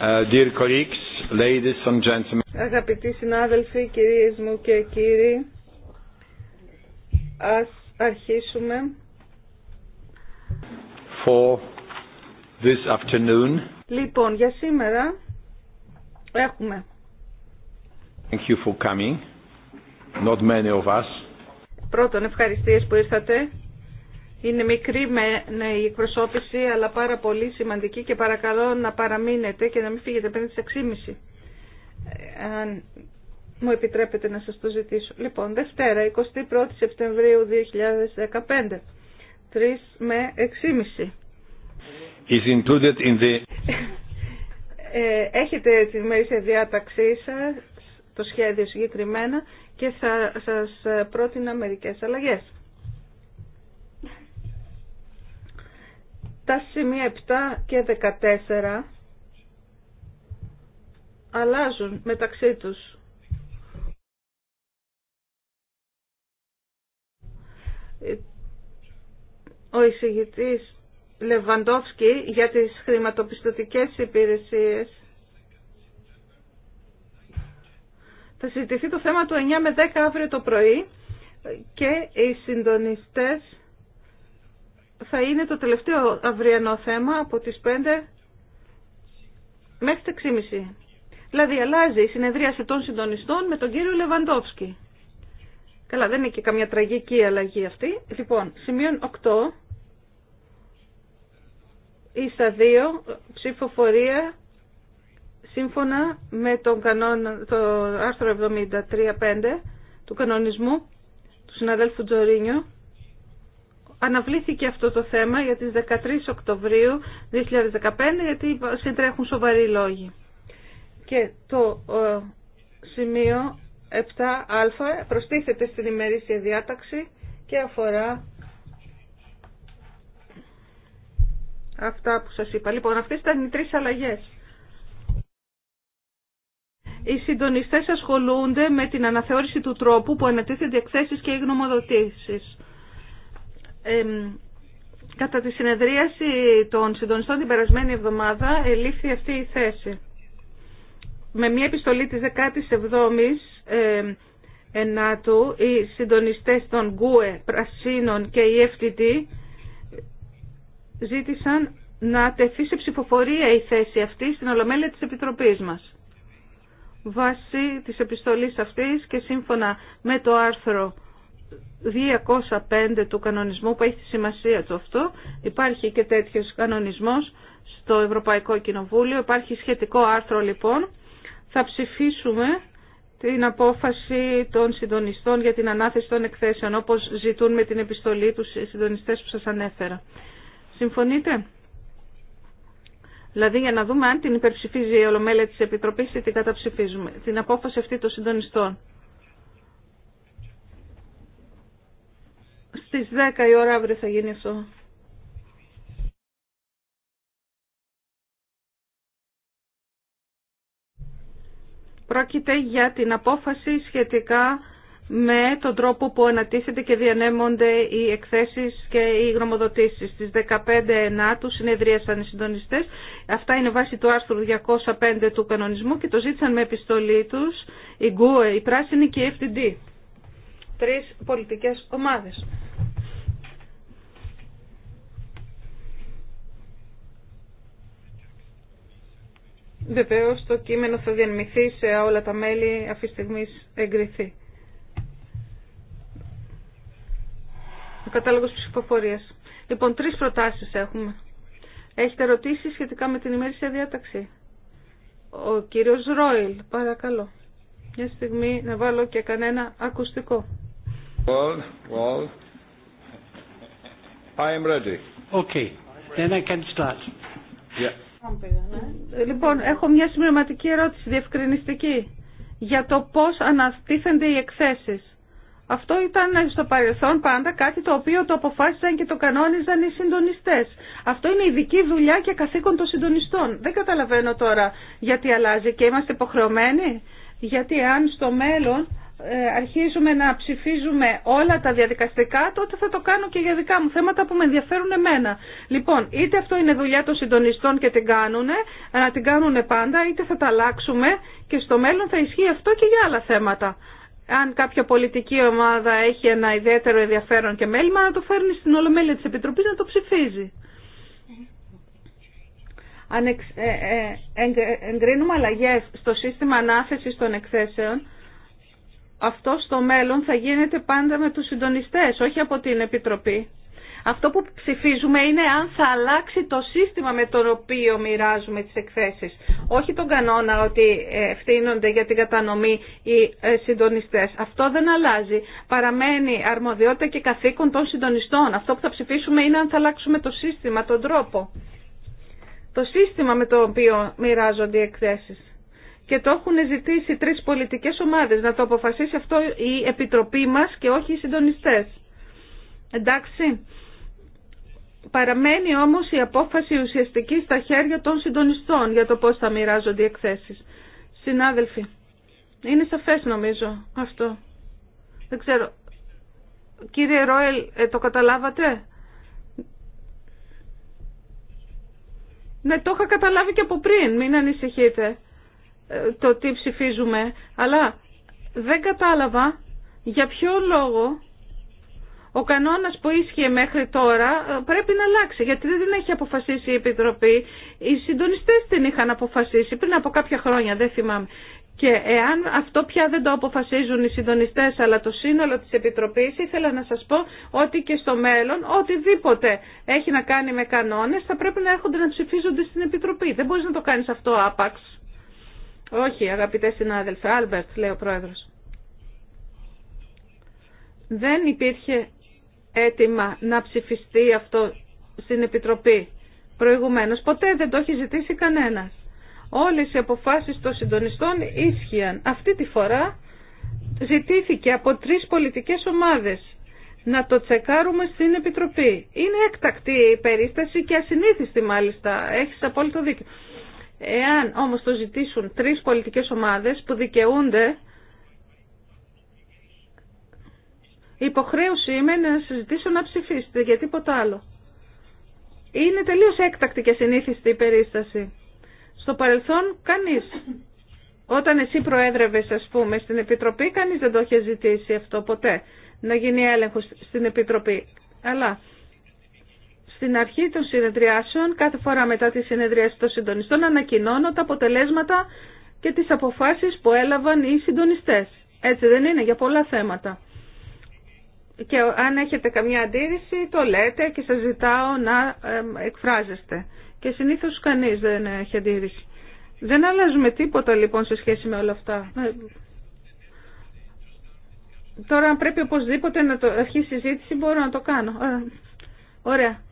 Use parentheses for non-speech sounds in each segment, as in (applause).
Uh, dear colleagues, ladies and gentlemen. Αγαπητοί συνάδελφοι, κυρίες μου και κύριοι, ας αρχίσουμε. For this afternoon. Λοιπόν, για σήμερα έχουμε. Thank you for coming. Not many of us. Πρώτον, ευχαριστίες που ήρθατε. Είναι μικρή με, ναι, η εκπροσώπηση, αλλά πάρα πολύ σημαντική και παρακαλώ να παραμείνετε και να μην φύγετε πριν τις 6.30. Ε, αν μου επιτρέπετε να σας το ζητήσω. Λοιπόν, Δευτέρα, 21η Σεπτεμβρίου 2015, 3 με 6.30. Is included in the... Ε, έχετε την ημερήσια διάταξή σας, το σχέδιο συγκεκριμένα και θα σας πρότεινα μερικές αλλαγές. τα σημεία 7 και 14 αλλάζουν μεταξύ τους. Ο εισηγητής Λεβαντόφσκι για τις χρηματοπιστωτικές υπηρεσίες θα συζητηθεί το θέμα του 9 με 10 αύριο το πρωί και οι συντονιστές θα είναι το τελευταίο αυριανό θέμα από τις 5 μέχρι τα 6.30. Δηλαδή αλλάζει η συνεδρίαση των συντονιστών με τον κύριο Λεβαντόφσκι. Καλά, δεν είναι και καμιά τραγική αλλαγή αυτή. Λοιπόν, σημείο 8 ή στα 2 ψηφοφορία σύμφωνα με τον κανόνα, το άρθρο 73.5 του κανονισμού του συναδέλφου Τζορίνιο αναβλήθηκε αυτό το θέμα για τις 13 Οκτωβρίου 2015 γιατί συντρέχουν σοβαροί λόγοι. Και το ε, σημείο 7α προστίθεται στην ημερήσια διάταξη και αφορά αυτά που σας είπα. Λοιπόν, αυτές ήταν οι τρεις αλλαγές. Οι συντονιστές ασχολούνται με την αναθεώρηση του τρόπου που ανατίθενται εκθέσεις και οι γνωμοδοτήσεις κατά τη συνεδρίαση των συντονιστών την περασμένη εβδομάδα ελήφθη αυτή η θέση. Με μια επιστολή της 17ης ε, ενάτου οι συντονιστές των ΓΚΟΕ, Πρασίνων και η FTT ζήτησαν να τεθεί σε ψηφοφορία η θέση αυτή στην Ολομέλεια της Επιτροπής μας. Βάσει της επιστολής αυτής και σύμφωνα με το άρθρο 205 του κανονισμού που έχει τη σημασία του αυτό. Υπάρχει και τέτοιος κανονισμός στο Ευρωπαϊκό Κοινοβούλιο. Υπάρχει σχετικό άρθρο λοιπόν. Θα ψηφίσουμε την απόφαση των συντονιστών για την ανάθεση των εκθέσεων όπως ζητούν με την επιστολή τους οι συντονιστές που σας ανέφερα. Συμφωνείτε? Δηλαδή για να δούμε αν την υπερψηφίζει η Ολομέλεια της Επιτροπής ή την καταψηφίζουμε. Την απόφαση αυτή των συντονιστών. Στις 10 η ώρα αύριο θα γίνει αυτό. Πρόκειται για την απόφαση σχετικά με τον τρόπο που ανατίθεται και διανέμονται οι εκθέσεις και οι γνωμοδοτήσεις. Στις 15 του συνεδρίασαν οι συντονιστές. Αυτά είναι βάση του άρθρου 205 του κανονισμού και το ζήτησαν με επιστολή τους η ΓΚΟΕ, η Πράσινη και η FTD. Τρεις πολιτικές ομάδες. Βεβαίω το κείμενο θα διανυμηθεί σε όλα τα μέλη αυτή τη στιγμή εγκριθεί. Ο κατάλογος ψηφοφορίας. Λοιπόν, τρεις προτάσεις έχουμε. Έχετε ερωτήσει σχετικά με την ημέρησια διάταξη. Ο κύριος Ρόιλ, παρακαλώ. Μια στιγμή να βάλω και κανένα ακουστικό. Well, well. I ready. Okay, then I can start. Yeah. Ναι. Λοιπόν, έχω μια συμπληρωματική ερώτηση, διευκρινιστική, για το πώς αναστήθενται οι εκθέσεις. Αυτό ήταν στο παρελθόν πάντα κάτι το οποίο το αποφάσισαν και το κανόνιζαν οι συντονιστέ. Αυτό είναι ειδική δουλειά και καθήκον των συντονιστών. Δεν καταλαβαίνω τώρα γιατί αλλάζει και είμαστε υποχρεωμένοι. Γιατί αν στο μέλλον ε, αρχίζουμε να ψηφίζουμε όλα τα διαδικαστικά, τότε θα το κάνω και για δικά μου θέματα που με ενδιαφέρουν εμένα. Λοιπόν, είτε αυτό είναι δουλειά των συντονιστών και την κάνουν, να την κάνουν πάντα, είτε θα τα αλλάξουμε και στο μέλλον θα ισχύει αυτό και για άλλα θέματα. Αν κάποια πολιτική ομάδα έχει ένα ιδιαίτερο ενδιαφέρον και μέλημα, να το φέρνει στην Ολομέλεια της Επιτροπής να το ψηφίζει. Αν ε, ε, εγκρίνουμε αλλαγές στο σύστημα ανάθεσης των εκθέσεων, αυτό στο μέλλον θα γίνεται πάντα με τους συντονιστές, όχι από την Επιτροπή. Αυτό που ψηφίζουμε είναι αν θα αλλάξει το σύστημα με το οποίο μοιράζουμε τις εκθέσεις. Όχι τον κανόνα ότι ε, ευθύνονται για την κατανομή οι ε, συντονιστές. Αυτό δεν αλλάζει. Παραμένει αρμοδιότητα και καθήκον των συντονιστών. Αυτό που θα ψηφίσουμε είναι αν θα αλλάξουμε το σύστημα, τον τρόπο. Το σύστημα με το οποίο μοιράζονται οι εκθέσεις και το έχουν ζητήσει τρεις πολιτικές ομάδες να το αποφασίσει αυτό η Επιτροπή μας και όχι οι συντονιστέ. Εντάξει. Παραμένει όμως η απόφαση ουσιαστική στα χέρια των συντονιστών για το πώ θα μοιράζονται οι εκθέσεις. Συνάδελφοι, είναι σαφέ νομίζω αυτό. Δεν ξέρω. Κύριε Ρόελ, ε, το καταλάβατε. Ναι, το είχα καταλάβει και από πριν, μην ανησυχείτε. Ε, το τι ψηφίζουμε, αλλά δεν κατάλαβα για ποιο λόγο ο κανόνας που ίσχυε μέχρι τώρα ε, πρέπει να αλλάξει, γιατί δεν έχει αποφασίσει η Επιτροπή. Οι συντονιστές την είχαν αποφασίσει πριν από κάποια χρόνια, δεν θυμάμαι. Και εάν αυτό πια δεν το αποφασίζουν οι συντονιστές αλλά το σύνολο της Επιτροπής, ήθελα να σας πω ότι και στο μέλλον οτιδήποτε έχει να κάνει με κανόνες θα πρέπει να έρχονται να ψηφίζονται στην Επιτροπή. Δεν μπορείς να το κάνεις αυτό άπαξ. Όχι, αγαπητέ συνάδελφε, Άλμπερτ, λέει ο πρόεδρος. Δεν υπήρχε έτοιμα να ψηφιστεί αυτό στην Επιτροπή προηγουμένως. Ποτέ δεν το έχει ζητήσει κανένας. Όλες οι αποφάσεις των συντονιστών ίσχυαν. Αυτή τη φορά ζητήθηκε από τρεις πολιτικές ομάδες να το τσεκάρουμε στην Επιτροπή. Είναι έκτακτη η περίσταση και ασυνήθιστη μάλιστα. Έχεις απόλυτο δίκιο. Εάν όμως το ζητήσουν τρεις πολιτικές ομάδες που δικαιούνται, η υποχρέωση είμαι να συζητήσω να ψηφίσετε για τίποτα άλλο. Είναι τελείως έκτακτη και συνήθιστη η περίσταση. Στο παρελθόν κανείς. Όταν εσύ προέδρευες ας πούμε στην Επιτροπή, κανείς δεν το είχε ζητήσει αυτό ποτέ, να γίνει έλεγχος στην Επιτροπή. Αλλά στην αρχή των συνεδριάσεων, κάθε φορά μετά τη συνεδρίαση των συντονιστών, ανακοινώνω τα αποτελέσματα και τις αποφάσεις που έλαβαν οι συντονιστές. Έτσι δεν είναι για πολλά θέματα. Και αν έχετε καμιά αντίρρηση, το λέτε και σας ζητάω να εκφράζεστε. Και συνήθως κανείς δεν έχει αντίρρηση. Δεν αλλάζουμε τίποτα λοιπόν σε σχέση με όλα αυτά. Ε, τώρα αν πρέπει οπωσδήποτε να το αρχίσει η συζήτηση μπορώ να το κάνω. Ε, ωραία.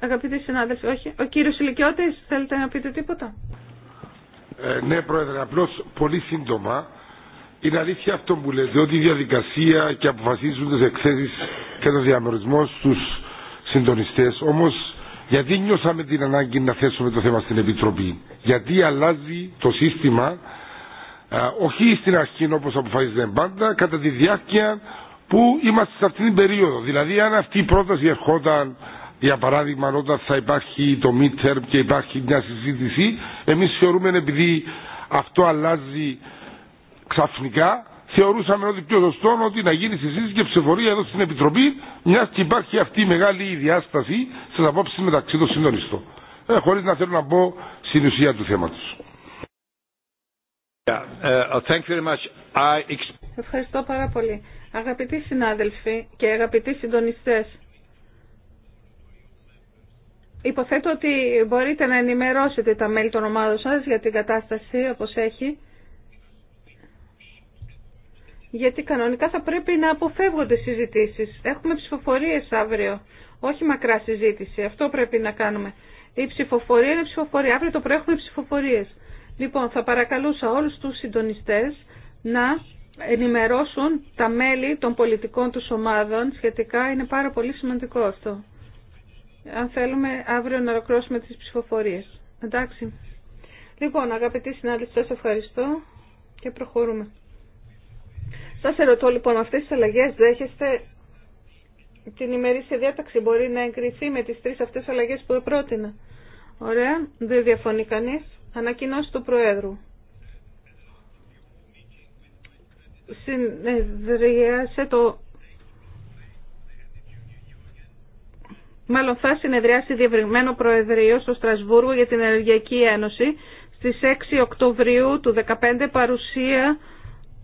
Αγαπητοί συνάδελφοι, όχι. Ο κύριος Ηλικιώτη, θέλετε να πείτε τίποτα. Ε, ναι, Πρόεδρε, απλώ πολύ σύντομα. Είναι αλήθεια αυτό που λέτε, ότι η διαδικασία και αποφασίζουν τι εκθέσει και το διαμερισμό στου συντονιστέ. Όμω, γιατί νιώσαμε την ανάγκη να θέσουμε το θέμα στην Επιτροπή. Γιατί αλλάζει το σύστημα, ε, όχι στην αρχή όπω αποφασίζεται πάντα, κατά τη διάρκεια που είμαστε σε αυτήν την περίοδο. Δηλαδή, αν αυτή η πρόταση ερχόταν για παράδειγμα όταν θα υπάρχει το midterm και υπάρχει μια συζήτηση εμείς θεωρούμε επειδή αυτό αλλάζει ξαφνικά θεωρούσαμε ότι πιο σωστό ότι να γίνει συζήτηση και ψηφορία εδώ στην Επιτροπή μια και υπάρχει αυτή η μεγάλη διάσταση στι απόψει μεταξύ των συντονιστών ε, χωρίς να θέλω να μπω στην ουσία του θέματος. Uh, Ευχαριστώ πάρα πολύ. Αγαπητοί συνάδελφοι και αγαπητοί συντονιστές, Υποθέτω ότι μπορείτε να ενημερώσετε τα μέλη των ομάδων σας για την κατάσταση όπως έχει. Γιατί κανονικά θα πρέπει να αποφεύγονται συζητήσεις. Έχουμε ψηφοφορίες αύριο, όχι μακρά συζήτηση. Αυτό πρέπει να κάνουμε. Η ψηφοφορία είναι ψηφοφορία. Αύριο το πρωί έχουμε ψηφοφορίες. Λοιπόν, θα παρακαλούσα όλους τους συντονιστές να ενημερώσουν τα μέλη των πολιτικών τους ομάδων σχετικά. Είναι πάρα πολύ σημαντικό αυτό αν θέλουμε αύριο να ολοκληρώσουμε τις ψηφοφορίες. Εντάξει. Λοιπόν, αγαπητοί συνάδελφοι, σας ευχαριστώ και προχωρούμε. Σας ερωτώ λοιπόν, αυτές τις αλλαγές δέχεστε την ημερήσια διάταξη μπορεί να εγκριθεί με τις τρεις αυτές αλλαγές που πρότεινα. Ωραία, δεν διαφωνεί κανείς. Ανακοινώσει του Προέδρου. Συνεδρίασε το μάλλον θα συνεδριάσει διευρυγμένο Προεδρείο στο Στρασβούργο για την Ενεργειακή Ένωση στις 6 Οκτωβρίου του 2015 παρουσία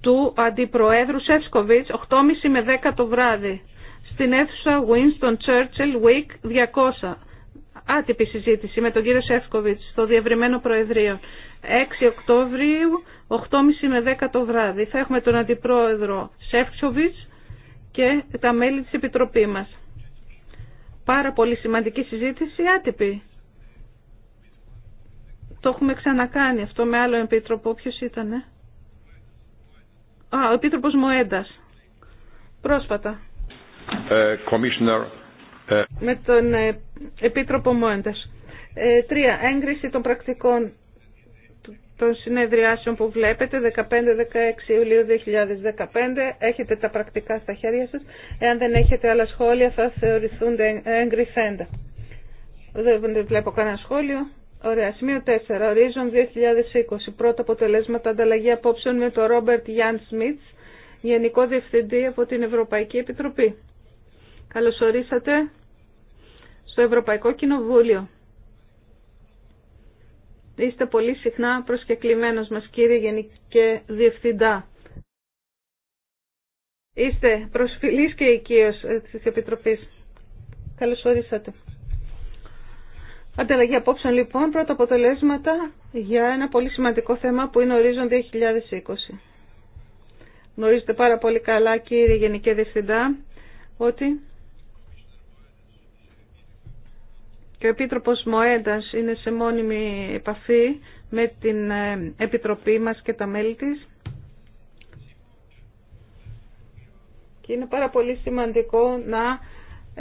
του Αντιπροέδρου Σεύσκοβιτς 8.30 με 10 το βράδυ στην αίθουσα Winston Churchill Week 200. Άτυπη συζήτηση με τον κύριο Σεύσκοβιτς στο Διευρυμένο Προεδρείο. 6 Οκτωβρίου, 8.30 με 10 το βράδυ. Θα έχουμε τον Αντιπρόεδρο Σεύσκοβιτς και τα μέλη της Επιτροπής μας πάρα πολύ σημαντική συζήτηση άτυπη. Το έχουμε ξανακάνει αυτό με άλλο επίτροπο. ήταν. ήτανε. Α, ο επίτροπο Μοέντα. Πρόσφατα. Ε, ε. Με τον ε, επίτροπο Μοέντα. τρία, έγκριση των πρακτικών των συνεδριάσεων που βλέπετε, 15-16 Ιουλίου 2015. Έχετε τα πρακτικά στα χέρια σας. Εάν δεν έχετε άλλα σχόλια θα θεωρηθούν εγκριθέντα. Δεν βλέπω κανένα σχόλιο. Ωραία. Σημείο 4. Ορίζον 2020. Πρώτα αποτελέσματα ανταλλαγή απόψεων με τον Ρόμπερτ Γιάν Σμιτ, Γενικό Διευθυντή από την Ευρωπαϊκή Επιτροπή. Καλώς ορίσατε στο Ευρωπαϊκό Κοινοβούλιο. Είστε πολύ συχνά προσκεκλημένος μας κύριε Γενική Διευθυντά. Είστε προσφυλής και οικείος ε, της Επιτροπής. Καλώς ορίσατε. Ανταλλαγή απόψεων λοιπόν, πρώτα αποτελέσματα για ένα πολύ σημαντικό θέμα που είναι ορίζον 2020. Γνωρίζετε πάρα πολύ καλά κύριε Γενική Διευθυντά ότι και ο Επίτροπος Μοέντας είναι σε μόνιμη επαφή με την ε, Επιτροπή μας και τα μέλη της. Και είναι πάρα πολύ σημαντικό να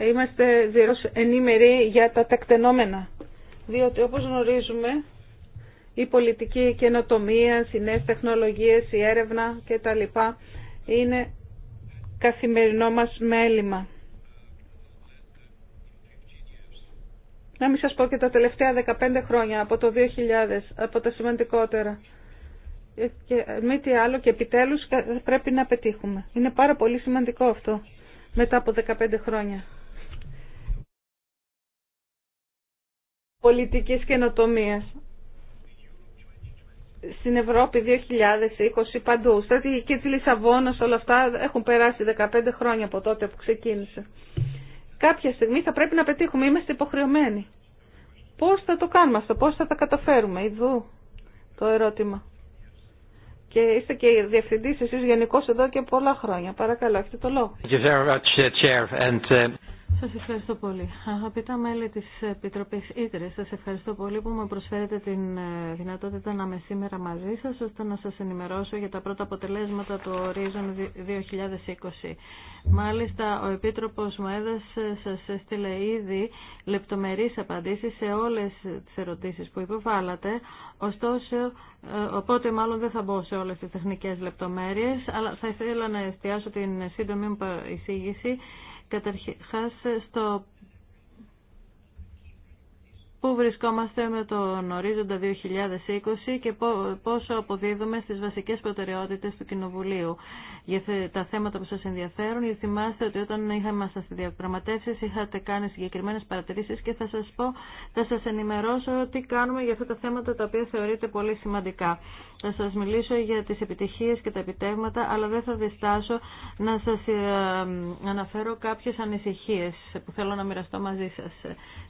είμαστε διερώς ενήμεροι για τα τεκτενόμενα Διότι όπως γνωρίζουμε η πολιτική καινοτομία, οι νέες τεχνολογίες, η έρευνα κτλ. είναι καθημερινό μας μέλημα. Να μην σας πω και τα τελευταία 15 χρόνια, από το 2000, από τα σημαντικότερα. Ε, και ε, μη τι άλλο και επιτέλους πρέπει να πετύχουμε. Είναι πάρα πολύ σημαντικό αυτό μετά από 15 χρόνια. Πολιτικής καινοτομίας. Στην Ευρώπη 2020 παντού. Στρατηγική της Λισαβόνας όλα αυτά έχουν περάσει 15 χρόνια από τότε που ξεκίνησε κάποια στιγμή θα πρέπει να πετύχουμε. Είμαστε υποχρεωμένοι. Πώς θα το κάνουμε αυτό, πώς θα τα καταφέρουμε. Ιδού το ερώτημα. Και είστε και διευθυντής εσείς γενικός εδώ και πολλά χρόνια. Παρακαλώ, έχετε το λόγο. Uh, σας ευχαριστώ πολύ. Αγαπητά μέλη της Επιτροπής Ήτρε, σας ευχαριστώ πολύ που μου προσφέρετε την ε, δυνατότητα να είμαι σήμερα μαζί σας, ώστε να σας ενημερώσω για τα πρώτα αποτελέσματα του Horizon 2020. Μάλιστα, ο Επίτροπος μου έδωσε, σας έστειλε ήδη λεπτομερείς απαντήσεις σε όλες τις ερωτήσεις που υποβάλλατε, ωστόσο, ε, οπότε μάλλον δεν θα μπω σε όλες τις τεχνικές λεπτομέρειες, αλλά θα ήθελα να εστιάσω την σύντομη μου εισήγηση Καταρχάς, στο πού βρισκόμαστε με τον ορίζοντα 2020 και πόσο αποδίδουμε στις βασικές προτεραιότητες του Κοινοβουλίου για τα θέματα που σας ενδιαφέρουν. Γιατί θυμάστε ότι όταν είχαμε στις διαπραγματεύσεις είχατε κάνει συγκεκριμένες παρατηρήσεις και θα σας πω, θα σας ενημερώσω τι κάνουμε για αυτά τα θέματα τα οποία θεωρείται πολύ σημαντικά. Θα σας μιλήσω για τις επιτυχίες και τα επιτεύγματα, αλλά δεν θα διστάσω να σας ε, αναφέρω κάποιες ανησυχίες που θέλω να μοιραστώ μαζί σας.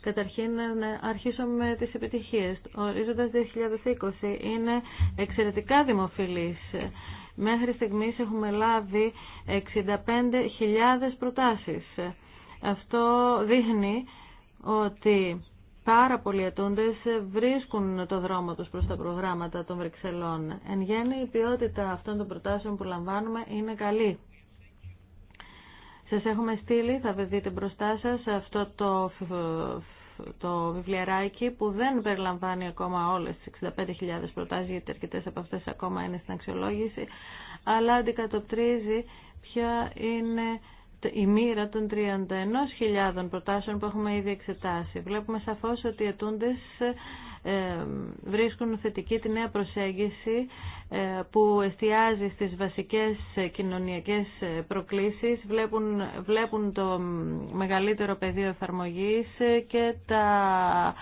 Καταρχήν να αρχίσω με τις επιτυχίες. Ο ορίζοντας 2020 είναι εξαιρετικά δημοφιλής. Μέχρι στιγμής έχουμε λάβει 65.000 προτάσεις. Αυτό δείχνει ότι πάρα πολλοί ετούντες βρίσκουν το δρόμο τους προς τα προγράμματα των Βρυξελών. Εν γέννη, η ποιότητα αυτών των προτάσεων που λαμβάνουμε είναι καλή. Σας έχουμε στείλει, θα δείτε μπροστά σας αυτό το, το βιβλιαράκι που δεν περιλαμβάνει ακόμα όλες τις 65.000 προτάσεις γιατί αρκετές από αυτές ακόμα είναι στην αξιολόγηση αλλά αντικατοπτρίζει ποια είναι η μοίρα των 31.000 προτάσεων που έχουμε ήδη εξετάσει. Βλέπουμε σαφώς ότι οι ετούντες ε, βρίσκουν θετική τη νέα προσέγγιση ε, που εστιάζει στις βασικές κοινωνιακές ε, προκλήσεις, βλέπουν, βλέπουν το μεγαλύτερο πεδίο εφαρμογής και τα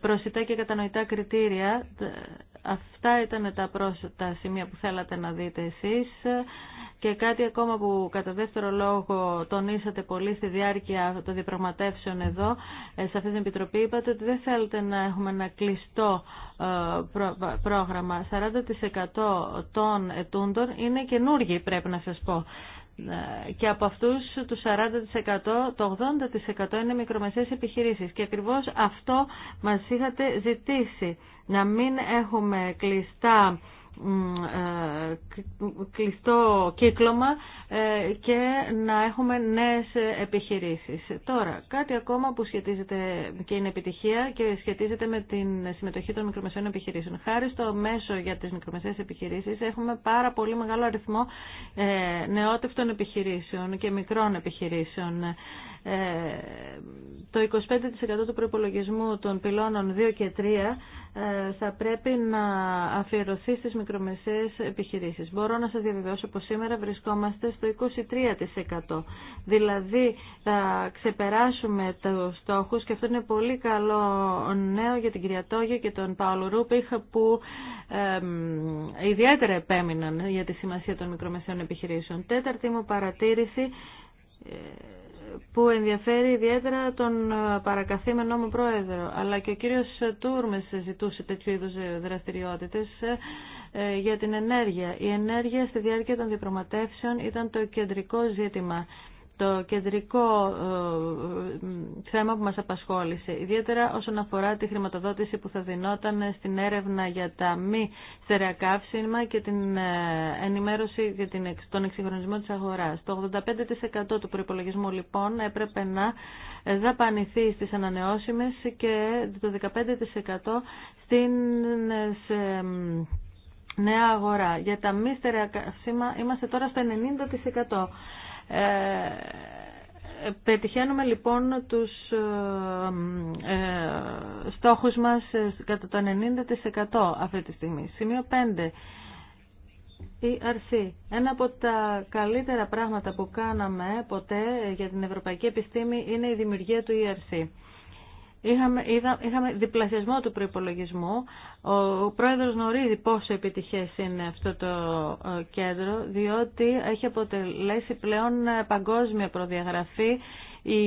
προσιτά και κατανοητά κριτήρια. Αυτά ήταν τα σημεία που θέλατε να δείτε εσείς. Και κάτι ακόμα που κατά δεύτερο λόγο τονίσατε πολύ στη διάρκεια των διαπραγματεύσεων εδώ, ε, σε αυτή την Επιτροπή, είπατε ότι δεν θέλετε να έχουμε ένα κλειστό ε, πρόγραμμα. 40% των ετούντων είναι καινούργοι, πρέπει να σας πω. Ε, και από αυτούς του 40% το 80% είναι μικρομεσαίες επιχειρήσεις. Και ακριβώς αυτό μας είχατε ζητήσει, να μην έχουμε κλειστά ε, ε, κλειστό κύκλωμα ε, και να έχουμε νέες επιχειρήσεις. Τώρα, κάτι ακόμα που σχετίζεται και είναι επιτυχία και σχετίζεται με την συμμετοχή των μικρομεσαίων επιχειρήσεων. Χάρη στο μέσο για τις μικρομεσαίες επιχειρήσεις έχουμε πάρα πολύ μεγάλο αριθμό νεότευτων επιχειρήσεων και μικρών επιχειρήσεων. Ε, το 25% του προπολογισμού των πυλώνων 2 και 3 ε, θα πρέπει να αφιερωθεί στις μικρομεσαίες επιχειρήσεις. Μπορώ να σας διαβεβαιώσω πως σήμερα βρισκόμαστε στο 23%. Δηλαδή θα ξεπεράσουμε τους στόχους και αυτό είναι πολύ καλό νέο για την κυρία Τόγια και τον Παόλο Ρούπιχ που ιδιαίτερα επέμειναν για τη σημασία των μικρομεσαίων επιχειρήσεων. Τέταρτη μου παρατήρηση ε, που ενδιαφέρει ιδιαίτερα τον ε, παρακαθήμενό μου πρόεδρο, αλλά και ο κύριος Τούρμες ζητούσε τέτοιου είδους ε, δραστηριότητες ε, για την ενέργεια. Η ενέργεια στη διάρκεια των διπροματεύσεων ήταν το κεντρικό ζήτημα το κεντρικό ε, θέμα που μας απασχόλησε, ιδιαίτερα όσον αφορά τη χρηματοδότηση που θα δινόταν στην έρευνα για τα μη στερεά και την ε, ενημέρωση για τον εξυγχρονισμό της αγοράς. Το 85% του προϋπολογισμού λοιπόν έπρεπε να δαπανηθεί στις ανανεώσιμες και το 15% στην ε, νέα αγορά. Για τα μη στερεά είμαστε τώρα στο 90%. Ε, πετυχαίνουμε λοιπόν τους ε, ε, στόχους μας κατά το 90% αυτή τη στιγμή. Σημείο 5. Η Αρσή. Ένα από τα καλύτερα πράγματα που κάναμε ποτέ για την Ευρωπαϊκή Επιστήμη είναι η δημιουργία του ERC. Είχαμε, είδα, είχαμε διπλασιασμό του προϋπολογισμού. Ο πρόεδρος γνωρίζει πόσο επιτυχές είναι αυτό το κέντρο, διότι έχει αποτελέσει πλέον ε, παγκόσμια προδιαγραφή η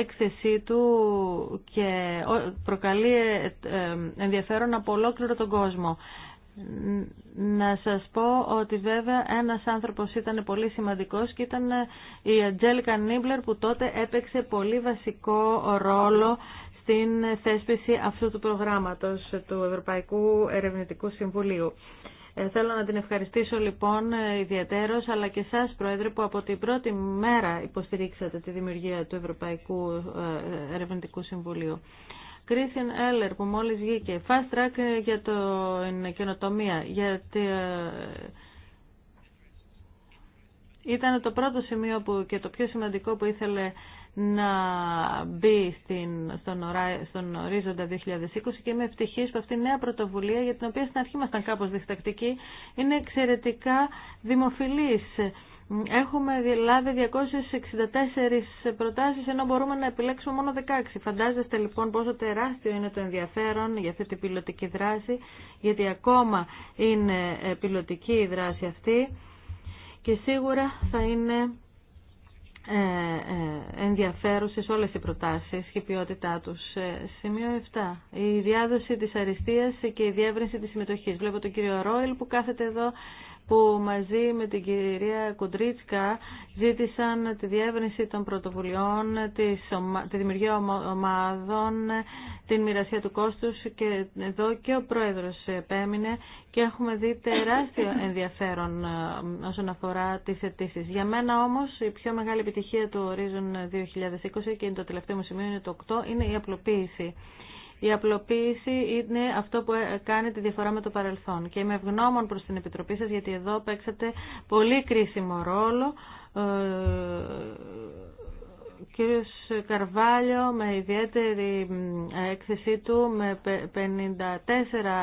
έκθεσή του και προκαλεί ε, ε, ενδιαφέρον από ολόκληρο τον κόσμο. Να σας πω ότι βέβαια ένας άνθρωπος ήταν πολύ σημαντικός και ήταν η Αντζέλικα Νίμπλερ που τότε έπαιξε πολύ βασικό ρόλο στην θέσπιση αυτού του προγράμματος του Ευρωπαϊκού Ερευνητικού Συμβουλίου. Ε, θέλω να την ευχαριστήσω λοιπόν ε, ιδιαίτερος, αλλά και σας Πρόεδρε που από την πρώτη μέρα υποστηρίξατε τη δημιουργία του Ευρωπαϊκού ε, Ερευνητικού Συμβουλίου. Κρίσιν Έλερ, που μόλις βγήκε. Fast track για την καινοτομία. γιατί Ήταν το πρώτο σημείο που και το πιο σημαντικό που ήθελε να μπει στον, ορα, ορίζοντα 2020 και είμαι ευτυχή που αυτή η νέα πρωτοβουλία για την οποία στην αρχή ήμασταν κάπως διστακτικοί είναι εξαιρετικά δημοφιλής. Έχουμε δηλαδή 264 προτάσεις ενώ μπορούμε να επιλέξουμε μόνο 16. Φαντάζεστε λοιπόν πόσο τεράστιο είναι το ενδιαφέρον για αυτή την πιλωτική δράση γιατί ακόμα είναι πιλωτική η δράση αυτή και σίγουρα θα είναι ε, ε, σε όλες οι προτάσεις και η ποιότητά τους. Ε, σημείο 7. Η διάδοση της αριστείας και η διεύρυνση της συμμετοχής. Βλέπω τον κύριο Ρόιλ που κάθεται εδώ που μαζί με την κυρία Κουντρίτσκα ζήτησαν τη διεύρυνση των πρωτοβουλειών, τη δημιουργία ομάδων, την μοιρασία του κόστους και εδώ και ο Πρόεδρος επέμεινε και έχουμε δει τεράστιο ενδιαφέρον ε, όσον αφορά τις αιτήσει. Για μένα όμως η πιο μεγάλη επιτυχία του Horizon 2020 και είναι το τελευταίο μου σημείο είναι το 8, είναι η απλοποίηση. Η απλοποίηση είναι αυτό που κάνει τη διαφορά με το παρελθόν. Και είμαι ευγνώμων προς την Επιτροπή σας γιατί εδώ παίξατε πολύ κρίσιμο ρόλο ε, κύριος Καρβάλιο με ιδιαίτερη έκθεσή του με 54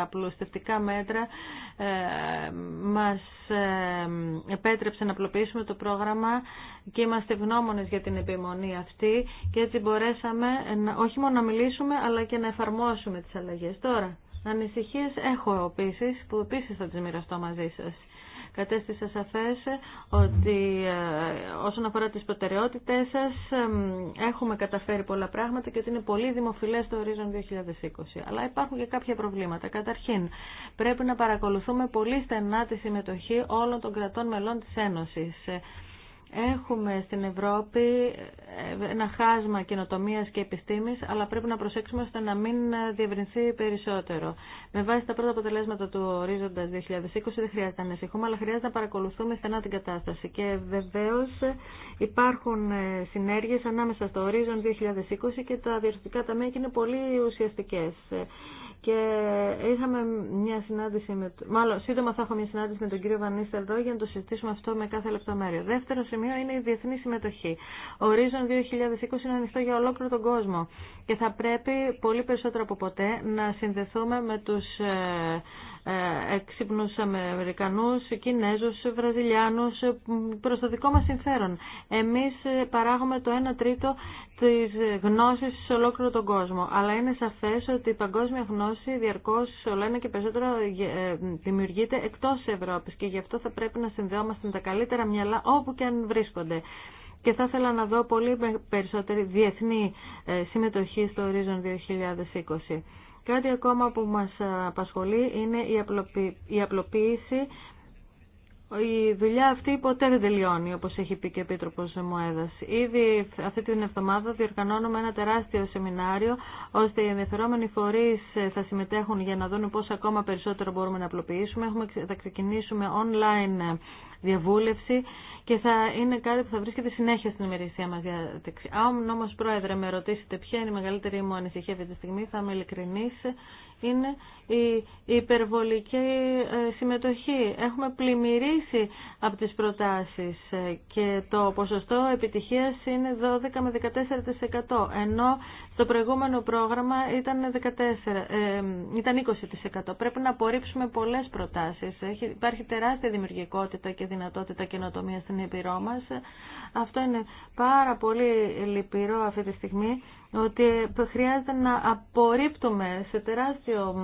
απλουστευτικά μέτρα ε, μας ε, επέτρεψε να απλοποιήσουμε το πρόγραμμα και είμαστε γνώμονες για την επιμονή αυτή και έτσι μπορέσαμε όχι μόνο να μιλήσουμε αλλά και να εφαρμόσουμε τις αλλαγές. Τώρα, ανησυχίες έχω επίσης που επίσης θα τις μοιραστώ μαζί σας κατέστησα σαφές ότι ε, όσον αφορά τις προτεραιότητές σας έχουμε καταφέρει πολλά πράγματα και ότι είναι πολύ δημοφιλές το Horizon 2020. Αλλά υπάρχουν και κάποια προβλήματα. Καταρχήν, πρέπει να παρακολουθούμε πολύ στενά τη συμμετοχή όλων των κρατών μελών της Ένωσης. Έχουμε στην Ευρώπη ένα χάσμα καινοτομίας και επιστήμης, αλλά πρέπει να προσέξουμε ώστε να μην διευρυνθεί περισσότερο. Με βάση τα πρώτα αποτελέσματα του ορίζοντα 2020 δεν χρειάζεται να ανησυχούμε, αλλά χρειάζεται να παρακολουθούμε στενά την κατάσταση. Και βεβαίως υπάρχουν ε, συνέργειες ανάμεσα στο ορίζον 2020 και τα διευθυντικά ταμεία και είναι πολύ ουσιαστικές. Και είχαμε μια συνάντηση με. Μάλλον σύντομα θα έχω μια συνάντηση με τον κύριο Βανίστερ εδώ για να το συζητήσουμε αυτό με κάθε λεπτομέρεια. Δεύτερο σημείο είναι η διεθνή συμμετοχή. Ο Horizon 2020 είναι ανοιχτό για ολόκληρο τον κόσμο. Και θα πρέπει πολύ περισσότερο από ποτέ να συνδεθούμε με του ε, έξυπνους ε, Αμερικανούς, Κινέζους, Βραζιλιάνους προς το δικό μας συμφέρον. Εμείς παράγουμε το 1 τρίτο της γνώσης σε ολόκληρο τον κόσμο. Αλλά είναι σαφές ότι η παγκόσμια γνώση διαρκώς όλο ένα και περισσότερο ε, δημιουργείται εκτός Ευρώπης και γι' αυτό θα πρέπει να συνδεόμαστε με τα καλύτερα μυαλά όπου και αν βρίσκονται και θα ήθελα να δω πολύ περισσότερη διεθνή ε, συμμετοχή στο Horizon 2020. Κάτι ακόμα που μας απασχολεί είναι η απλοποίηση η δουλειά αυτή ποτέ δεν τελειώνει, όπως έχει πει και ο Επίτροπος Μοέδας. Ήδη αυτή την εβδομάδα διοργανώνουμε ένα τεράστιο σεμινάριο, ώστε οι ενδιαφερόμενοι φορείς θα συμμετέχουν για να δουν πώς ακόμα περισσότερο μπορούμε να απλοποιήσουμε. Έχουμε, θα ξεκινήσουμε online διαβούλευση και θα είναι κάτι που θα βρίσκεται συνέχεια στην ημερησία μας διάταξη. Αν όμως, Πρόεδρε, με ρωτήσετε ποια είναι η μεγαλύτερη μου ανησυχία αυτή τη στιγμή, θα είμαι ειλικρινής είναι η υπερβολική ε, συμμετοχή. Έχουμε πλημμυρίσει από τις προτάσεις ε, και το ποσοστό επιτυχίας είναι 12 με 14% ενώ στο προηγούμενο πρόγραμμα ήταν, 14, ε, ήταν 20%. Πρέπει να απορρίψουμε πολλές προτάσεις. Έχει, υπάρχει τεράστια δημιουργικότητα και δυνατότητα καινοτομία στην μας. Αυτό είναι πάρα πολύ λυπηρό αυτή τη στιγμή ότι χρειάζεται να απορρίπτουμε σε τεράστιο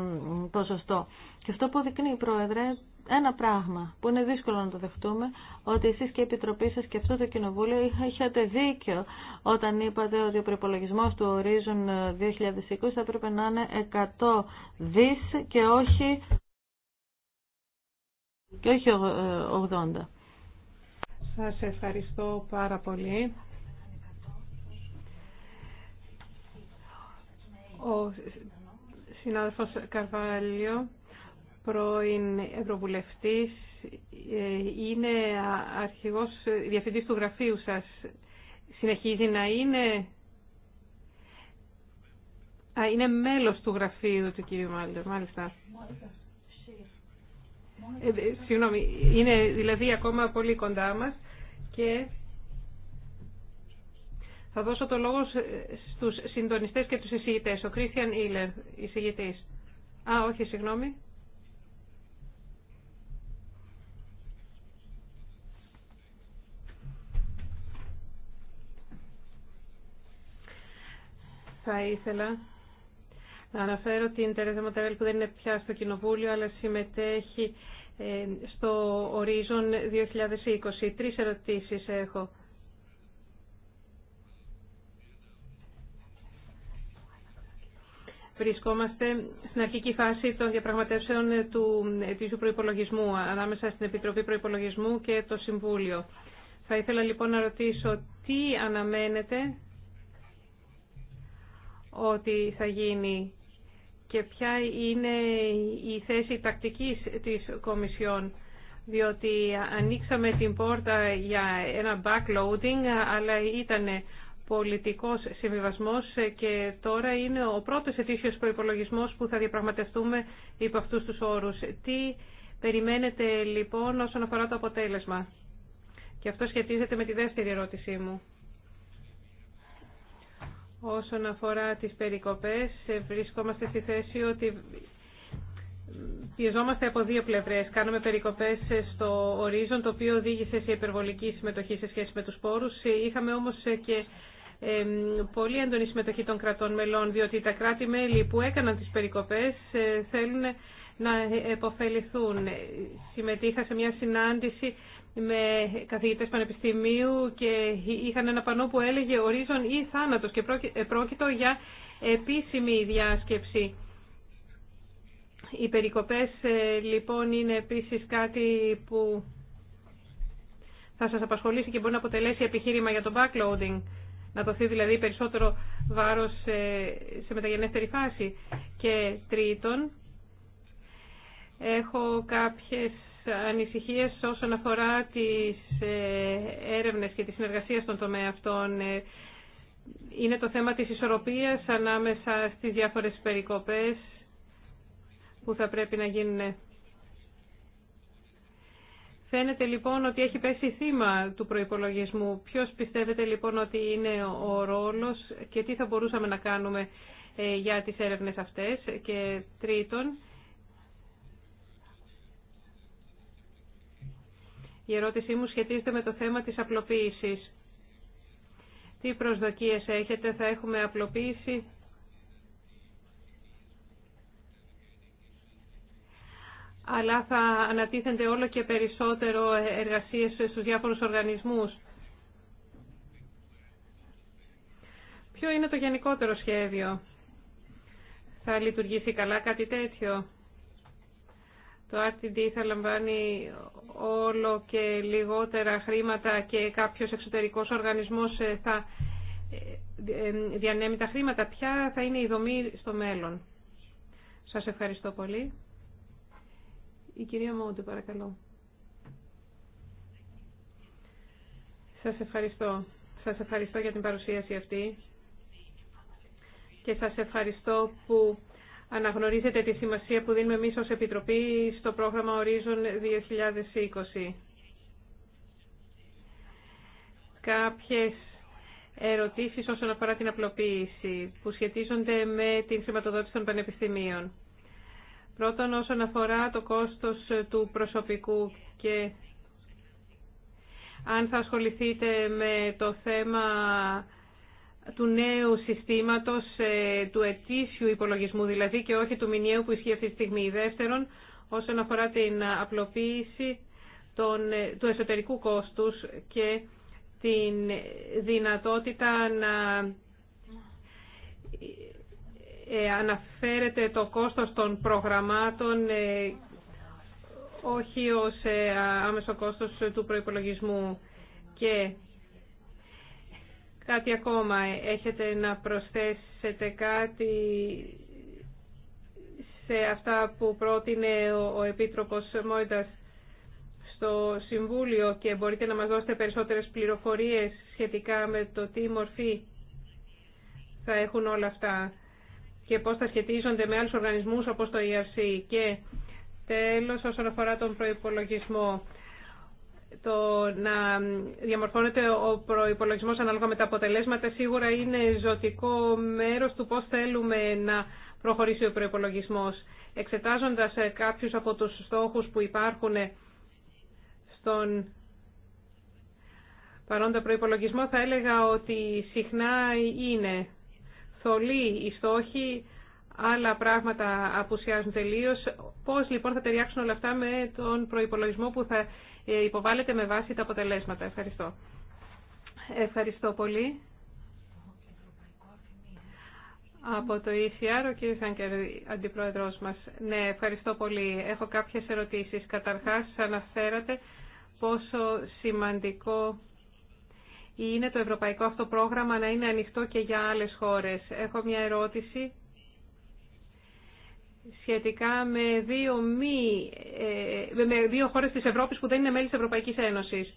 ποσοστό. Και αυτό που δεικνύει, Πρόεδρε, ένα πράγμα που είναι δύσκολο να το δεχτούμε, ότι εσείς και η Επιτροπή σας και αυτό το Κοινοβούλιο είχατε δίκιο όταν είπατε ότι ο προπολογισμό του Horizon 2020 ε, θα πρέπει να είναι 100 δις και όχι, και όχι 80. Σας ευχαριστώ πάρα πολύ. Ο συνάδελφος Καρβάλιο, πρώην Ευρωβουλευτής, είναι αρχηγός, διευθυντής του γραφείου σας. Συνεχίζει να είναι... Α, είναι μέλος του γραφείου του κύριου Μάλτερ, μάλιστα. Ε, ε συγγνώμη, είναι δηλαδή ακόμα πολύ κοντά μας και θα δώσω το λόγο στους συντονιστές και τους εισηγητές. Ο Κρίστιαν Ήλερ, εισηγητής. Α, όχι, συγγνώμη. Θα ήθελα να αναφέρω την Τερέζα Μονταρέλ που δεν είναι πια στο Κοινοβούλιο αλλά συμμετέχει ε, στο ορίζον 2020. Τρεις ερωτήσεις έχω. Βρισκόμαστε στην αρχική φάση των διαπραγματεύσεων του ετήσιου προϋπολογισμού ανάμεσα στην Επιτροπή Προϋπολογισμού και το Συμβούλιο. Θα ήθελα λοιπόν να ρωτήσω τι αναμένετε ότι θα γίνει και ποια είναι η θέση τακτικής της Κομισιόν διότι ανοίξαμε την πόρτα για ένα backloading αλλά ήταν πολιτικός συμβιβασμός ε, και τώρα είναι ο πρώτος ετήσιος προϋπολογισμός που θα διαπραγματευτούμε υπό αυτούς τους όρους. Τι περιμένετε λοιπόν όσον αφορά το αποτέλεσμα. Και αυτό σχετίζεται με τη δεύτερη ερώτησή μου. Όσον αφορά τις περικοπές, ε, βρισκόμαστε στη θέση ότι Πιεζόμαστε από δύο πλευρέ. Κάνουμε περικοπέ ε, στο ορίζον, το οποίο οδήγησε σε υπερβολική συμμετοχή σε σχέση με του πόρου. Είχαμε όμως και πολύ έντονη συμμετοχή των κρατών μελών, διότι τα κράτη-μέλη που έκαναν τις περικοπές ε, θέλουν να επωφεληθούν. Συμμετείχα σε μια συνάντηση με καθηγητές πανεπιστημίου και είχαν ένα πανό που έλεγε ορίζον ή θάνατος και ε, πρόκειτο για επίσημη διάσκεψη. Οι περικοπές ε, λοιπόν είναι επίσης κάτι που θα σας απασχολήσει και μπορεί να αποτελέσει επιχείρημα για το backloading να δοθεί δηλαδή περισσότερο βάρος σε μεταγενέστερη φάση. Και τρίτον, έχω κάποιες ανησυχίες όσον αφορά τις ε, έρευνες και τη συνεργασία στον τομέα αυτών. Ε, είναι το θέμα της ισορροπίας ανάμεσα στις διάφορες περικοπές που θα πρέπει να γίνουν Φαίνεται λοιπόν ότι έχει πέσει θύμα του προϋπολογισμού. Ποιος πιστεύετε λοιπόν ότι είναι ο ρόλος και τι θα μπορούσαμε να κάνουμε ε, για τις έρευνες αυτές. Και τρίτον, η ερώτησή μου σχετίζεται με το θέμα της απλοποίησης. Τι προσδοκίες έχετε, θα έχουμε απλοποίηση αλλά θα ανατίθενται όλο και περισσότερο εργασίες στους διάφορους οργανισμούς. Ποιο είναι το γενικότερο σχέδιο. Θα λειτουργήσει καλά κάτι τέτοιο. Το RTD θα λαμβάνει όλο και λιγότερα χρήματα και κάποιος εξωτερικός οργανισμός ε, θα ε, ε, διανέμει τα χρήματα. Ποια θα είναι η δομή στο μέλλον. Σας ευχαριστώ πολύ. Η κυρία Μόντε, παρακαλώ. Σας ευχαριστώ. Σας ευχαριστώ για την παρουσίαση αυτή και σας ευχαριστώ που αναγνωρίζετε τη σημασία που δίνουμε εμείς ως Επιτροπή στο πρόγραμμα Horizon 2020. Κάποιες ερωτήσεις όσον αφορά την απλοποίηση που σχετίζονται με την χρηματοδότηση των πανεπιστημίων. Πρώτον, όσον αφορά το κόστος ε, του προσωπικού και αν θα ασχοληθείτε με το θέμα του νέου συστήματος, ε, του ετήσιου υπολογισμού δηλαδή και όχι του μηνιαίου που ισχύει αυτή τη στιγμή. Δεύτερον, όσον αφορά την απλοποίηση των, ε, του εσωτερικού κόστους και την δυνατότητα να ε, αναφέρεται το κόστος των προγραμμάτων ε, όχι ως ε, άμεσο κόστος του προϋπολογισμού και κάτι ακόμα. Έχετε να προσθέσετε κάτι σε αυτά που πρότεινε ο Επίτροπος Μόιτας στο Συμβούλιο και μπορείτε να μας δώσετε περισσότερες πληροφορίες σχετικά με το τι μορφή θα έχουν όλα αυτά και πώς θα σχετίζονται με άλλους οργανισμούς όπως το ERC. Και τέλος, όσον αφορά τον προϋπολογισμό, το να διαμορφώνεται ο προϋπολογισμός ανάλογα με τα αποτελέσματα σίγουρα είναι ζωτικό μέρος του πώς θέλουμε να προχωρήσει ο προϋπολογισμός. Εξετάζοντας ε, κάποιους από τους στόχους που υπάρχουν ε, στον παρόντα προϋπολογισμό θα έλεγα ότι συχνά είναι θολή οι στόχοι, άλλα πράγματα απουσιάζουν τελείω. Πώς λοιπόν θα ταιριάξουν όλα αυτά με τον προπολογισμό που θα ε, υποβάλλεται με βάση τα αποτελέσματα. Ευχαριστώ. Ευχαριστώ πολύ. Από το ECR, ο κύριος Σάνκερ, αντιπρόεδρος μας. Ναι, ευχαριστώ πολύ. Έχω κάποιες ερωτήσεις. Καταρχάς, αναφέρατε πόσο σημαντικό είναι το ευρωπαϊκό αυτό πρόγραμμα να είναι ανοιχτό και για άλλες χώρες. Έχω μια ερώτηση σχετικά με δύο, μη, ε, με δύο χώρες της Ευρώπης που δεν είναι μέλη της Ευρωπαϊκής Ένωσης.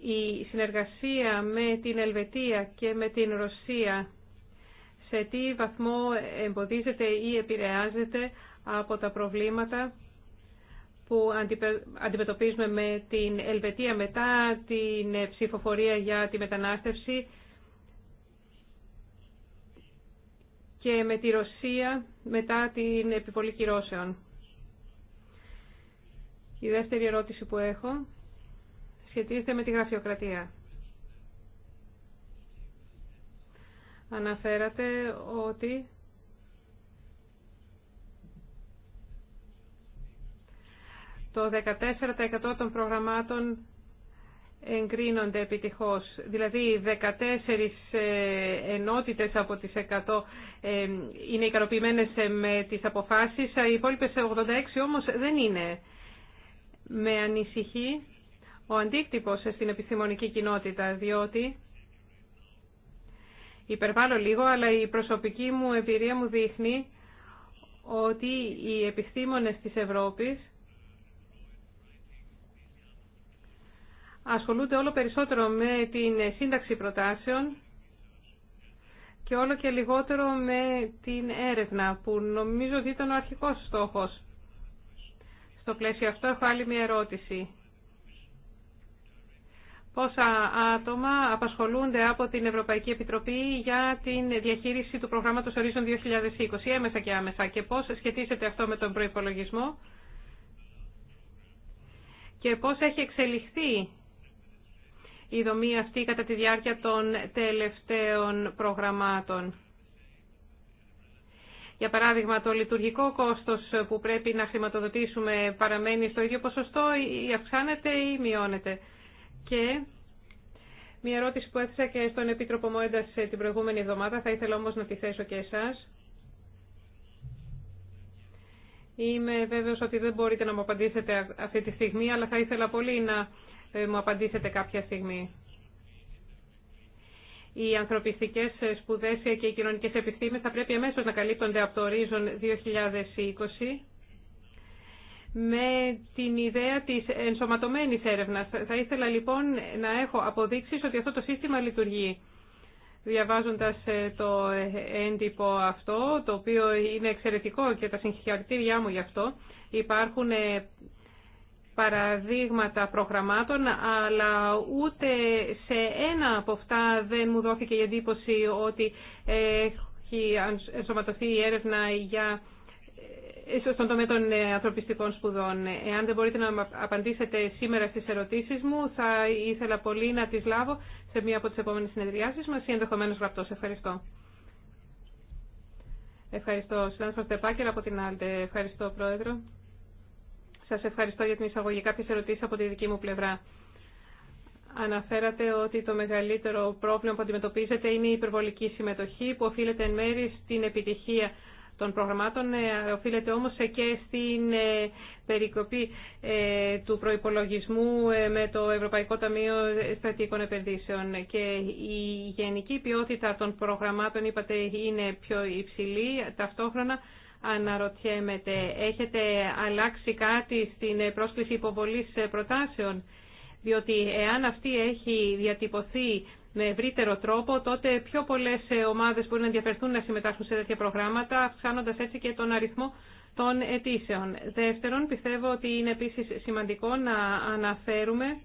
Η συνεργασία με την Ελβετία και με την Ρωσία σε τι βαθμό εμποδίζεται ή επηρεάζεται από τα προβλήματα που αντιμετωπίζουμε με την Ελβετία μετά την ε, ψηφοφορία για τη μετανάστευση και με τη Ρωσία μετά την επιβολή κυρώσεων. Η δεύτερη ερώτηση που έχω σχετίζεται με τη γραφειοκρατία. Αναφέρατε ότι Το 14% των προγραμμάτων εγκρίνονται επιτυχώς. Δηλαδή 14 ε, ενότητες από τις 100 ε, είναι ικανοποιημένες ε, με τις αποφάσεις, οι υπόλοιπες 86 όμως δεν είναι. Με ανησυχεί ο αντίκτυπος στην επιστημονική κοινότητα, διότι υπερβάλλω λίγο, αλλά η προσωπική μου εμπειρία μου δείχνει ότι οι επιστήμονες της Ευρώπης ασχολούνται όλο περισσότερο με την σύνταξη προτάσεων και όλο και λιγότερο με την έρευνα, που νομίζω ότι ήταν ο αρχικός στόχος. Στο πλαίσιο αυτό έχω άλλη μια ερώτηση. Πόσα άτομα απασχολούνται από την Ευρωπαϊκή Επιτροπή για την διαχείριση του προγράμματος Horizon 2020, έμεσα και άμεσα, και πώς σχετίζεται αυτό με τον προϋπολογισμό και πώς έχει εξελιχθεί η δομή αυτή κατά τη διάρκεια των τελευταίων προγραμμάτων. Για παράδειγμα, το λειτουργικό κόστος που πρέπει να χρηματοδοτήσουμε παραμένει στο ίδιο ποσοστό ή αυξάνεται ή μειώνεται. Και μια ερώτηση που έθεσα και στον Επίτροπο Μόεντα την προηγούμενη εβδομάδα, θα ήθελα όμως να τη θέσω και εσάς. Είμαι βέβαιος ότι δεν μπορείτε να μου απαντήσετε αυτή τη στιγμή, αλλά θα ήθελα πολύ να ε, μου απαντήσετε κάποια στιγμή. Οι ανθρωπιστικέ σπουδές και οι κοινωνικέ επιστήμες θα πρέπει αμέσω να καλύπτονται από το ορίζον 2020 με την ιδέα της ενσωματωμένης έρευνας. Θα ήθελα λοιπόν να έχω αποδείξεις ότι αυτό το σύστημα λειτουργεί. Διαβάζοντας ε, το ε, έντυπο αυτό, το οποίο είναι εξαιρετικό και τα συγχαρητήριά μου γι' αυτό, υπάρχουν παραδείγματα προγραμμάτων, αλλά ούτε σε ένα από αυτά δεν μου δόθηκε η εντύπωση ότι έχει ενσωματωθεί η έρευνα για στον τομέα των ανθρωπιστικών σπουδών. Εάν δεν μπορείτε να απαντήσετε σήμερα στις ερωτήσεις μου, θα ήθελα πολύ να τις λάβω σε μία από τις επόμενες συνεδριάσεις μας ή ενδεχομένως γραπτός. Ευχαριστώ. Ευχαριστώ. Συνάδελφος Τεπάκερ από την Άλτε. Ευχαριστώ, Πρόεδρο. Σας ευχαριστώ για την εισαγωγή. Κάποιες ερωτήσεις από τη δική μου πλευρά. Αναφέρατε ότι το μεγαλύτερο πρόβλημα που αντιμετωπίζετε είναι η υπερβολική συμμετοχή που οφείλεται εν μέρη στην επιτυχία των προγραμμάτων, ε, οφείλεται όμως και στην ε, περικοπή ε, του προϋπολογισμού με το Ευρωπαϊκό Ταμείο Στρατηγικών Επενδύσεων. Και η γενική ποιότητα των προγραμμάτων, είπατε, είναι πιο υψηλή. Ταυτόχρονα αναρωτιέμαι, έχετε αλλάξει κάτι στην πρόσκληση υποβολής προτάσεων, διότι εάν αυτή έχει διατυπωθεί με ευρύτερο τρόπο, τότε πιο πολλές ομάδες μπορεί να ενδιαφερθούν να συμμετάσχουν σε τέτοια προγράμματα, αυξάνοντα έτσι και τον αριθμό των αιτήσεων. Δεύτερον, πιστεύω ότι είναι επίσης σημαντικό να αναφέρουμε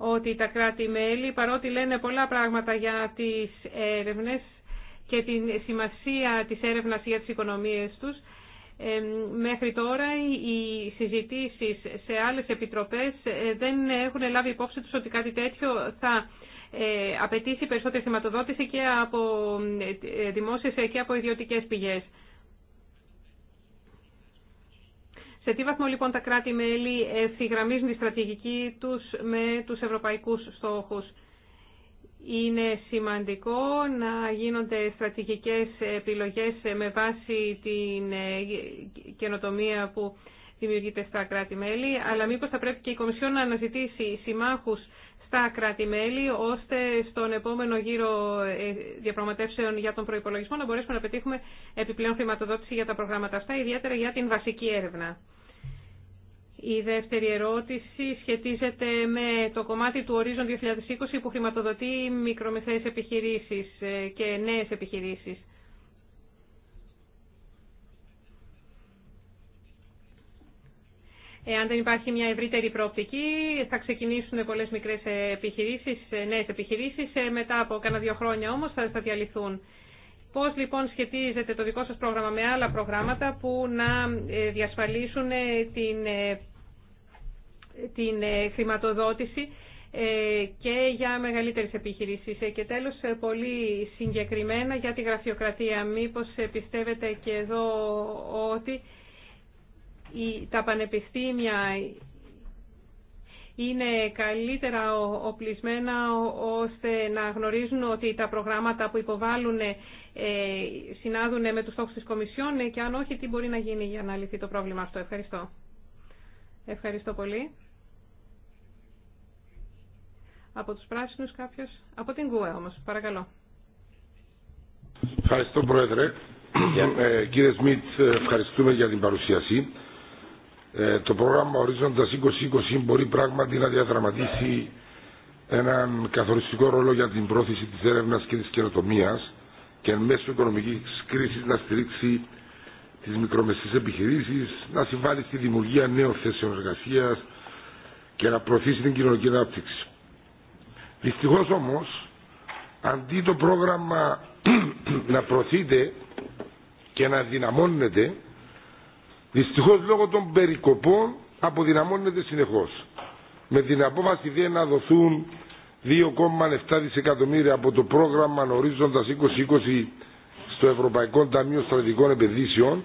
ότι τα κράτη-μέλη, παρότι λένε πολλά πράγματα για τις έρευνες, και τη σημασία της έρευνας για τις οικονομίες τους. Μέχρι τώρα οι συζητήσεις σε άλλες επιτροπές ε, δεν έχουν λάβει υπόψη τους ότι κάτι τέτοιο θα ε, απαιτήσει περισσότερη χρηματοδότηση και από ε, δημόσιες και από ιδιωτικές πηγές. Σε τι βαθμό λοιπόν τα κράτη-μέλη ευθυγραμμίζουν τη στρατηγική τους με τους ευρωπαϊκούς στόχους. Είναι σημαντικό να γίνονται στρατηγικές επιλογές με βάση την ε, καινοτομία που δημιουργείται στα κράτη-μέλη, αλλά μήπως θα πρέπει και η Κομισιόν να αναζητήσει συμμάχους στα κράτη-μέλη, ώστε στον επόμενο γύρο ε, διαπραγματεύσεων για τον προϋπολογισμό να μπορέσουμε να πετύχουμε επιπλέον χρηματοδότηση για τα προγράμματα αυτά, ιδιαίτερα για την βασική έρευνα. Η δεύτερη ερώτηση σχετίζεται με το κομμάτι του Horizon 2020 που χρηματοδοτεί μικρομεσαίες επιχειρήσεις ε, και νέες επιχειρήσεις. Εάν δεν υπάρχει μια ευρύτερη προοπτική, θα ξεκινήσουν πολλές μικρές ε, επιχειρήσεις, ε, νέες επιχειρήσεις, μετά από κάνα δύο χρόνια όμως θα διαλυθούν. Πώς λοιπόν σχετίζεται το δικό σας πρόγραμμα με άλλα προγράμματα που να διασφαλίσουν την την ε, χρηματοδότηση ε, και για μεγαλύτερες επιχειρήσεις. Ε, και τέλος, πολύ συγκεκριμένα για τη γραφειοκρατία. Μήπως πιστεύετε και εδώ ότι τα πανεπιστήμια είναι καλύτερα οπλισμένα ώστε να γνωρίζουν ότι τα προγράμματα που υποβάλλουν συνάδουν με τους στόχους της Κομισιόν και αν όχι τι μπορεί να γίνει για να λυθεί το πρόβλημα αυτό. Ευχαριστώ. Ευχαριστώ πολύ. Από τους πράσινους κάποιος. Από την ΚΟΕ όμως. Παρακαλώ. Ευχαριστώ Πρόεδρε. Yeah. Ε, κύριε Σμιτ, ευχαριστούμε για την παρουσίαση. Ε, το πρόγραμμα Ορίζοντας 2020 μπορεί πράγματι να διαδραματίσει έναν καθοριστικό ρόλο για την πρόθεση της έρευνας και της καινοτομίας και εν μέσω οικονομικής κρίσης να στηρίξει τις μικρομεσαίες επιχειρήσεις, να συμβάλλει στη δημιουργία νέων θέσεων εργασίας και να προωθήσει την κοινωνική ανάπτυξη. Δυστυχώ όμως, αντί το πρόγραμμα (clears throat) να προωθείται και να δυναμώνεται, δυστυχώ λόγω των περικοπών αποδυναμώνεται συνεχώς. Με την απόφαση δε να δοθούν 2,7 δισεκατομμύρια από το πρόγραμμα Ορίζοντας 2020 στο Ευρωπαϊκό Ταμείο Στρατηγικών Επενδύσεων,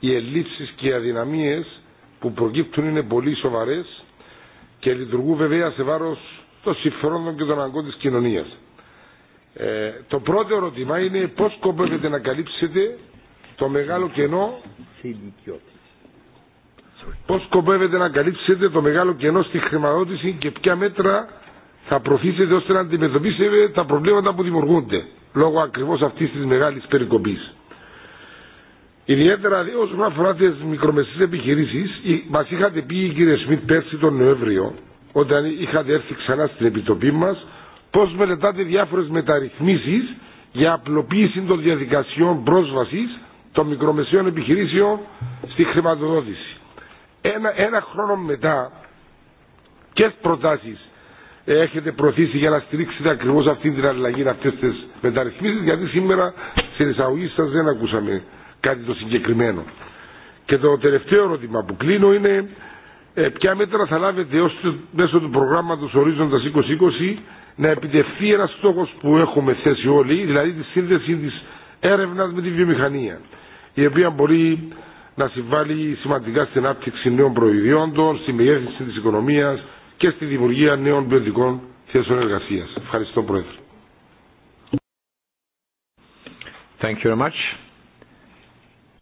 οι ελλείψει και οι αδυναμίες που προκύπτουν είναι πολύ σοβαρέ και λειτουργούν βέβαια σε βάρος των συμφερόντων και των αγκών της κοινωνίας. Ε, το πρώτο ερώτημα είναι πώς σκοπεύετε να καλύψετε το μεγάλο κενό πώς σκοπεύετε να καλύψετε το μεγάλο κενό στη χρηματοδότηση και ποια μέτρα θα προφήσετε ώστε να αντιμετωπίσετε τα προβλήματα που δημιουργούνται λόγω ακριβώς αυτής της μεγάλης περικοπής. Ιδιαίτερα δε δηλαδή, όσον αφορά τι μικρομεσαίε επιχειρήσει, μα είχατε πει κύριε Σμιτ πέρσι τον Νοέμβριο όταν είχατε έρθει ξανά στην επιτροπή μας, πώς μελετάτε διάφορες μεταρρυθμίσεις για απλοποίηση των διαδικασιών πρόσβασης των μικρομεσαίων επιχειρήσεων στη χρηματοδότηση. Ένα, ένα χρόνο μετά, ποιε προτάσεις ε, έχετε προωθήσει για να στηρίξετε ακριβώς αυτή την αλλαγή, αυτές τις μεταρρυθμίσεις, γιατί σήμερα στην εισαγωγή σας δεν ακούσαμε κάτι το συγκεκριμένο. Και το τελευταίο ερώτημα που κλείνω είναι ε, ποια μέτρα θα λάβετε ώστε μέσω του προγράμματος Ορίζοντας 2020 να επιτευχθεί ένας στόχος που έχουμε θέσει όλοι, δηλαδή τη σύνδεση της έρευνας με τη βιομηχανία, η οποία μπορεί να συμβάλλει σημαντικά στην άπτυξη νέων προϊόντων, στη μεγέθυνση της οικονομίας και στη δημιουργία νέων ποιοτικών θέσεων εργασίας. Ευχαριστώ Πρόεδρε. Thank you very much.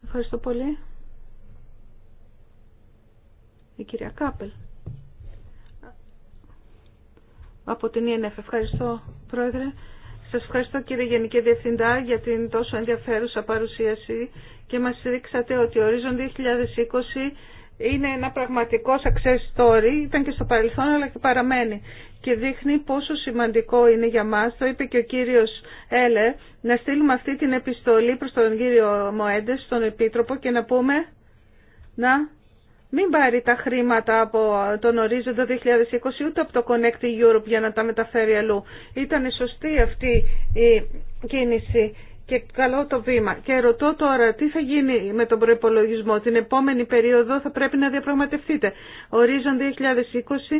Ευχαριστώ πολύ η κυρία Κάπελ. Από την ΕΝΕΦ. E ευχαριστώ, Πρόεδρε. Σας ευχαριστώ κύριε Γενική Διευθυντά για την τόσο ενδιαφέρουσα παρουσίαση και μας δείξατε ότι ο Ορίζον 2020 είναι ένα πραγματικό success story, ήταν και στο παρελθόν αλλά και παραμένει και δείχνει πόσο σημαντικό είναι για μας, το είπε και ο κύριος Έλε, να στείλουμε αυτή την επιστολή προς τον κύριο Μοέντες, στον Επίτροπο και να πούμε να μην πάρει τα χρήματα από τον ορίζοντα 2020 ούτε από το Connect Europe για να τα μεταφέρει αλλού. Ήταν σωστή αυτή η κίνηση και καλό το βήμα. Και ρωτώ τώρα τι θα γίνει με τον προϋπολογισμό. Την επόμενη περίοδο θα πρέπει να διαπραγματευτείτε. Ορίζον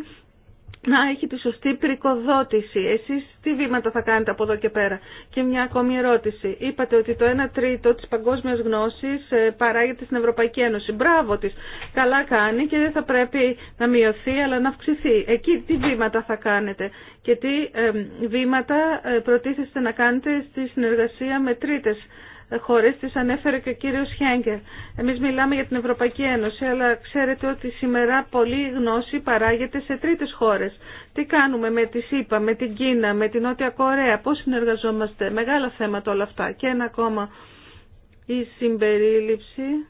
2020 να έχει τη σωστή πρικοδότηση. Εσείς τι βήματα θα κάνετε από εδώ και πέρα. Και μια ακόμη ερώτηση. Είπατε ότι το 1 τρίτο της παγκόσμιας γνώσης ε, παράγεται στην Ευρωπαϊκή Ένωση. Μπράβο της. Καλά κάνει και δεν θα πρέπει να μειωθεί αλλά να αυξηθεί. Εκεί τι βήματα θα κάνετε και τι ε, βήματα ε, προτίθεστε να κάνετε στη συνεργασία με τρίτες ε, χώρες, τις ανέφερε και ο κύριος Χέγκερ. Εμείς μιλάμε για την Ευρωπαϊκή Ένωση, αλλά ξέρετε ότι σήμερα πολλή γνώση παράγεται σε τρίτε χώρες. Τι κάνουμε με τη ΣΥΠΑ, με την Κίνα, με την Νότια Κορέα, πώς συνεργαζόμαστε, μεγάλα θέματα όλα αυτά. Και ένα ακόμα, η συμπερίληψη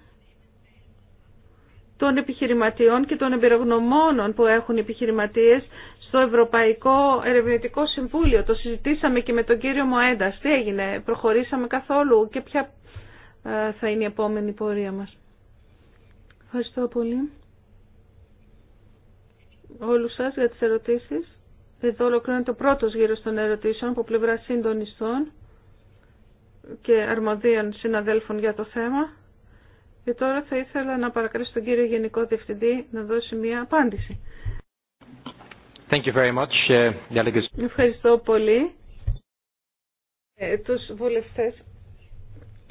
των επιχειρηματιών και των εμπειρογνωμόνων που έχουν οι επιχειρηματίες το Ευρωπαϊκό Ερευνητικό Συμβούλιο. Το συζητήσαμε και με τον κύριο Μοέντα. Τι έγινε, προχωρήσαμε καθόλου και ποια ε, θα είναι η επόμενη πορεία μας. Ευχαριστώ πολύ όλους σας για τις ερωτήσεις. Εδώ ολοκληρώνει το πρώτος γύρος των ερωτήσεων από πλευρά συντονιστών και αρμοδίων συναδέλφων για το θέμα. Και τώρα θα ήθελα να παρακαλέσω τον κύριο Γενικό Διευθυντή να δώσει μία απάντηση. Thank you very much. Uh, Ευχαριστώ πολύ ε, τους βουλευτές.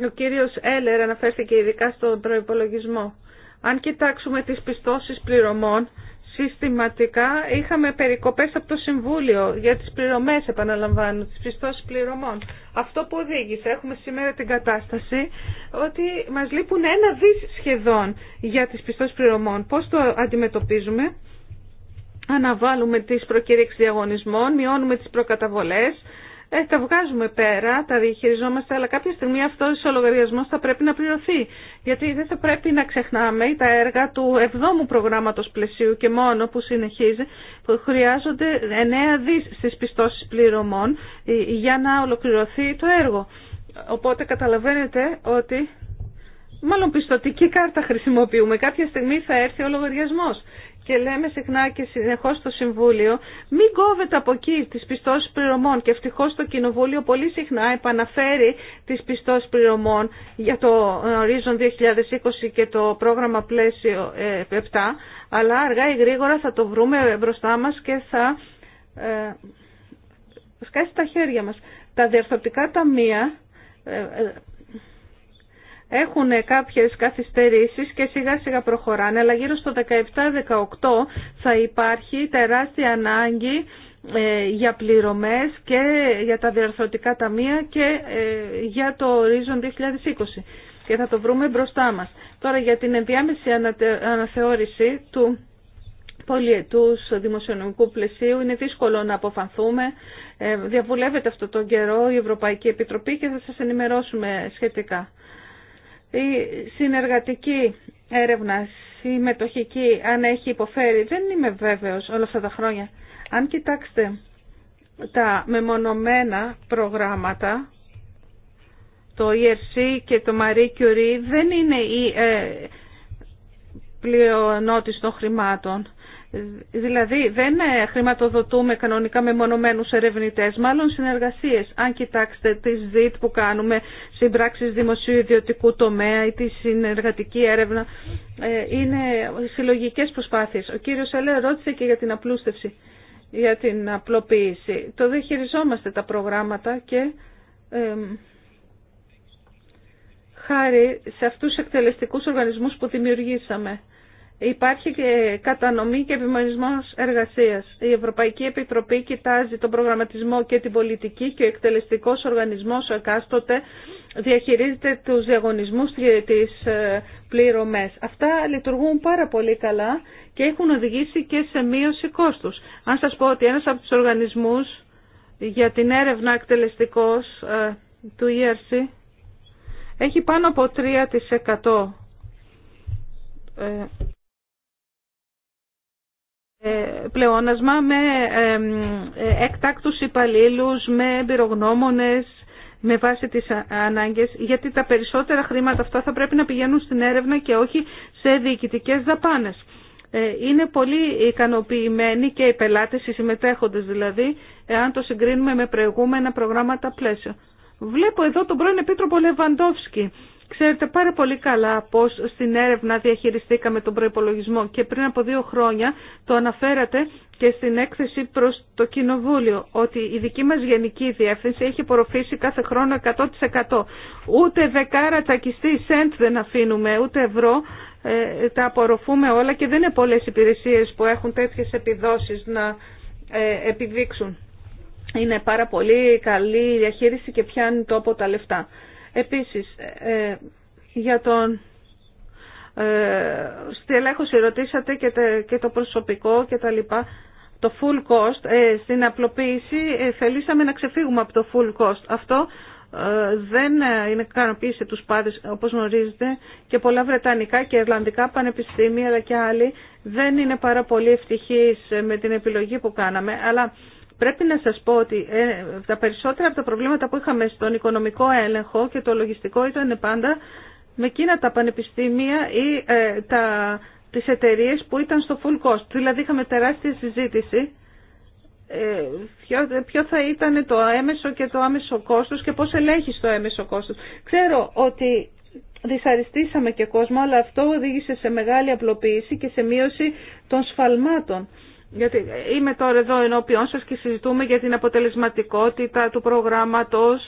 Ο κύριος Έλερ αναφέρθηκε ειδικά στον προϋπολογισμό. Αν κοιτάξουμε τις πιστώσεις πληρωμών, συστηματικά είχαμε περικοπές από το Συμβούλιο για τις πληρωμές, επαναλαμβάνω, τις πιστώσεις πληρωμών. Αυτό που οδήγησε, έχουμε σήμερα την κατάσταση, ότι μας λείπουν ένα δις σχεδόν για τις πιστώσεις πληρωμών. Πώς το αντιμετωπίζουμε αναβάλουμε τις προκήρυξεις διαγωνισμών, μειώνουμε τις προκαταβολές, ε, τα βγάζουμε πέρα, τα διαχειριζόμαστε, αλλά κάποια στιγμή αυτό ο λογαριασμό θα πρέπει να πληρωθεί. Γιατί δεν θα πρέπει να ξεχνάμε τα έργα του 7ου προγράμματο πλαισίου και μόνο που συνεχίζει, που χρειάζονται 9 δι στι πιστώσει πληρωμών ε, για να ολοκληρωθεί το έργο. Οπότε καταλαβαίνετε ότι μάλλον πιστοτική κάρτα χρησιμοποιούμε. Κάποια στιγμή θα έρθει ο λογαριασμό και λέμε συχνά και συνεχώ στο Συμβούλιο μην κόβεται από εκεί τις πιστώσεις πληρωμών και ευτυχώ το Κοινοβούλιο πολύ συχνά επαναφέρει τις πιστώσεις πληρωμών για το Horizon 2020 και το πρόγραμμα πλαίσιο 7 ε, αλλά αργά ή γρήγορα θα το βρούμε μπροστά μας και θα ε, σκάσει τα χέρια μα Τα διαρθρωτικά ταμεία ε, έχουν κάποιες καθυστερήσεις και σιγά σιγά προχωράνε, αλλά γύρω στο 17-18 θα υπάρχει τεράστια ανάγκη ε, για πληρωμές και για τα διαρθρωτικά ταμεία και ε, για το Horizon 2020 και θα το βρούμε μπροστά μας. Τώρα για την ενδιάμεση αναθεώρηση του πολιετούς δημοσιονομικού πλαισίου είναι δύσκολο να αποφανθούμε. Ε, διαβουλεύεται αυτό τον καιρό η Ευρωπαϊκή Επιτροπή και θα σας ενημερώσουμε σχετικά. Η συνεργατική έρευνα, συμμετοχική, αν έχει υποφέρει, δεν είμαι βέβαιος όλα αυτά τα χρόνια. Αν κοιτάξετε τα μεμονωμένα προγράμματα, το ERC και το Marie Curie δεν είναι η ε, των χρημάτων. Δηλαδή δεν ε, χρηματοδοτούμε κανονικά με μονομένους ερευνητές, μάλλον συνεργασίες. Αν κοιτάξετε τις ΔΙΤ που κάνουμε, συμπράξεις δημοσίου ιδιωτικού τομέα ή τη συνεργατική έρευνα, ε, είναι συλλογικές προσπάθειες. Ο κύριος Ελέ ρώτησε και για την απλούστευση, για την απλοποίηση. Το δεν χειριζόμαστε τα προγράμματα και... Ε, χάρη σε αυτούς τους εκτελεστικούς οργανισμούς που δημιουργήσαμε Υπάρχει και κατανομή και επιμονισμός εργασίας. Η Ευρωπαϊκή Επιτροπή κοιτάζει τον προγραμματισμό και την πολιτική και ο εκτελεστικός οργανισμός εκάστοτε διαχειρίζεται τους διαγωνισμούς και τις ε, πληρωμές. Αυτά λειτουργούν πάρα πολύ καλά και έχουν οδηγήσει και σε μείωση κόστους. Αν σας πω ότι ένας από τους οργανισμούς για την έρευνα εκτελεστικός ε, του ERC έχει πάνω από 3% ε, πλεόνασμα με εκτάκτους ε, υπαλλήλους, με εμπειρογνώμονες, με βάση τις ανάγκες, γιατί τα περισσότερα χρήματα αυτά θα πρέπει να πηγαίνουν στην έρευνα και όχι σε διοικητικές δαπάνες. Ε, είναι πολύ ικανοποιημένοι και οι πελάτες, οι συμμετέχοντες δηλαδή, εάν το συγκρίνουμε με προηγούμενα προγράμματα πλαίσια. Βλέπω εδώ τον πρώην Επίτροπο Λεβαντόφσκι Ξέρετε πάρα πολύ καλά πώς στην έρευνα διαχειριστήκαμε τον προϋπολογισμό και πριν από δύο χρόνια το αναφέρατε και στην έκθεση προς το Κοινοβούλιο ότι η δική μας γενική διεύθυνση έχει απορροφήσει κάθε χρόνο 100%. Ούτε δεκάρα τσακιστή σέντ δεν αφήνουμε, ούτε ευρώ. Ε, τα απορροφούμε όλα και δεν είναι πολλές υπηρεσίες που έχουν τέτοιες επιδόσεις να ε, επιδείξουν. Είναι πάρα πολύ καλή η διαχείριση και πιάνει τόπο τα λεφτά. Επίσης, ε, ε, για τον ε, στη ελέγχωση ρωτήσατε και, το προσωπικό και τα λοιπά. Το full cost, στην απλοποίηση θελήσαμε να ξεφύγουμε από το full cost. Αυτό δεν είναι ικανοποίηση τους πάντες όπως γνωρίζετε και πολλά βρετανικά και ιρλανδικά πανεπιστήμια αλλά και άλλοι δεν είναι πάρα πολύ ευτυχείς με την επιλογή που κάναμε αλλά Πρέπει να σας πω ότι ε, τα περισσότερα από τα προβλήματα που είχαμε στον οικονομικό έλεγχο και το λογιστικό ήταν πάντα με εκείνα τα πανεπιστήμια ή ε, τα, τις εταιρείε που ήταν στο full cost. Δηλαδή είχαμε τεράστια συζήτηση ε, ποιο, θα ήταν το έμεσο και το άμεσο κόστος και πώς ελέγχεις το έμεσο κόστος. Ξέρω ότι δυσαριστήσαμε και κόσμο, αλλά αυτό οδήγησε σε μεγάλη απλοποίηση και σε μείωση των σφαλμάτων. Γιατί είμαι τώρα εδώ ενώπιόν σας και συζητούμε για την αποτελεσματικότητα του προγράμματος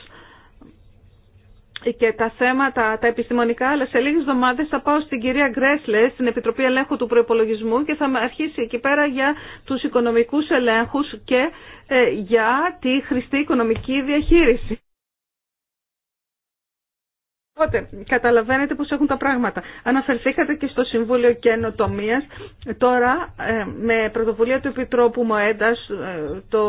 και τα θέματα τα επιστημονικά, αλλά σε λίγες εβδομάδες θα πάω στην κυρία Γκρέσλε, στην Επιτροπή Ελέγχου του Προϋπολογισμού και θα αρχίσει εκεί πέρα για τους οικονομικούς ελέγχους και ε, για τη χρηστή οικονομική διαχείριση. Οπότε, καταλαβαίνετε πώς έχουν τα πράγματα. Αναφερθήκατε και στο Συμβούλιο Καινοτομία. Τώρα, ε, με πρωτοβουλία του Επιτρόπου Μοέντας, ε, το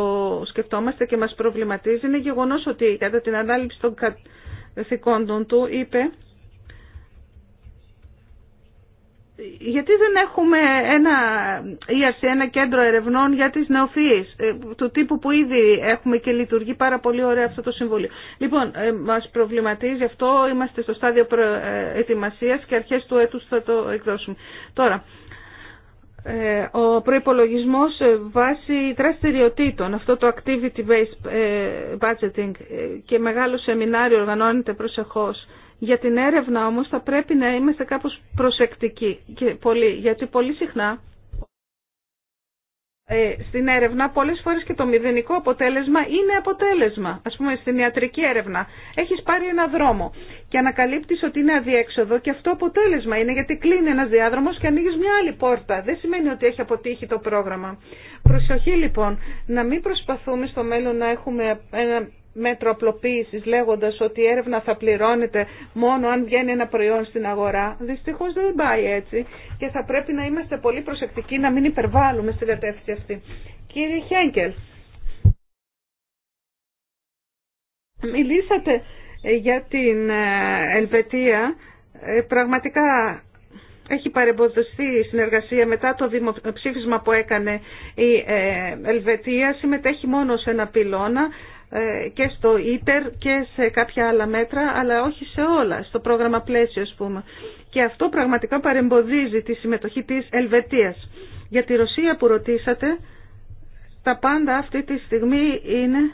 σκεφτόμαστε και μας προβληματίζει. Είναι γεγονός ότι κατά την ανάληψη των καθηκόντων του είπε γιατί δεν έχουμε ένα e ένα κέντρο ερευνών για τις νεοφυείς, ε, του τύπου που ήδη έχουμε και λειτουργεί πάρα πολύ ωραία αυτό το συμβούλιο. Λοιπόν, ε, μας προβληματίζει αυτό, είμαστε στο στάδιο προετοιμασίας και αρχές του έτους θα το εκδώσουμε. Τώρα, ε, ο προϋπολογισμός βάσει δραστηριοτήτων, αυτό το activity-based budgeting και μεγάλο σεμινάριο οργανώνεται προσεχώς για την έρευνα όμως θα πρέπει να είμαστε κάπως προσεκτικοί πολύ, γιατί πολύ συχνά ε, στην έρευνα πολλές φορές και το μηδενικό αποτέλεσμα είναι αποτέλεσμα. Ας πούμε στην ιατρική έρευνα έχεις πάρει ένα δρόμο και ανακαλύπτεις ότι είναι αδιέξοδο και αυτό αποτέλεσμα είναι γιατί κλείνει ένας διάδρομος και ανοίγεις μια άλλη πόρτα. Δεν σημαίνει ότι έχει αποτύχει το πρόγραμμα. Προσοχή λοιπόν να μην προσπαθούμε στο μέλλον να έχουμε ένα μέτρο απλοποίηση λέγοντας ότι η έρευνα θα πληρώνεται μόνο αν βγαίνει ένα προϊόν στην αγορά. Δυστυχώς δεν πάει έτσι και θα πρέπει να είμαστε πολύ προσεκτικοί να μην υπερβάλλουμε στην κατεύθυνση αυτή. Κύριε Χέγκελ, μιλήσατε για την ε, Ελβετία. Ε, πραγματικά έχει παρεμποδιστεί η συνεργασία μετά το δημοψήφισμα που έκανε η ε, Ελβετία. Συμμετέχει μόνο σε ένα πυλώνα ε, και στο ΙΤΕΡ και σε κάποια άλλα μέτρα, αλλά όχι σε όλα, στο πρόγραμμα πλαίσιο ας πούμε. Και αυτό πραγματικά παρεμποδίζει τη συμμετοχή της Ελβετίας. Για τη Ρωσία που ρωτήσατε, τα πάντα αυτή τη στιγμή είναι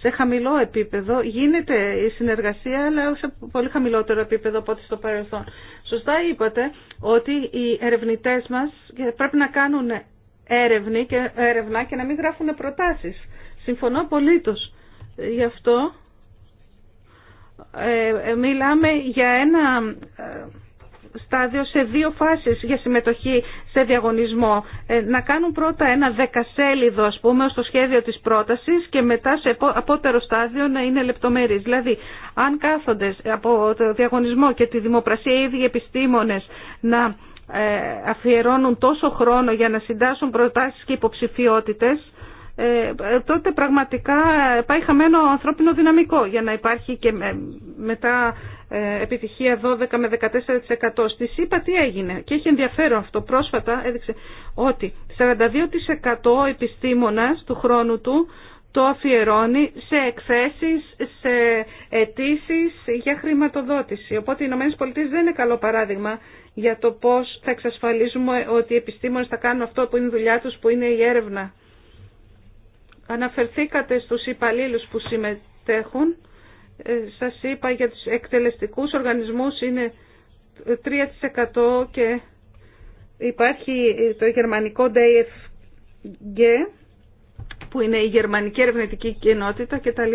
σε χαμηλό επίπεδο. Γίνεται η συνεργασία, αλλά σε πολύ χαμηλότερο επίπεδο από ό,τι στο παρελθόν. Σωστά είπατε ότι οι ερευνητές μας πρέπει να κάνουν έρευνη και έρευνα και να μην γράφουν προτάσεις Συμφωνώ απολύτως. Γι' αυτό ε, ε, μιλάμε για ένα ε, στάδιο σε δύο φάσεις για συμμετοχή σε διαγωνισμό. να κάνουν πρώτα ένα δεκασέλιδο ας πούμε στο σχέδιο της πρότασης και μετά σε απότερο στάδιο να είναι λεπτομέρειες. Δηλαδή αν κάθονται από το διαγωνισμό και τη δημοπρασία οι ίδιοι επιστήμονες να αφιερώνουν τόσο χρόνο για να συντάσσουν προτάσεις και υποψηφιότητες ε, τότε πραγματικά πάει χαμένο ανθρώπινο δυναμικό για να υπάρχει και μετά ε, επιτυχία 12 με 14%. Στη ΣΥΠΑ τι έγινε και έχει ενδιαφέρον αυτό. Πρόσφατα έδειξε ότι 42% επιστήμονας του χρόνου του το αφιερώνει σε εκθέσεις, σε αιτήσει για χρηματοδότηση. Οπότε οι ΗΠΑ δεν είναι καλό παράδειγμα για το πώς θα εξασφαλίζουμε ότι οι επιστήμονες θα κάνουν αυτό που είναι η δουλειά τους, που είναι η έρευνα. Αναφερθήκατε στους υπαλλήλους που συμμετέχουν. Ε, σας είπα για τους εκτελεστικούς οργανισμούς είναι 3% και υπάρχει το γερμανικό DFG που είναι η γερμανική ερευνητική κοινότητα κτλ.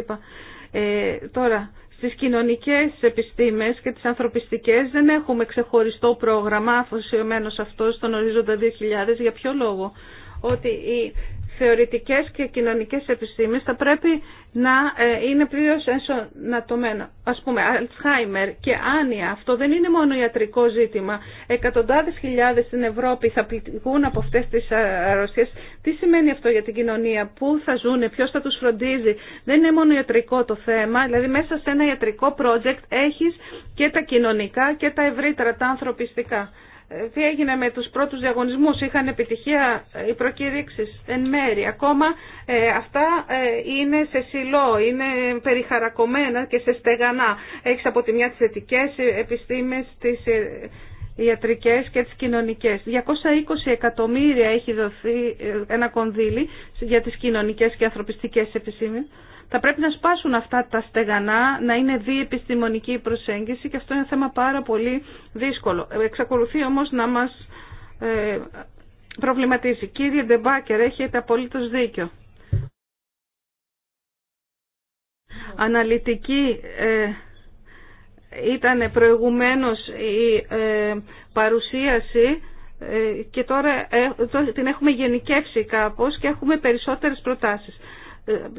Ε, τώρα, στις κοινωνικές επιστήμες και τις ανθρωπιστικές δεν έχουμε ξεχωριστό πρόγραμμα αφοσιωμένο σε αυτό στον ορίζοντα 2000. Για ποιο λόγο? Ότι η θεωρητικές και κοινωνικές επιστήμες θα πρέπει να ε, είναι πλήρως ενσωνατωμένα. Ας πούμε, Αλτσχάιμερ και Άνια, αυτό δεν είναι μόνο ιατρικό ζήτημα. Εκατοντάδες χιλιάδες στην Ευρώπη θα πληγούν από αυτές τις αρρωσίες. Τι σημαίνει αυτό για την κοινωνία, πού θα ζουν, ποιο θα τους φροντίζει. Δεν είναι μόνο ιατρικό το θέμα, δηλαδή μέσα σε ένα ιατρικό project έχεις και τα κοινωνικά και τα ευρύτερα, τα ανθρωπιστικά. Ε, τι έγινε με τους πρώτους διαγωνισμούς, είχαν επιτυχία ε, οι προκήρυξεις εν μέρη. Ακόμα ε, αυτά είναι σε σιλό, είναι περιχαρακωμένα και σε στεγανά. Έχεις από τη μια τις θετικές επιστήμες, τις ιατρικές και τις κοινωνικές. 220 εκατομμύρια έχει δοθεί ένα κονδύλι για τις κοινωνικές και ανθρωπιστικές επιστήμες. Θα πρέπει να σπάσουν αυτά τα στεγανά, να είναι διεπιστημονική η προσέγγιση και αυτό είναι θέμα πάρα πολύ δύσκολο. Εξακολουθεί όμως να μας ε, προβληματίζει. Κύριε Ντεμπάκερ, έχετε απολύτως δίκιο. Αναλυτική ε, ήταν προηγουμένως η ε, παρουσίαση και τώρα την έχουμε γενικεύσει κάπως και έχουμε περισσότερες προτάσεις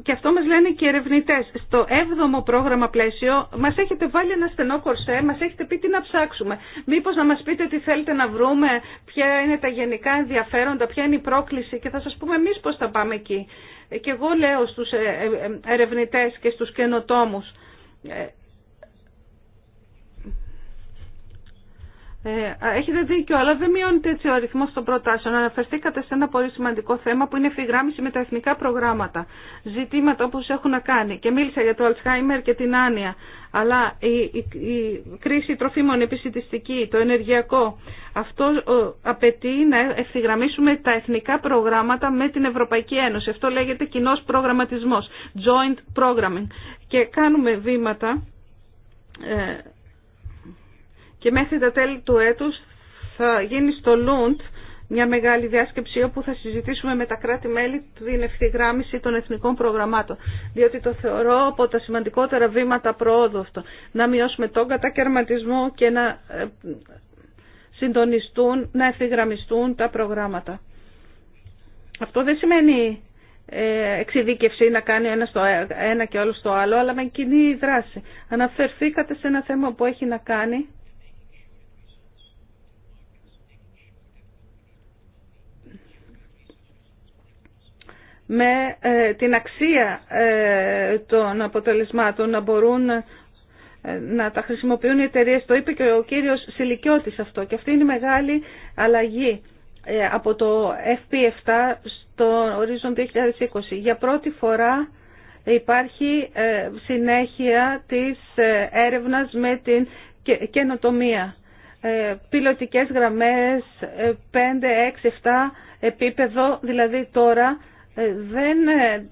και αυτό μας λένε και οι ερευνητές. Στο 7ο πρόγραμμα πλαίσιο μας έχετε βάλει ένα στενό κορσέ, μας έχετε πει τι να ψάξουμε. Μήπως να μας πείτε τι θέλετε να βρούμε, ποια είναι τα γενικά ενδιαφέροντα, ποια είναι η πρόκληση και θα σας πούμε εμείς πώς θα πάμε εκεί. Και εγώ λέω στους ε, ε, ε, ερευνητές και στους καινοτόμους, Ε, έχετε δίκιο, αλλά δεν μειώνεται έτσι ο αριθμό των προτάσεων. Αναφερθήκατε σε ένα πολύ σημαντικό θέμα που είναι ευθυγράμμιση με τα εθνικά προγράμματα. Ζητήματα όπω έχουν να κάνει. Και μίλησα για το Αλτσχάιμερ και την Άνια. Αλλά η, κρίση τροφίμων επισητιστική, το ενεργειακό, αυτό απαιτεί να ευθυγραμμίσουμε τα εθνικά προγράμματα με την Ευρωπαϊκή Ένωση. Αυτό λέγεται κοινό προγραμματισμό. Joint programming. Και κάνουμε βήματα. Ε, και μέχρι τα τέλη του έτους θα γίνει στο Λούντ μια μεγάλη διάσκεψη όπου θα συζητήσουμε με τα κράτη-μέλη την ευθυγράμμιση των εθνικών προγραμμάτων. Διότι το θεωρώ από τα σημαντικότερα βήματα προόδου αυτό. Να μειώσουμε τον κατακαιρματισμό και να ε, συντονιστούν, να ευθυγραμμιστούν τα προγράμματα. Αυτό δεν σημαίνει ε, εξειδίκευση να κάνει ένα, ένα και όλο στο άλλο, αλλά με κοινή δράση. Αναφερθήκατε σε ένα θέμα που έχει να κάνει με ε, την αξία ε, των αποτελεσμάτων να μπορούν ε, να τα χρησιμοποιούν οι εταιρείε. Το είπε και ο κύριος Σιλικιώτης αυτό και αυτή είναι η μεγάλη αλλαγή από το FP7 στο ορίζον 2020. Για πρώτη φορά υπάρχει συνέχεια της έρευνας με την καινοτομία. Πιλωτικές γραμμές 5, 6, 7 επίπεδο, δηλαδή τώρα ε, δεν ε,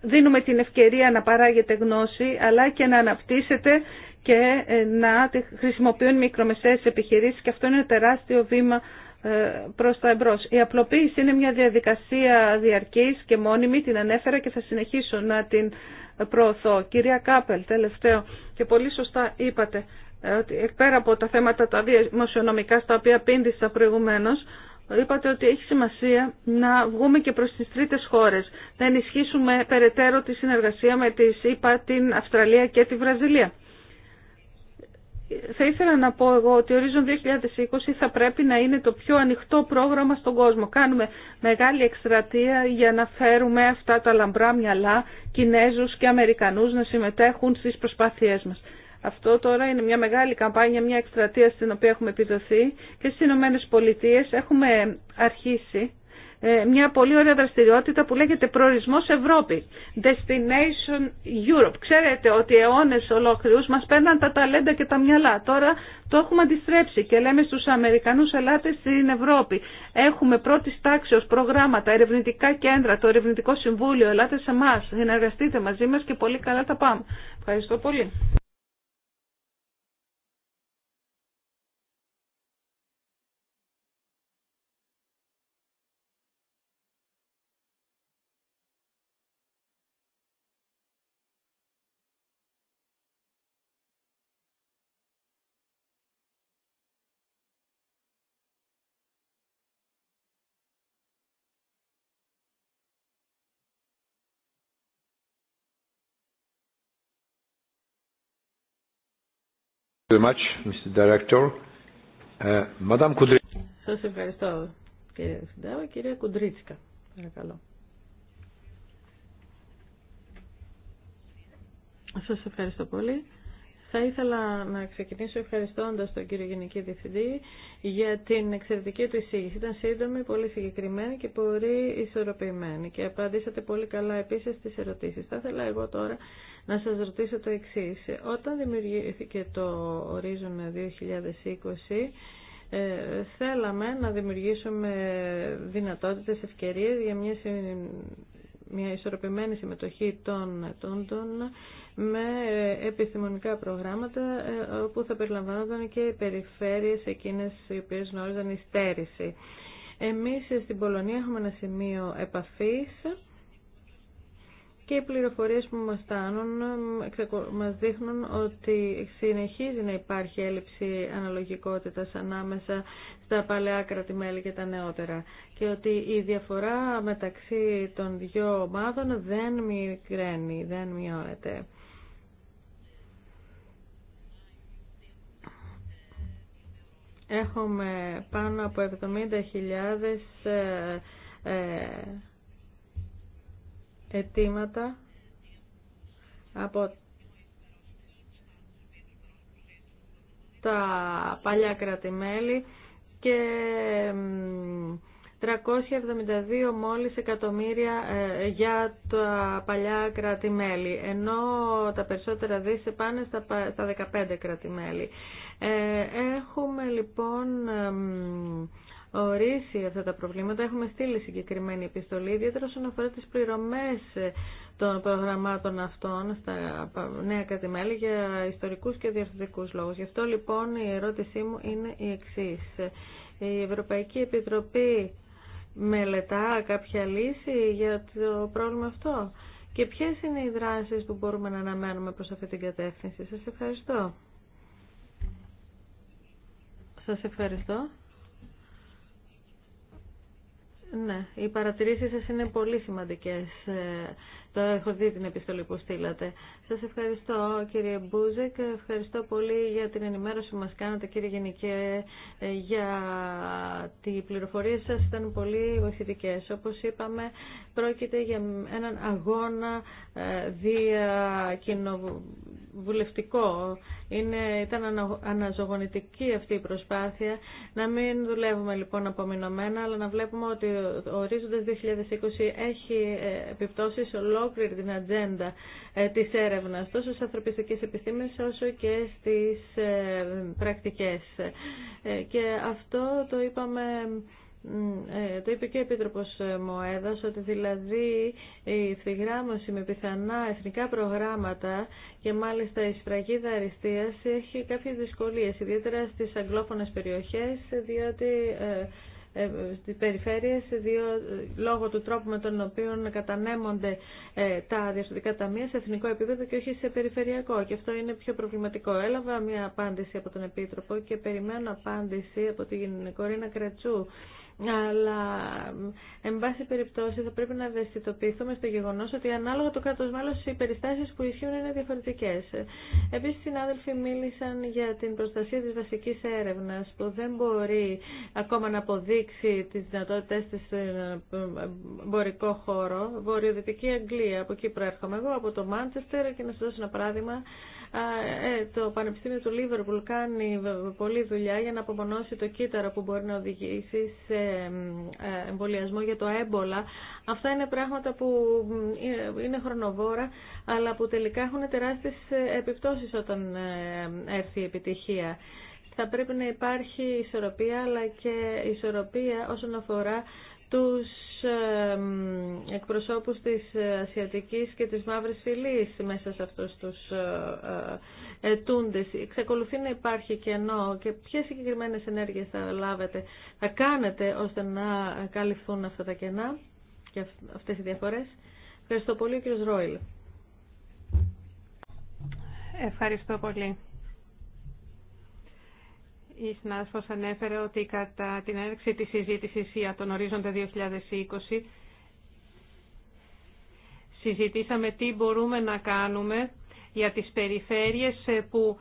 δίνουμε την ευκαιρία να παράγεται γνώση, αλλά και να αναπτύσσεται και ε, να τη χρησιμοποιούν μικρομεσαίες επιχειρήσεις και αυτό είναι τεράστιο βήμα προς τα εμπρός. Η απλοποίηση είναι μια διαδικασία διαρκής και μόνιμη, την ανέφερα και θα συνεχίσω να την προωθώ. Κυρία Κάπελ, τελευταίο και πολύ σωστά είπατε ότι πέρα από τα θέματα τα δημοσιονομικά στα οποία πίνδυσα προηγουμένως, είπατε ότι έχει σημασία να βγούμε και προς τις τρίτες χώρες, να ενισχύσουμε περαιτέρω τη συνεργασία με τη την Αυστραλία και τη Βραζιλία. Θα ήθελα να πω εγώ ότι ορίζον 2020 θα πρέπει να είναι το πιο ανοιχτό πρόγραμμα στον κόσμο. Κάνουμε μεγάλη εκστρατεία για να φέρουμε αυτά τα λαμπρά μυαλά Κινέζους και Αμερικανούς να συμμετέχουν στις προσπάθειές μας. Αυτό τώρα είναι μια μεγάλη καμπάνια, μια εκστρατεία στην οποία έχουμε επιδοθεί και στις Ηνωμένε Πολιτείε έχουμε αρχίσει ε, μια πολύ ωραία δραστηριότητα που λέγεται Προορισμός Ευρώπη, Destination Europe. Ξέρετε ότι αιώνες ολόκληρους μας παίρναν τα ταλέντα και τα μυαλά. Τώρα το έχουμε αντιστρέψει και λέμε στους Αμερικανούς ελάτε στην Ευρώπη. Έχουμε πρώτη ω προγράμματα, ερευνητικά κέντρα, το Ερευνητικό Συμβούλιο, ελάτε σε εμά, συνεργαστείτε μαζί μας και πολύ καλά τα πάμε. Ευχαριστώ πολύ. Uh, Σας ευχαριστώ κύριε Συντάβα. Κυρία Κουντρίτσικα, παρακαλώ. Σας ευχαριστώ πολύ. Θα ήθελα να ξεκινήσω ευχαριστώντας τον κύριο Γενική Διευθυντή για την εξαιρετική του εισήγηση. Ήταν σύντομη, πολύ συγκεκριμένη και πολύ ισορροπημένη και απαντήσατε πολύ καλά επίσης στις ερωτήσεις. Θα ήθελα εγώ τώρα να σας ρωτήσω το εξής. Όταν δημιουργήθηκε το ορίζον 2020, ε, θέλαμε να δημιουργήσουμε δυνατότητες, ευκαιρίες για μια μια ισορροπημένη συμμετοχή των των με επιστημονικά προγράμματα ε, όπου θα περιλαμβάνονταν και οι περιφέρειες εκείνες οι οποίες γνώριζαν η στέρηση. Εμείς στην Πολωνία έχουμε ένα σημείο επαφής και οι πληροφορίες που μας στάνουν μας δείχνουν ότι συνεχίζει να υπάρχει έλλειψη αναλογικότητας ανάμεσα στα παλαιά κρατημέλη και τα νεότερα και ότι η διαφορά μεταξύ των δύο ομάδων δεν μικραίνει, δεν μειώνεται. Έχουμε πάνω από 70.000 αιτήματα από τα παλιά κράτη-μέλη και 372 μόλις εκατομμύρια ε, για τα παλιά κράτη-μέλη ενώ τα περισσότερα δίση πάνε στα 15 κρατημέλη. Ε, έχουμε λοιπόν ε, ορίσει αυτά τα προβλήματα. Έχουμε στείλει συγκεκριμένη επιστολή, ιδιαίτερα όσον αφορά τις πληρωμές των προγραμμάτων αυτών στα νέα κατημέλη για ιστορικούς και διαρθρωτικούς λόγους. Γι' αυτό λοιπόν η ερώτησή μου είναι η εξής. Η Ευρωπαϊκή Επιτροπή μελετά κάποια λύση για το πρόβλημα αυτό και ποιες είναι οι δράσεις που μπορούμε να αναμένουμε προς αυτή την κατεύθυνση. Σας ευχαριστώ. Σας ευχαριστώ. Ναι, οι παρατηρήσεις σας είναι πολύ σημαντικές. Ε, το έχω δει την επιστολή που στείλατε. Σας ευχαριστώ κύριε Μπούζεκ, ευχαριστώ πολύ για την ενημέρωση που μας κάνατε κύριε Γενικέ, ε, για τι πληροφορίες σας ήταν πολύ βοηθητικέ. Όπως είπαμε πρόκειται για έναν αγώνα ε, διακοινοβουλευτικό. Είναι, ήταν αναζωογονητική αυτή η προσπάθεια. Να μην δουλεύουμε λοιπόν απομεινωμένα, αλλά να βλέπουμε ότι ο ορίζοντας 2020 έχει ε, επιπτώσεις ολόκληρη την ατζέντα ε, της έρευνας, τόσο στις ανθρωπιστικές επιστήμες όσο και στις ε, πρακτικές. Ε, και αυτό το είπαμε το είπε και ο Επίτροπος Μοέδας ότι δηλαδή η με πιθανά εθνικά προγράμματα και μάλιστα η σφραγίδα αριστείας έχει κάποιες δυσκολίες ιδιαίτερα στις αγγλόφωνες περιοχές διότι ε, στις περιφέρειες ε, λόγω του τρόπου με τον οποίο κατανέμονται ε, τα διαστοντικά ταμεία σε εθνικό επίπεδο και όχι σε περιφερειακό. Και αυτό είναι πιο προβληματικό. Έλαβα μια απάντηση από τον Επίτροπο και περιμένω απάντηση από την Κορίνα Κρατσού αλλά, εν πάση περιπτώσει, θα πρέπει να ευαισθητοποιηθούμε στο γεγονός ότι ανάλογα το κράτο μέλο οι περιστάσεις που ισχύουν είναι διαφορετικές. Επίσης, οι συνάδελφοι μίλησαν για την προστασία της βασικής έρευνας που δεν μπορεί ακόμα να αποδείξει τι δυνατότητέ τη εμπορικό χώρο. Βορειοδυτική Αγγλία, από εκεί προέρχομαι εγώ, από το Μάντσεστερ και να σα δώσω ένα παράδειγμα. Ε, το Πανεπιστήμιο του Λίβερπουλ κάνει πολλή δουλειά για να απομονώσει το κύτταρο που μπορεί να οδηγήσει σε ε, εμβολιασμό για το έμπολα. Αυτά είναι πράγματα που ε, είναι χρονοβόρα, αλλά που τελικά έχουν τεράστιες επιπτώσεις όταν έρθει η επιτυχία. Θα πρέπει να υπάρχει ισορροπία, αλλά και ισορροπία όσον αφορά τους εκπροσώπους της Ασιατικής και της Μαύρης Φυλής μέσα σε αυτούς τους ε, ε, ετούντες. Εξακολουθεί να υπάρχει κενό και ποιες συγκεκριμένε ενέργειες θα λάβετε, θα κάνετε ώστε να καλυφθούν αυτά τα κενά και αυτές οι διαφορές. Ευχαριστώ πολύ κύριος Ρόιλ. Ευχαριστώ πολύ. Η Σνάσφο ανέφερε ότι κατά την έναρξη της συζήτησης για τον ορίζοντα 2020 συζητήσαμε τι μπορούμε να κάνουμε για τις περιφέρειες που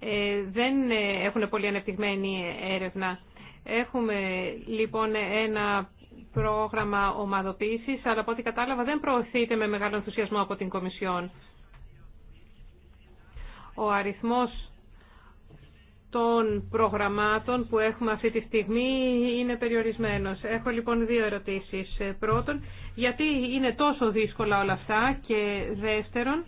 ε, δεν έχουν πολύ ανεπτυγμένη έρευνα. Έχουμε λοιπόν ένα πρόγραμμα ομαδοποίησης, αλλά από ό,τι κατάλαβα δεν προωθείται με μεγάλο ενθουσιασμό από την Κομισιόν. Ο αριθμός των προγραμμάτων που έχουμε αυτή τη στιγμή είναι περιορισμένος. Έχω λοιπόν δύο ερωτήσεις. Πρώτον, γιατί είναι τόσο δύσκολα όλα αυτά και δεύτερον,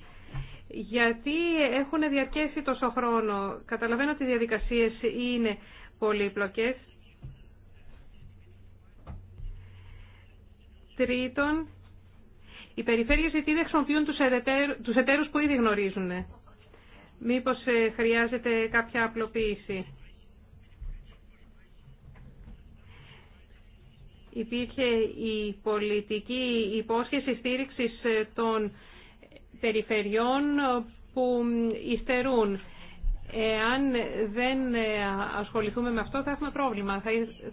γιατί έχουν διαρκέσει τόσο χρόνο. Καταλαβαίνω ότι οι διαδικασίες είναι πολύπλοκες. Τρίτον, οι περιφέρειες γιατί δεν χρησιμοποιούν τους εταίρους που ήδη γνωρίζουν. Μήπως ε, χρειάζεται κάποια απλοποίηση. Υπήρχε η πολιτική υπόσχεση στήριξης ε, των περιφερειών ε, που υστερούν. Εάν δεν ασχοληθούμε με αυτό θα έχουμε πρόβλημα.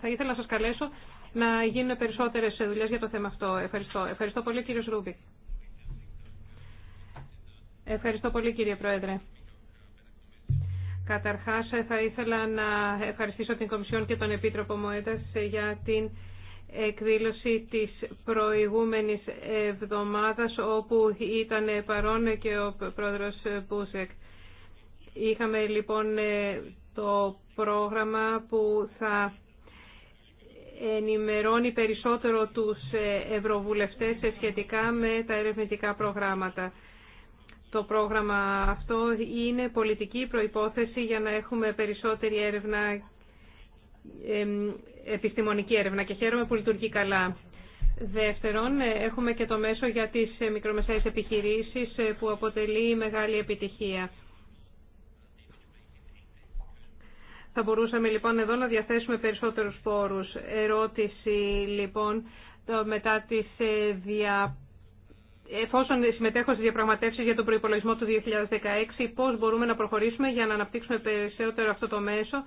Θα ήθελα να σας καλέσω να γίνουν περισσότερες δουλειές για το θέμα αυτό. Ευχαριστώ. Ευχαριστώ πολύ κύριος Ρούμπικ. Ευχαριστώ πολύ κύριε Πρόεδρε. Καταρχάς θα ήθελα να ευχαριστήσω την Κομισιόν και τον Επίτροπο Μοέτας για την εκδήλωση της προηγούμενης εβδομάδας όπου ήταν παρόν και ο πρόεδρος Μπούσεκ. Είχαμε λοιπόν το πρόγραμμα που θα ενημερώνει περισσότερο τους ευρωβουλευτές σχετικά με τα ερευνητικά προγράμματα το πρόγραμμα αυτό είναι πολιτική προϋπόθεση για να έχουμε περισσότερη έρευνα, επιστημονική έρευνα και χαίρομαι που λειτουργεί καλά. Δεύτερον, έχουμε και το μέσο για τις μικρομεσαίες επιχειρήσεις ε, που αποτελεί μεγάλη επιτυχία. Θα μπορούσαμε λοιπόν εδώ να διαθέσουμε περισσότερους πόρους. Ερώτηση λοιπόν μετά τις ε, δια εφόσον συμμετέχω στι διαπραγματεύσει για τον προπολογισμό του 2016, πώς μπορούμε να προχωρήσουμε για να αναπτύξουμε περισσότερο αυτό το μέσο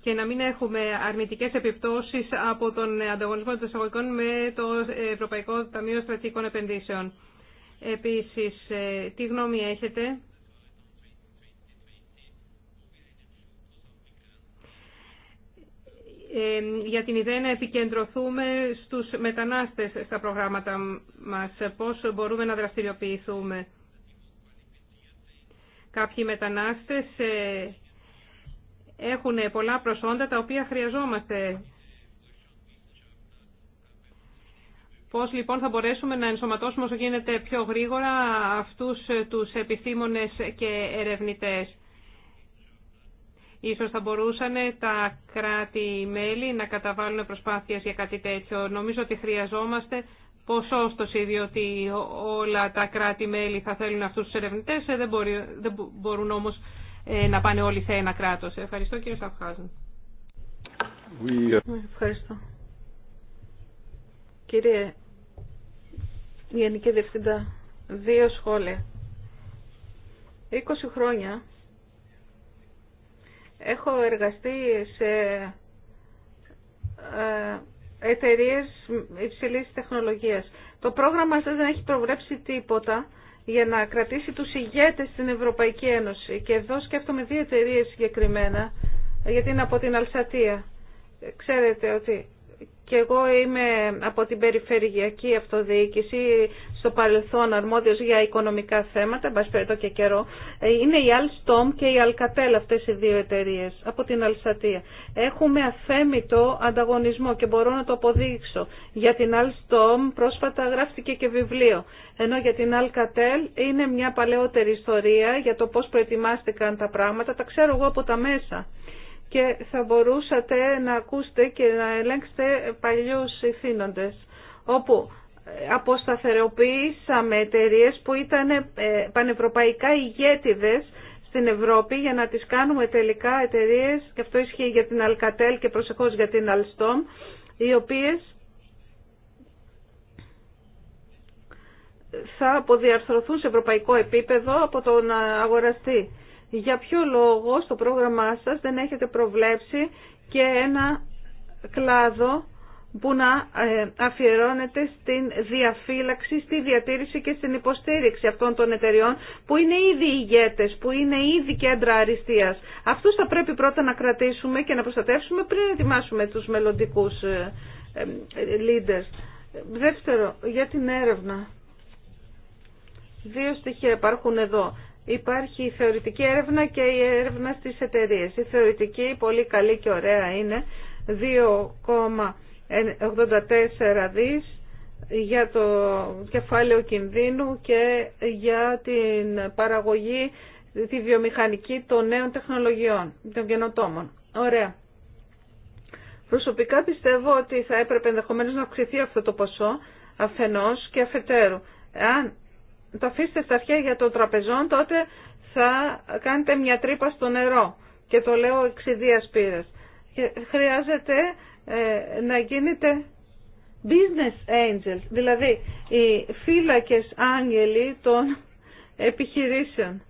και να μην έχουμε αρνητικές επιπτώσεις από τον ανταγωνισμό των εισαγωγικών με το Ευρωπαϊκό Ταμείο Στρατηγικών Επενδύσεων. Επίσης, ε, τι γνώμη έχετε για την ιδέα να επικεντρωθούμε στους μετανάστες στα προγράμματα μας, πώς μπορούμε να δραστηριοποιηθούμε. Κάποιοι μετανάστες ε, έχουν πολλά προσόντα τα οποία χρειαζόμαστε. Πώς λοιπόν θα μπορέσουμε να ενσωματώσουμε όσο γίνεται πιο γρήγορα αυτούς τους επιστήμονες και ερευνητές. Ίσως θα μπορούσαν τα κράτη-μέλη να καταβάλουν προσπάθειες για κάτι τέτοιο. Νομίζω ότι χρειαζόμαστε ποσόστοση, διότι όλα τα κράτη-μέλη θα θέλουν αυτούς τους ερευνητές, ε, δεν, μπορεί, δεν μπορούν όμως ε, να πάνε όλοι σε ένα κράτος. Ε, ευχαριστώ κύριε Σαφχάζη. Ευχαριστώ. Κύριε Γενική Διευθυντά, δύο σχόλια. 20 χρόνια Έχω εργαστεί σε ε, εταιρείες υψηλής τεχνολογίας. Το πρόγραμμα δεν έχει προβλέψει τίποτα για να κρατήσει τους ηγέτες στην Ευρωπαϊκή Ένωση. Και εδώ σκέφτομαι δύο εταιρείε συγκεκριμένα, γιατί είναι από την Αλσατία. Ξέρετε ότι και εγώ είμαι από την περιφερειακή αυτοδιοίκηση στο παρελθόν αρμόδιος για οικονομικά θέματα, μπας εδώ και καιρό, ε, είναι η Alstom και η Alcatel αυτές οι δύο εταιρείε από την Αλσατία. Έχουμε αφέμητο ανταγωνισμό και μπορώ να το αποδείξω. Για την Alstom πρόσφατα γράφτηκε και βιβλίο, ενώ για την Alcatel είναι μια παλαιότερη ιστορία για το πώς προετοιμάστηκαν τα πράγματα, τα ξέρω εγώ από τα μέσα και θα μπορούσατε να ακούσετε και να ελέγξετε παλιούς ηθήνοντες, όπου αποσταθεροποιήσαμε εταιρείε που ήταν ε, πανευρωπαϊκά ηγέτιδες στην Ευρώπη για να τις κάνουμε τελικά εταιρείε και αυτό ισχύει για την αλκατέλ και προσεχώς για την Alstom, οι οποίες θα αποδιαρθρωθούν σε ευρωπαϊκό επίπεδο από τον αγοραστή για ποιο λόγο στο πρόγραμμά σας δεν έχετε προβλέψει και ένα κλάδο που να ε, αφιερώνεται στην διαφύλαξη, στη διατήρηση και στην υποστήριξη αυτών των εταιριών που είναι ήδη ηγέτες, που είναι ήδη κέντρα αριστείας. Αυτούς θα πρέπει πρώτα να κρατήσουμε και να προστατεύσουμε πριν ετοιμάσουμε τους μελλοντικούς ε, ε, leaders. Δεύτερο, για την έρευνα. Δύο στοιχεία υπάρχουν εδώ υπάρχει η θεωρητική έρευνα και η έρευνα στις εταιρείες. Η θεωρητική πολύ καλή και ωραία είναι 2,84 δις για το κεφάλαιο κινδύνου και για την παραγωγή, τη βιομηχανική των νέων τεχνολογιών, των γενοτόμων. Ωραία. Προσωπικά πιστεύω ότι θα έπρεπε ενδεχομένως να αυξηθεί αυτό το ποσό αφενός και αφετέρου. Αν το αφήσετε στα αρχαία για το τραπεζόν, τότε θα κάνετε μια τρύπα στο νερό. Και το λέω εξιδίας πύρας. χρειάζεται ε, να γίνετε business angels, δηλαδή οι φύλακες άγγελοι των επιχειρήσεων.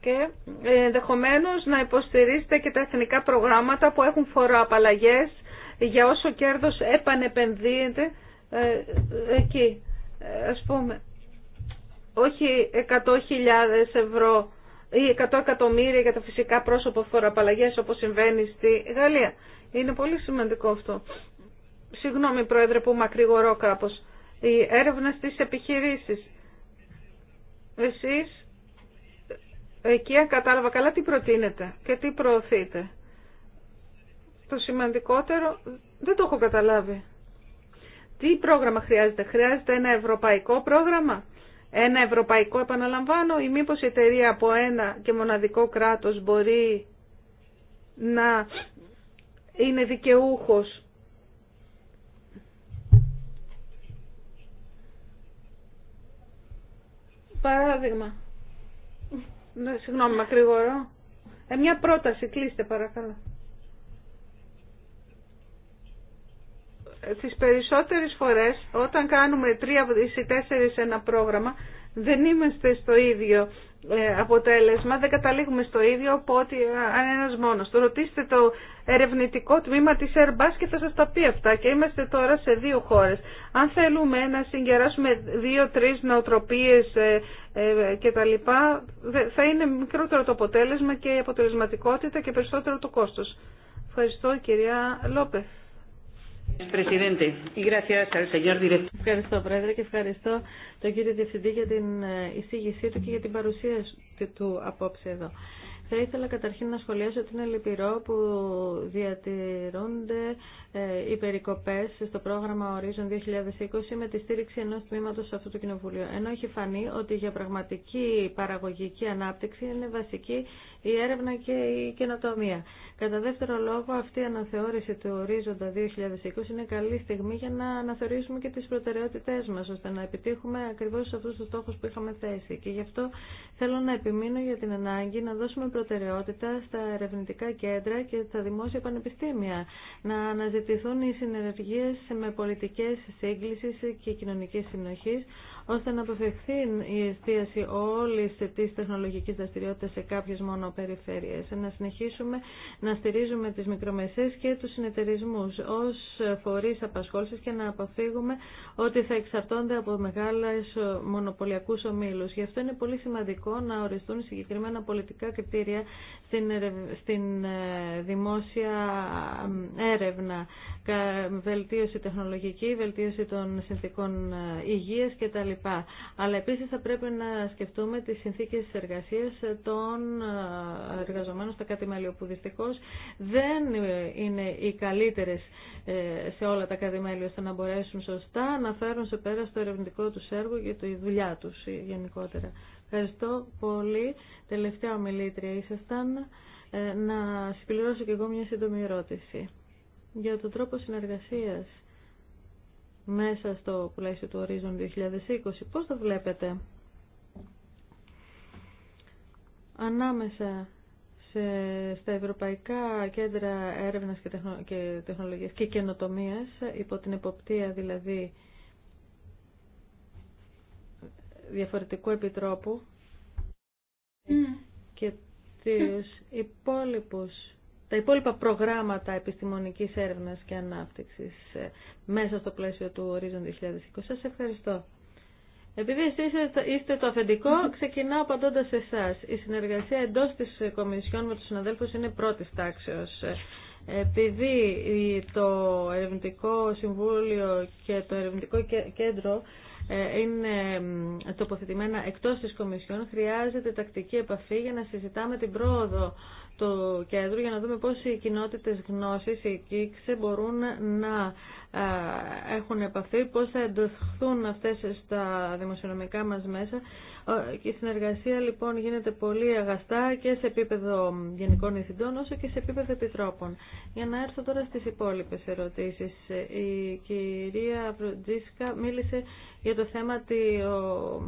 Και ε, ενδεχομένω να υποστηρίζετε και τα εθνικά προγράμματα που έχουν φοροαπαλλαγές για όσο κέρδος επανεπενδύεται ε, εκεί ας πούμε, όχι 100.000 ευρώ ή 100 εκατομμύρια για τα φυσικά πρόσωπα φοροαπαλλαγές όπως συμβαίνει στη Γαλλία. Είναι πολύ σημαντικό αυτό. Συγγνώμη Πρόεδρε που μακρηγορώ κάπως. Η έρευνα στις επιχειρήσεις. Εσείς εκεί αν κατάλαβα καλά τι προτείνετε και τι προωθείτε. Το σημαντικότερο δεν το έχω καταλάβει. Τι πρόγραμμα χρειάζεται. Χρειάζεται ένα ευρωπαϊκό πρόγραμμα. Ένα ευρωπαϊκό επαναλαμβάνω ή μήπως η εταιρεία από ένα και μοναδικό κράτος μπορεί να είναι δικαιούχος Παράδειγμα. Ναι, συγγνώμη, μακρηγορώ. Ε, μια πρόταση, κλείστε παρακαλώ. τις περισσότερες φορές όταν κάνουμε τρία ή τέσσερις ένα πρόγραμμα δεν είμαστε στο ίδιο ε, αποτέλεσμα, δεν καταλήγουμε στο ίδιο από ότι αν ένας μόνος. Το ρωτήστε το ερευνητικό τμήμα της Airbus και θα σας τα πει αυτά και είμαστε τώρα σε δύο χώρες. Αν θέλουμε να συγκεράσουμε δύο-τρεις νοοτροπίες ε, ε, και τα λοιπά, θα είναι μικρότερο το αποτέλεσμα και η αποτελεσματικότητα και περισσότερο το κόστος. Ευχαριστώ κυρία Λόπεθ. Ευχαριστώ, Πρόεδρε, και ευχαριστώ τον κύριο Διευθυντή για την ε, εισήγησή του και για την παρουσία του απόψε εδώ. Θα ήθελα καταρχήν να σχολιάσω ότι είναι λυπηρό που διατηρούνται ε, οι περικοπές στο πρόγραμμα Horizon 2020 με τη στήριξη ενός τμήματος αυτού του κοινοβουλίου. Ενώ έχει φανεί ότι για πραγματική παραγωγική ανάπτυξη είναι βασική η έρευνα και η καινοτομία. Κατά δεύτερο λόγο, αυτή η αναθεώρηση του ορίζοντα 2020 είναι καλή στιγμή για να αναθεωρήσουμε και τις προτεραιότητές μας, ώστε να επιτύχουμε ακριβώς αυτούς τους στόχους που είχαμε θέσει. Και γι' αυτό θέλω να επιμείνω για την ανάγκη να δώσουμε προτεραιότητα στα ερευνητικά κέντρα και στα δημόσια πανεπιστήμια, να αναζητηθούν οι συνεργίες με πολιτικές σύγκλησης και κοινωνικής συνοχής, ώστε να αποφευχθεί η εστίαση όλη τη τεχνολογική δραστηριότητα σε κάποιε μόνο περιφέρειε. Να συνεχίσουμε να στηρίζουμε τι μικρομεσαίες και του συνεταιρισμού ω φορεί απασχόληση και να αποφύγουμε ότι θα εξαρτώνται από μεγάλε μονοπωλιακού ομίλου. Γι' αυτό είναι πολύ σημαντικό να οριστούν συγκεκριμένα πολιτικά κριτήρια στην, στην ε, δημόσια ε, έρευνα, βελτίωση τεχνολογική, βελτίωση των συνθήκων ε, υγεία κτλ. Αλλά επίσης θα πρέπει να σκεφτούμε τις συνθήκες εργασίας των ε, εργαζομένων στα κατημέλια που δυστυχώς δεν είναι οι καλύτερες ε, σε όλα τα κατημέλια ώστε να μπορέσουν σωστά να φέρουν σε πέρα στο ερευνητικό τους έργο και τη δουλειά τους γενικότερα. Ευχαριστώ πολύ. Τελευταία ομιλήτρια ήσασταν. Ε, να συμπληρώσω και εγώ μια σύντομη ερώτηση για τον τρόπο συνεργασίας μέσα στο πλαίσιο του Horizon 2020. Πώς το βλέπετε ανάμεσα σε, στα Ευρωπαϊκά Κέντρα Έρευνας και, τεχνο, και Τεχνολογίας και Καινοτομίας, υπό την εποπτεία δηλαδή διαφορετικού επιτρόπου ναι. και ναι. τους υπόλοιπους τα υπόλοιπα προγράμματα επιστημονικής έρευνας και ανάπτυξης ε, μέσα στο πλαίσιο του Horizon 2020. Σας ευχαριστώ. Επειδή εσείς είστε το αφεντικό, ξεκινάω απαντώντας σε εσά. Η συνεργασία εντός της ε, Κομισιόν με τους συναδέλφους είναι πρώτης τάξεως. Ε, επειδή το Ερευνητικό Συμβούλιο και το Ερευνητικό Κέντρο είναι τοποθετημένα εκτός της Κομισιόν, χρειάζεται τακτική επαφή για να συζητάμε την πρόοδο το κέντρο για να δούμε πώς οι κοινότητες γνώσης, οι μπορούν να ε, έχουν επαφή, πώς θα εντοχθούν αυτές στα δημοσιονομικά μας μέσα. Ε, η συνεργασία λοιπόν γίνεται πολύ αγαστά και σε επίπεδο γενικών ηθιντών όσο και σε επίπεδο επιτρόπων. Για να έρθω τώρα στις υπόλοιπες ερωτήσεις. Η κυρία Προντζίσκα μίλησε για το θέμα ο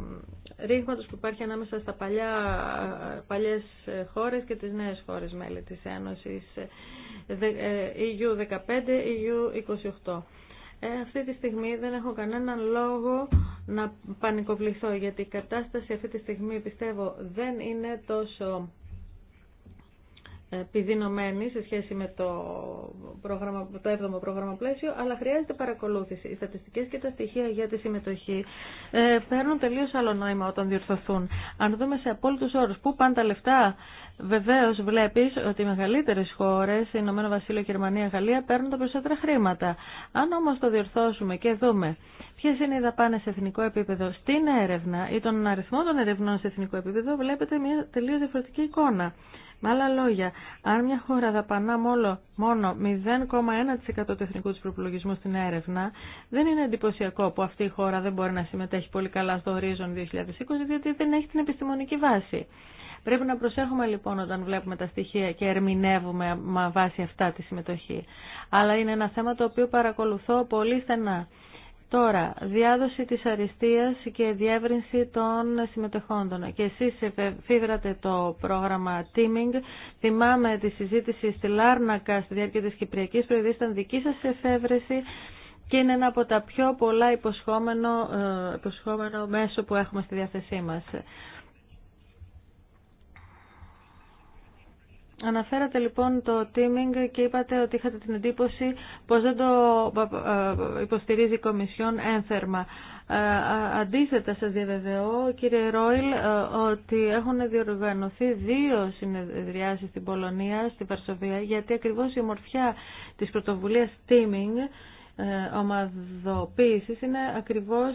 ρήγματος που υπάρχει ανάμεσα στα παλιά, ε, παλιές χώρες και τις νέες χώρες μέλη της Ένωσης. EU15, EU28. Ε, ε, αυτή τη στιγμή δεν έχω κανέναν λόγο να πανικοβληθώ γιατί η κατάσταση αυτή τη στιγμή πιστεύω δεν είναι τόσο επιδεινωμένη σε σχέση με το, πρόγραμμα, το 7ο πρόγραμμα πλαίσιο, αλλά χρειάζεται παρακολούθηση. Οι στατιστικέ και τα στοιχεία για τη συμμετοχή ε, παίρνουν τελείως άλλο νόημα όταν διορθωθούν. Αν δούμε σε απόλυτους όρου. πού πάνε τα λεφτά, Βεβαίω βλέπει ότι οι μεγαλύτερε χώρε, Ηνωμένο Βασίλειο, Γερμανία, Γαλλία, παίρνουν τα περισσότερα χρήματα. Αν όμω το διορθώσουμε και δούμε ποιε είναι οι δαπάνε σε εθνικό επίπεδο στην έρευνα ή τον αριθμό των ερευνών σε εθνικό επίπεδο, βλέπετε μια τελείω διαφορετική εικόνα. Με άλλα λόγια, αν μια χώρα δαπανά μόνο, μόνο 0,1% του εθνικού της προπολογισμού στην έρευνα, δεν είναι εντυπωσιακό που αυτή η χώρα δεν μπορεί να συμμετέχει πολύ καλά στο ορίζον 2020, διότι δεν έχει την επιστημονική βάση. Πρέπει να προσέχουμε λοιπόν όταν βλέπουμε τα στοιχεία και ερμηνεύουμε με βάση αυτά τη συμμετοχή. Αλλά είναι ένα θέμα το οποίο παρακολουθώ πολύ στενά. Τώρα, διάδοση της αριστείας και διεύρυνση των συμμετεχόντων. Και εσείς φύγρατε το πρόγραμμα Teaming. Θυμάμαι τη συζήτηση στη Λάρνακα στη διάρκεια της Κυπριακής Προεδρίας. Ήταν δική σας εφεύρεση και είναι ένα από τα πιο πολλά υποσχόμενο, ε, υποσχόμενο μέσο που έχουμε στη διάθεσή μας. Αναφέρατε λοιπόν το teaming και είπατε ότι είχατε την εντύπωση πως δεν το ε, ε, υποστηρίζει η Κομισιόν ένθερμα. Ε, αντίθετα σας διαβεβαιώ κύριε Ρόιλ ότι έχουν διοργανωθεί δύο συνεδριάσεις στην Πολωνία, στη Βαρσοβία γιατί ακριβώς η ομορφιά της πρωτοβουλίας teaming ε, Ομαδοποίηση είναι ακριβώς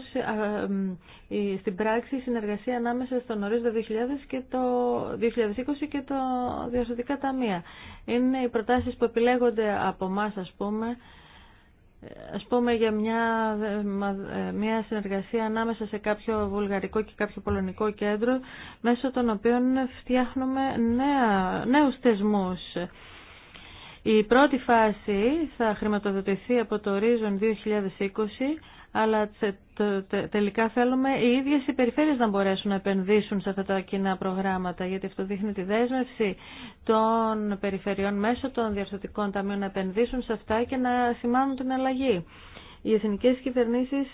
στην πράξη η συνεργασία ανάμεσα στον ορίζοντα 2000 και το 2020 και το διασωτικά ταμεία. Είναι οι προτάσεις που επιλέγονται από εμά, ας πούμε, ε, ας πούμε για μια, ε, μια συνεργασία ανάμεσα σε κάποιο βουλγαρικό και κάποιο πολωνικό κέντρο μέσω των οποίων φτιάχνουμε νέα, νέους θεσμούς η πρώτη φάση θα χρηματοδοτηθεί από το Horizon 2020, αλλά τελικά θέλουμε οι ίδιες οι περιφέρειες να μπορέσουν να επενδύσουν σε αυτά τα κοινά προγράμματα, γιατί αυτό δείχνει τη δέσμευση των περιφερειών μέσω των διαρθωτικών ταμείων να επενδύσουν σε αυτά και να σημάνουν την αλλαγή. Οι εθνικές κυβερνήσεις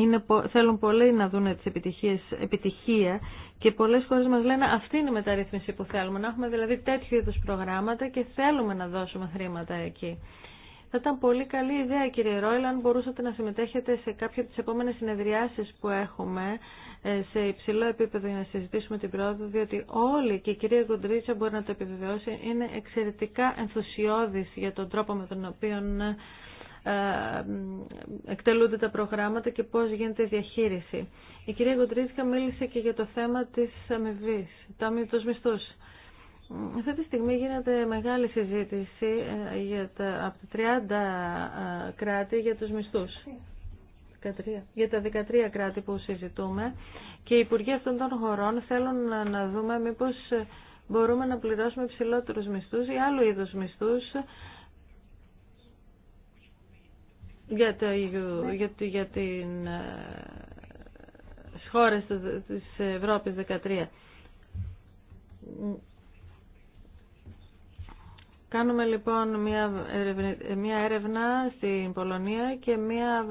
είναι, θέλουν πολλοί να δουν τις επιτυχίες, επιτυχία και πολλές χώρες μας λένε αυτή είναι η μεταρρύθμιση που θέλουμε. Να έχουμε δηλαδή τέτοιου είδους προγράμματα και θέλουμε να δώσουμε χρήματα εκεί. Θα ήταν πολύ καλή ιδέα κύριε Ρόιλ αν μπορούσατε να συμμετέχετε σε κάποια από τις επόμενες συνεδριάσεις που έχουμε ε, σε υψηλό επίπεδο για να συζητήσουμε την πρόοδο διότι όλοι και η κυρία Κοντρίτσα μπορεί να το επιβεβαιώσει είναι εξαιρετικά ενθουσιώδης για τον τρόπο με τον οποίο ε, ε, εκτελούνται τα προγράμματα και πώς γίνεται η διαχείριση. Η κυρία Γκοντρίτσκα μίλησε και για το θέμα της αμοιβή, αμοιβήτος μισθούς. Αυτή τη στιγμή γίνεται μεγάλη συζήτηση ε, για τα, από τα 30 ε, κράτη για τους μισθούς. Για τα 13 κράτη που συζητούμε και οι υπουργοί αυτών των χωρών θέλουν να δούμε μήπως μπορούμε να πληρώσουμε υψηλότερους μισθούς ή άλλου είδους μισθούς για, το, ναι. για, για την, τις ε, χώρες της Ευρώπης 13. Κάνουμε λοιπόν μια έρευνα, μια έρευνα στην Πολωνία και μια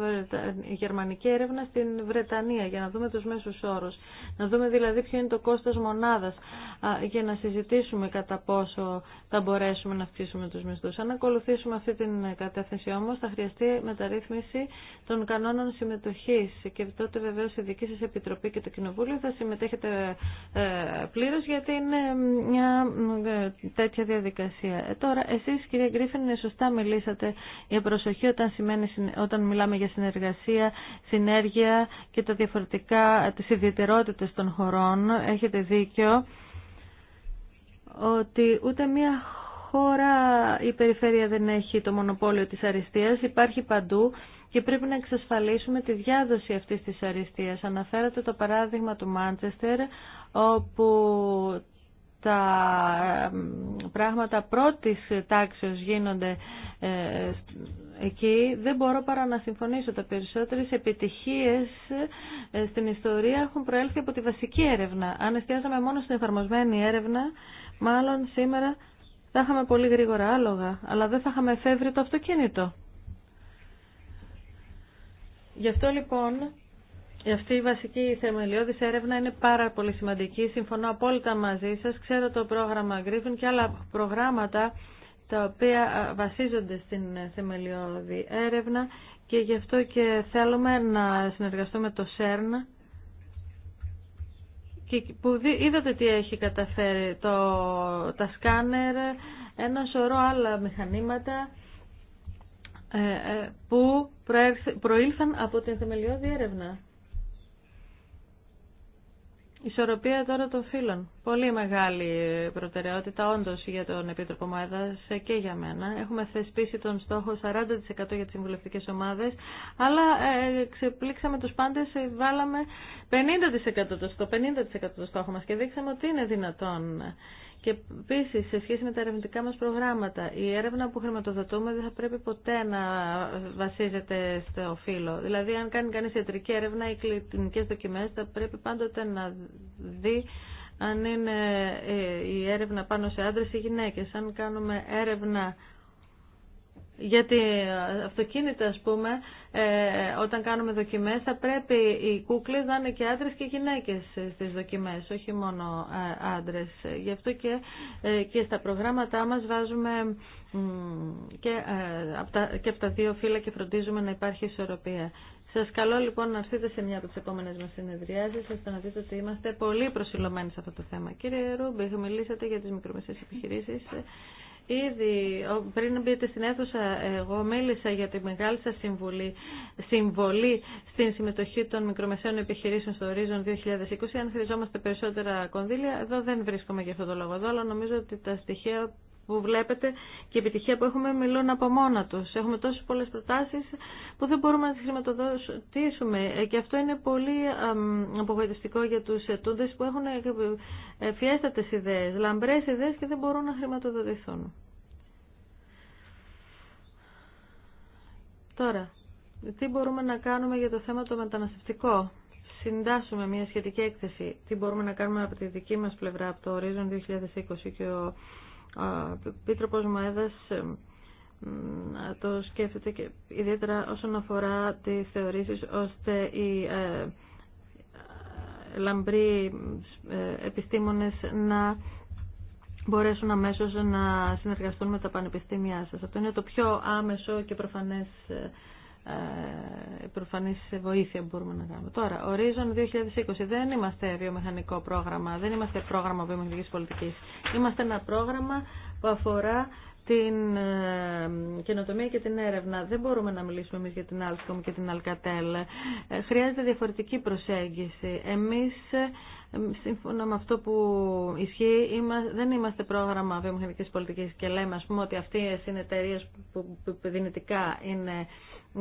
γερμανική έρευνα στην Βρετανία για να δούμε τους μέσους όρους. Να δούμε δηλαδή ποιο είναι το κόστος μονάδας για να συζητήσουμε κατά πόσο θα μπορέσουμε να αυξήσουμε τους μισθούς. Αν ακολουθήσουμε αυτή την κατεύθυνση όμως θα χρειαστεί μεταρρύθμιση των κανόνων συμμετοχής και τότε βεβαίως η δική σας Επιτροπή και το Κοινοβούλιο θα συμμετέχετε ε, πλήρως γιατί είναι μια ε, τέτοια διαδικασία ε, Τώρα, εσείς κυρία Γκρίφιν, σωστά μιλήσατε για προσοχή όταν, σημαίνει, όταν μιλάμε για συνεργασία, συνέργεια και τα διαφορετικά, τις ιδιαιτερότητες των χωρών. Έχετε δίκιο ότι ούτε μία χώρα η περιφέρεια δεν έχει το μονοπόλιο της αριστείας, υπάρχει παντού και πρέπει να εξασφαλίσουμε τη διάδοση αυτής της αριστείας. Αναφέρατε το παράδειγμα του Μάντσεστερ, όπου τα πράγματα πρώτης τάξης γίνονται ε, εκεί, δεν μπορώ παρά να συμφωνήσω. Τα περισσότερες επιτυχίες ε, στην ιστορία έχουν προέλθει από τη βασική έρευνα. Αν εστιάζαμε μόνο στην εφαρμοσμένη έρευνα, μάλλον σήμερα θα είχαμε πολύ γρήγορα άλογα, αλλά δεν θα είχαμε εφεύρει το αυτοκίνητο. Γι' αυτό λοιπόν ε, αυτή η βασική θεμελιώδης έρευνα είναι πάρα πολύ σημαντική. Συμφωνώ απόλυτα μαζί σα. Ξέρω το πρόγραμμα Γκρίφιν και άλλα προγράμματα τα οποία βασίζονται στην ε, θεμελιώδη έρευνα και γι' αυτό και θέλουμε να συνεργαστούμε το ΣΕΡΝ και που είδατε τι έχει καταφέρει το, τα σκάνερ, ένα σωρό άλλα μηχανήματα ε, που προήλθαν από την θεμελιώδη έρευνα. Ισορροπία τώρα των φύλων. Πολύ μεγάλη προτεραιότητα όντω για τον Επίτροπο Μάδα και για μένα. Έχουμε θεσπίσει τον στόχο 40% για τι συμβουλευτικέ ομάδε, αλλά ε, ξεπλήξαμε του πάντε, ε, βάλαμε 50% το, στο 50% το στόχο μα και δείξαμε ότι είναι δυνατόν. Και επίση, σε σχέση με τα ερευνητικά μα προγράμματα, η έρευνα που χρηματοδοτούμε δεν θα πρέπει ποτέ να βασίζεται στο φύλλο. Δηλαδή, αν κάνει κανεί ιατρική έρευνα ή κλινικέ δοκιμέ, θα πρέπει πάντοτε να δει αν είναι ε, η έρευνα πάνω σε άντρε ή γυναίκε. Αν κάνουμε έρευνα γιατί ε, αυτοκίνητα, ας πούμε, ε, όταν κάνουμε δοκιμές θα πρέπει οι κούκλες να είναι και άντρες και γυναίκες στις δοκιμές, όχι μόνο ε, άντρες. Γι' αυτό και, και στα προγράμματά μας βάζουμε και, από τα, και από δύο φύλλα και φροντίζουμε να υπάρχει ισορροπία. Σας καλώ λοιπόν να έρθετε σε μια από τις επόμενες μας συνεδριάσεις, ώστε να δείτε ότι είμαστε πολύ προσιλωμένοι σε αυτό το θέμα. Κύριε Ρούμπη, μιλήσατε για τις μικρομεσαίες επιχειρήσεις. Ήδη πριν μπείτε στην αίθουσα εγώ μίλησα για τη μεγάλη σας συμβολή, συμβολή στην συμμετοχή των μικρομεσαίων επιχειρήσεων στο Horizon 2020. Αν χρειαζόμαστε περισσότερα κονδύλια, εδώ δεν βρίσκομαι για αυτό το λόγο. Εδώ, αλλά νομίζω ότι τα στοιχεία που βλέπετε και η επιτυχία που έχουμε μιλούν από μόνα του. Έχουμε τόσε πολλέ προτάσει που δεν μπορούμε να τι χρηματοδοτήσουμε ε, και αυτό είναι πολύ απογοητευτικό για του ετούντε που έχουν ε, ε, φιέστατε ιδέε. λαμπρές ιδέε και δεν μπορούν να χρηματοδοτηθούν. Τώρα, τι μπορούμε να κάνουμε για το θέμα το μεταναστευτικό. Συντάσσουμε μια σχετική έκθεση. Τι μπορούμε να κάνουμε από τη δική μας πλευρά, από το Horizon 2020 και ο ο Πίτροπος το σκέφτεται και ιδιαίτερα όσον αφορά τι θεωρήσεις ώστε οι ε, ε, λαμπροί ε, επιστήμονες να μπορέσουν αμέσως να συνεργαστούν με τα πανεπιστήμια σας. Αυτό είναι το πιο άμεσο και προφανές ε, προφανή βοήθεια που μπορούμε να κάνουμε. Τώρα, ορίζον 2020 δεν είμαστε βιομηχανικό πρόγραμμα, δεν είμαστε πρόγραμμα βιομηχανική πολιτική. Είμαστε ένα πρόγραμμα που αφορά την ε, καινοτομία και την έρευνα. Δεν μπορούμε να μιλήσουμε εμεί για την Alstom και την Alcatel. Ε, χρειάζεται διαφορετική προσέγγιση. Εμείς, σύμφωνα με αυτό που ισχύει, δεν είμαστε πρόγραμμα βιομηχανικής πολιτικής και λέμε, ας πούμε, ότι αυτέ είναι εταιρείε που δυνητικά είναι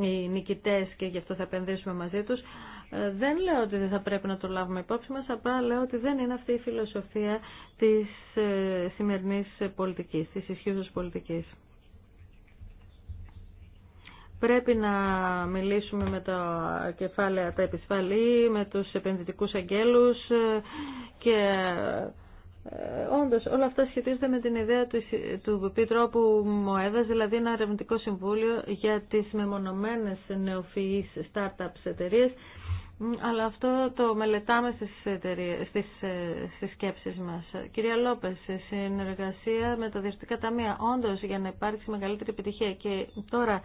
οι νικητές και γι' αυτό θα επενδύσουμε μαζί τους. Ε, δεν λέω ότι δεν θα πρέπει να το λάβουμε υπόψη μας, απλά λέω ότι δεν είναι αυτή η φιλοσοφία της ε, σημερινής πολιτικής, της ισχύουσας πολιτικής. Πρέπει να μιλήσουμε με τα κεφάλαια τα επισφαλή, με τους επενδυτικούς αγγέλους ε, και ε, Όντω, όλα αυτά σχετίζονται με την ιδέα του, του Επιτρόπου Μοέδας, δηλαδή ένα ερευνητικό συμβούλιο για τις μεμονωμένες νεοφυείς startups εταιρείες, αλλά αυτό το μελετάμε στις, στις, ε, στις σκέψεις μας. Κυρία σε συνεργασία με τα διευθυντικά ταμεία, όντως για να υπάρξει μεγαλύτερη επιτυχία και τώρα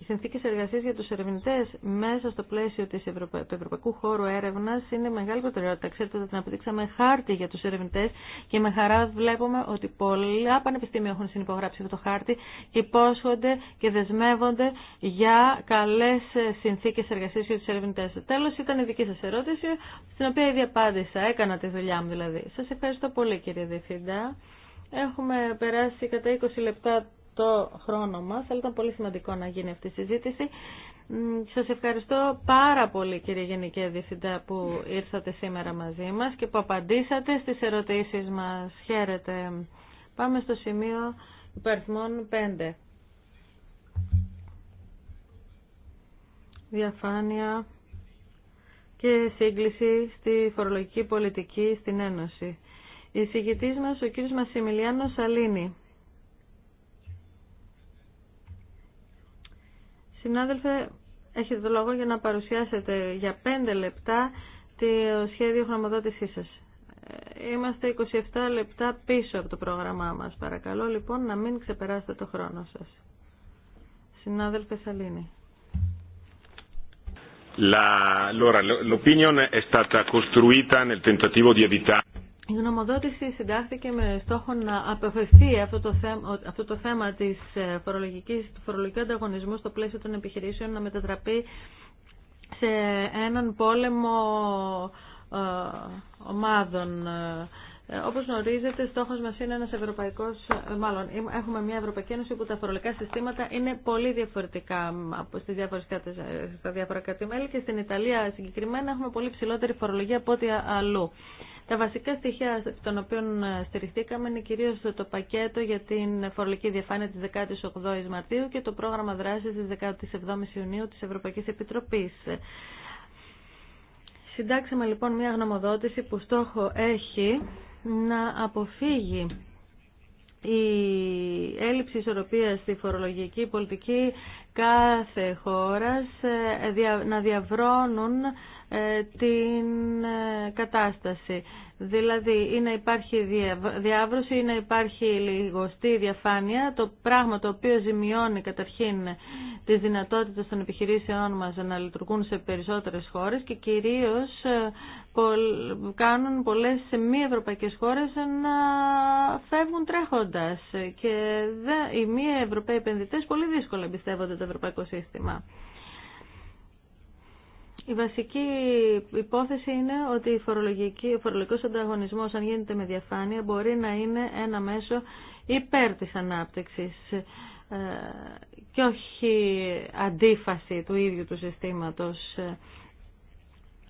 οι συνθήκε εργασία για του ερευνητέ μέσα στο πλαίσιο της του Ευρωπαϊκού Χώρου Έρευνα είναι μεγάλη προτεραιότητα. Ξέρετε ότι την αποδείξαμε χάρτη για του ερευνητέ και με χαρά βλέπουμε ότι πολλά πανεπιστήμια έχουν συνυπογράψει αυτό το χάρτη και υπόσχονται και δεσμεύονται για καλέ ε, συνθήκε εργασία για του ερευνητέ. Τέλο, ήταν η δική σα ερώτηση, στην οποία ήδη απάντησα. Έκανα τη δουλειά μου δηλαδή. Σα ευχαριστώ πολύ, κύριε Διευθυντά. Έχουμε περάσει κατά 20 λεπτά το χρόνο μας, αλλά ήταν πολύ σημαντικό να γίνει αυτή η συζήτηση. Σας ευχαριστώ πάρα πολύ κύριε Γενική Διευθυντά που ήρθατε σήμερα μαζί μας και που απαντήσατε στις ερωτήσεις μας. Χαίρετε. Πάμε στο σημείο υπαριθμών 5. Διαφάνεια και σύγκληση στη φορολογική πολιτική στην Ένωση. Η συγκητής μας ο κύριος Μασιμιλιάνος Σαλίνη. Συνάδελφε, έχετε το λόγο για να παρουσιάσετε για πέντε λεπτά το σχέδιο χρηματοδότησής σας. Ε, είμαστε 27 λεπτά πίσω από το πρόγραμμά μας. Παρακαλώ λοιπόν να μην ξεπεράσετε το χρόνο σας. Συνάδελφε Σαλίνη. La, allora, l'opinion è stata costruita nel tentativo di evitare η γνωμοδότηση συντάχθηκε με στόχο να απευθυνθεί αυτό το θέμα, αυτό το θέμα της ε, φορολογικής, του φορολογικού ανταγωνισμού στο πλαίσιο των επιχειρήσεων να μετατραπεί σε έναν πόλεμο ε, ομάδων ε, ε, Όπω γνωρίζετε, στόχο μα είναι ένα ευρωπαϊκό. Ε, μάλλον έχουμε μια Ευρωπαϊκή Ένωση που τα φορολογικά συστήματα είναι πολύ διαφορετικά στις διάφορες, ε, στα διάφορα κατημέλη και στην Ιταλία συγκεκριμένα έχουμε πολύ ψηλότερη φορολογία από ό,τι αλλού. Τα βασικά στοιχεία των οποίων στηριχτήκαμε είναι κυρίω το πακέτο για την φορολογική διαφάνεια τη 18 η Μαρτίου και το πρόγραμμα δράση τη 17 η Ιουνίου τη Ευρωπαϊκή Επιτροπή. Συντάξαμε λοιπόν μια γνωμοδότηση που στόχο έχει να αποφύγει η έλλειψη ισορροπίας στη φορολογική πολιτική κάθε χώρας ε, να διαβρώνουν ε, την ε, κατάσταση. Δηλαδή ή να υπάρχει διάβρωση ή να υπάρχει λιγοστή διαφάνεια, το πράγμα το οποίο ζημιώνει καταρχήν τις δυνατότητες των επιχειρήσεών μας να λειτουργούν σε περισσότερες χώρες και κυρίως κάνουν πολλές μη ευρωπαϊκές χώρες να φεύγουν τρέχοντας και οι μη ευρωπαίοι επενδυτές πολύ δύσκολα εμπιστεύονται το ευρωπαϊκό σύστημα. Η βασική υπόθεση είναι ότι η φορολογική, ο φορολογικός ανταγωνισμός, αν γίνεται με διαφάνεια, μπορεί να είναι ένα μέσο υπέρ της ανάπτυξης ε, και όχι αντίφαση του ίδιου του συστήματος. Ε,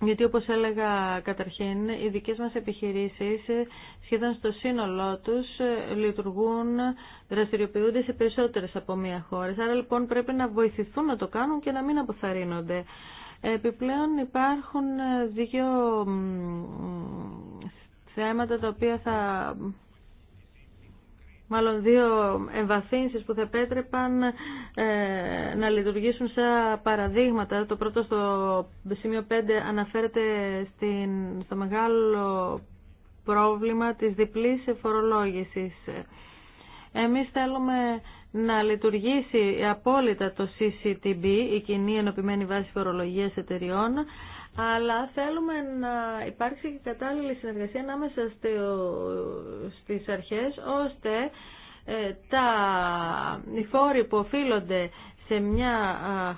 γιατί όπως έλεγα καταρχήν, οι δικές μας επιχειρήσεις σχεδόν στο σύνολό τους λειτουργούν, δραστηριοποιούνται σε περισσότερες από μία χώρα. Άρα λοιπόν πρέπει να βοηθηθούν να το κάνουν και να μην αποθαρρύνονται. Επιπλέον υπάρχουν δύο θέματα τα οποία θα μάλλον δύο εμβαθύνσεις που θα επέτρεπαν ε, να λειτουργήσουν σαν παραδείγματα. Το πρώτο στο σημείο 5 αναφέρεται στην, στο μεγάλο πρόβλημα της διπλής εφορολόγησης. Εμείς θέλουμε να λειτουργήσει απόλυτα το CCTB, η Κοινή Ενωπημένη Βάση Φορολογίας Εταιριών, αλλά θέλουμε να υπάρξει και κατάλληλη συνεργασία ανάμεσα στις αρχές, ώστε ε, τα οι φόροι που οφείλονται σε μια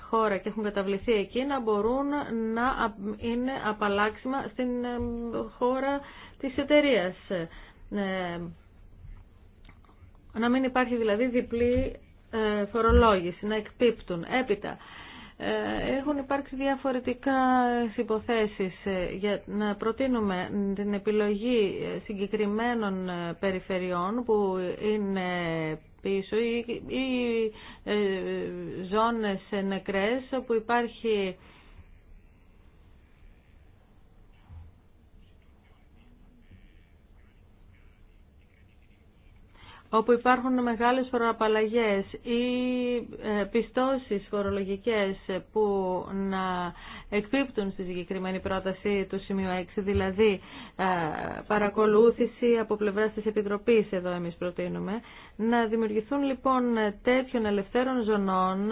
χώρα και έχουν καταβληθεί εκεί να μπορούν να είναι απαλλάξιμα στην χώρα της εταιρείας. Ε, να μην υπάρχει δηλαδή διπλή ε, φορολόγηση, να εκπίπτουν. Έπειτα, ε, έχουν υπάρξει διαφορετικά υποθέσεις ε, για να προτείνουμε την επιλογή συγκεκριμένων περιφερειών που είναι πίσω ή, ή ζώνες νεκρές όπου υπάρχει όπου υπάρχουν μεγάλες φοροαπαλλαγές ή ε, πιστώσεις φορολογικές που να εκπίπτουν στη συγκεκριμένη πρόταση του σημείου 6, δηλαδή ε, παρακολούθηση από πλευρά τη επιτροπή, εδώ εμεί προτείνουμε, να δημιουργηθούν λοιπόν τέτοιων ελευθέρων ζωνών,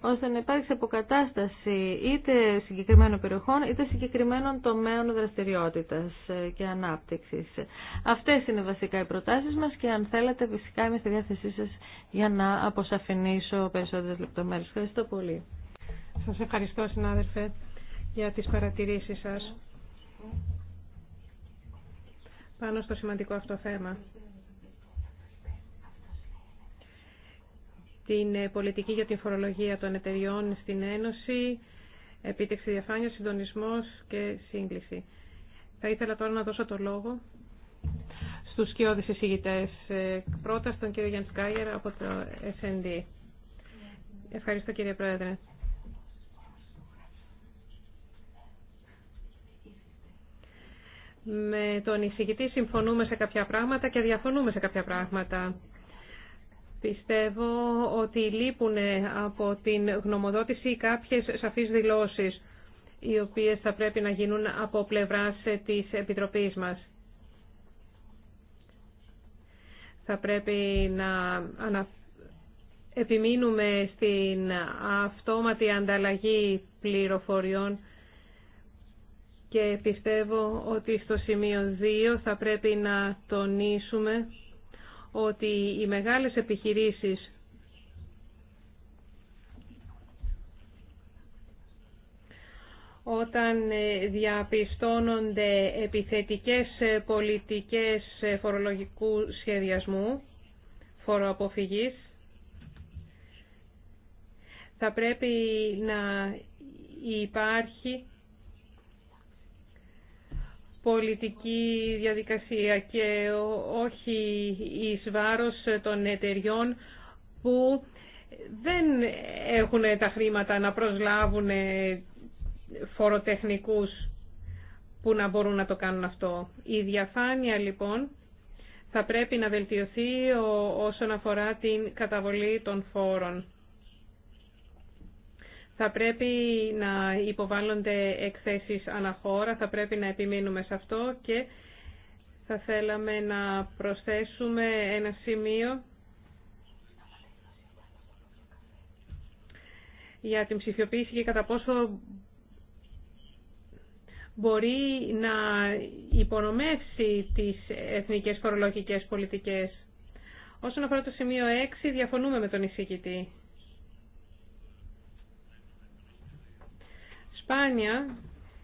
ώστε να υπάρξει αποκατάσταση είτε συγκεκριμένων περιοχών, είτε συγκεκριμένων τομέων δραστηριότητα ε, και ανάπτυξη. Αυτέ είναι βασικά οι προτάσει μα και αν θέλετε φυσικά είμαι στη διάθεσή σα για να αποσαφηνίσω περισσότερε λεπτομέρειε. Ευχαριστώ πολύ. Σας ευχαριστώ συνάδελφε για τις παρατηρήσεις σας πάνω στο σημαντικό αυτό θέμα. Την ε, πολιτική για την φορολογία των εταιριών στην Ένωση, επίτευξη διαφάνεια, συντονισμός και σύγκληση. Θα ήθελα τώρα να δώσω το λόγο στους σκιώδεις εισηγητές. Ε, πρώτα στον κύριο Γιάννη Σκάγερ από το SND. Ευχαριστώ κύριε Πρόεδρε. με τον εισηγητή συμφωνούμε σε κάποια πράγματα και διαφωνούμε σε κάποια πράγματα. Πιστεύω ότι λείπουν από την γνωμοδότηση κάποιες σαφείς δηλώσεις, οι οποίες θα πρέπει να γίνουν από πλευράς της Επιτροπής μας. Θα πρέπει να επιμείνουμε στην αυτόματη ανταλλαγή πληροφοριών και πιστεύω ότι στο σημείο 2 θα πρέπει να τονίσουμε ότι οι μεγάλες επιχειρήσεις όταν διαπιστώνονται επιθετικές πολιτικές φορολογικού σχεδιασμού, φοροαποφυγής, θα πρέπει να υπάρχει πολιτική διαδικασία και όχι η βάρος των εταιριών που δεν έχουν τα χρήματα να προσλάβουν φοροτεχνικούς που να μπορούν να το κάνουν αυτό. Η διαφάνεια λοιπόν θα πρέπει να βελτιωθεί όσον αφορά την καταβολή των φόρων. Θα πρέπει να υποβάλλονται εκθέσεις αναχώρα, θα πρέπει να επιμείνουμε σε αυτό και θα θέλαμε να προσθέσουμε ένα σημείο για την ψηφιοποίηση και κατά πόσο μπορεί να υπονομεύσει τις εθνικές φορολογικές πολιτικές. Όσον αφορά το σημείο 6, διαφωνούμε με τον εισηγητή. Σπάνια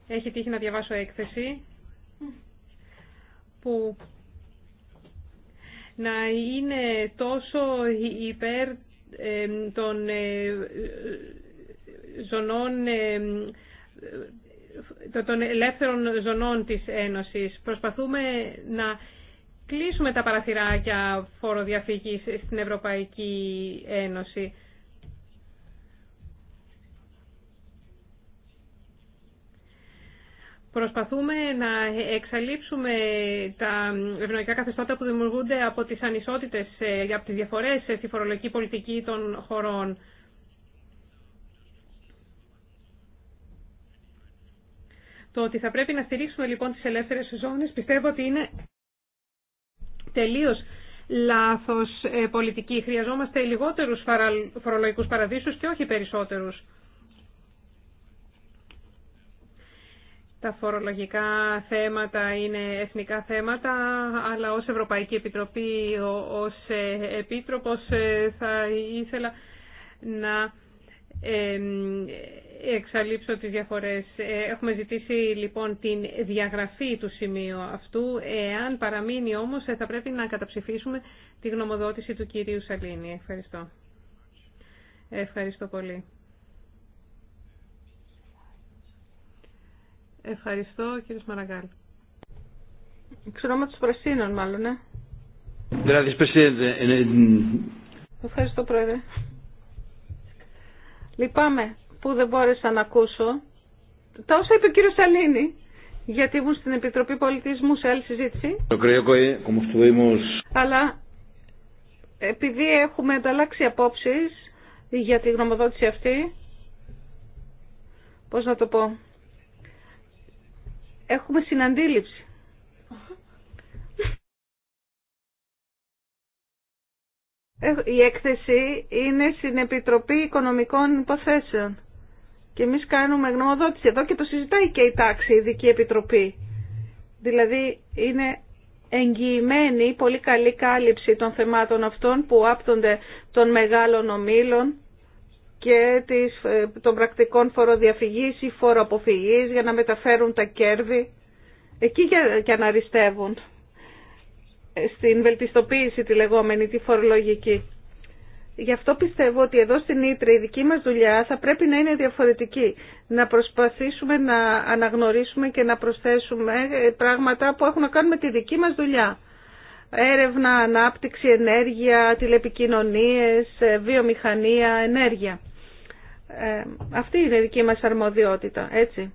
έχει τύχει να διαβάσω έκθεση που να είναι τόσο υπέρ των ε, ζωνών των ελεύθερων ζωνών της Ένωσης. Προσπαθούμε να κλείσουμε τα παραθυράκια φοροδιαφυγής στην Ευρωπαϊκή Ένωση. Προσπαθούμε να εξαλείψουμε τα ευνοϊκά καθεστώτα που δημιουργούνται από τις ανισότητες, ε, από τις διαφορές ε, στη φορολογική πολιτική των χωρών. Το ότι θα πρέπει να στηρίξουμε λοιπόν τις ελεύθερες ζώνες πιστεύω ότι είναι τελείως λάθος ε, πολιτική. Χρειαζόμαστε λιγότερους φορολογικούς παραδείσους και όχι περισσότερους. Τα φορολογικά θέματα είναι εθνικά θέματα, αλλά ως Ευρωπαϊκή Επιτροπή, ως ε, Επίτροπος ε, θα ήθελα να εξαλείψω τις διαφορές. Ε, έχουμε ζητήσει λοιπόν την διαγραφή του σημείου αυτού. Εάν παραμείνει όμως θα πρέπει να καταψηφίσουμε τη γνωμοδότηση του κυρίου Σαλίνη. Ευχαριστώ. Ευχαριστώ πολύ. Ευχαριστώ, κύριε Μαραγκάλ. Ξερώμα του Πρασίνων, μάλλον, ε. ε, ε Ευχαριστώ, Πρόεδρε. Λυπάμαι που δεν μπόρεσα να ακούσω τα όσα είπε ο κύριος Σαλίνη, γιατί ήμουν στην Επιτροπή Πολιτισμού σε άλλη συζήτηση. Αλλά επειδή έχουμε ανταλλάξει απόψει για τη γνωμοδότηση αυτή, πώς να το πω, Έχουμε συναντήληψη. Ε, η έκθεση είναι στην Επιτροπή Οικονομικών Υποθέσεων. Και εμείς κάνουμε γνωμοδότηση εδώ και το συζητάει και η τάξη, η Ειδική Επιτροπή. Δηλαδή είναι εγγυημένη πολύ καλή κάλυψη των θεμάτων αυτών που άπτονται των μεγάλων ομήλων και της, ε, των πρακτικών φοροδιαφυγής ή φοροαποφυγής για να μεταφέρουν τα κέρδη εκεί και να αριστεύουν ε, στην βελτιστοποίηση τη λεγόμενη, τη φορολογική. Γι' αυτό πιστεύω ότι εδώ στην Ήτρε η δική μας δουλειά θα πρέπει να είναι διαφορετική. Να προσπαθήσουμε να αναγνωρίσουμε και να προσθέσουμε ε, πράγματα που έχουν να κάνουν με τη δική μας δουλειά. Έρευνα, ανάπτυξη, ενέργεια, τηλεπικοινωνίες, βιομηχανία, ενέργεια. Ε, αυτή είναι η δική μας αρμοδιότητα, έτσι.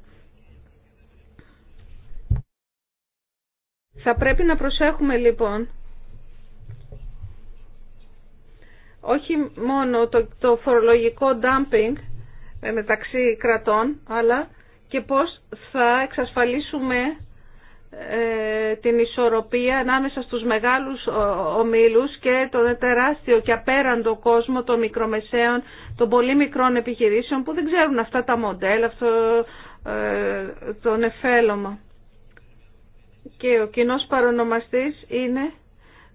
Θα πρέπει να προσέχουμε λοιπόν όχι μόνο το, το φορολογικό dumping ε, μεταξύ κρατών, αλλά και πώς θα εξασφαλίσουμε ε, την ισορροπία ανάμεσα στους μεγάλους ομίλους και τον τεράστιο και απέραντο κόσμο των μικρομεσαίων, των πολύ μικρών επιχειρήσεων που δεν ξέρουν αυτά τα μοντέλα, αυτό ε, το νεφέλωμα Και ο κοινό παρονομαστής είναι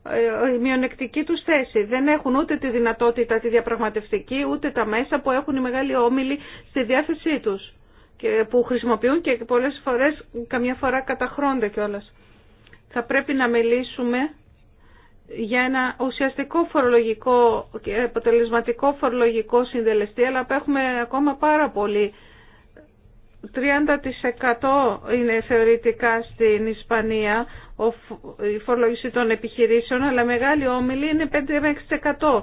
ε, η μειονεκτική τους θέση. Δεν έχουν ούτε τη δυνατότητα τη διαπραγματευτική, ούτε τα μέσα που έχουν οι μεγάλοι όμιλοι στη διάθεσή τους που χρησιμοποιούν και πολλές φορές, καμιά φορά χρόνια κιόλα. Θα πρέπει να μιλήσουμε για ένα ουσιαστικό φορολογικό και αποτελεσματικό φορολογικό συνδελεστή, αλλά έχουμε ακόμα πάρα πολύ. 30% είναι θεωρητικά στην Ισπανία η φορολογήση των επιχειρήσεων, αλλά μεγάλη όμιλη είναι 5-6%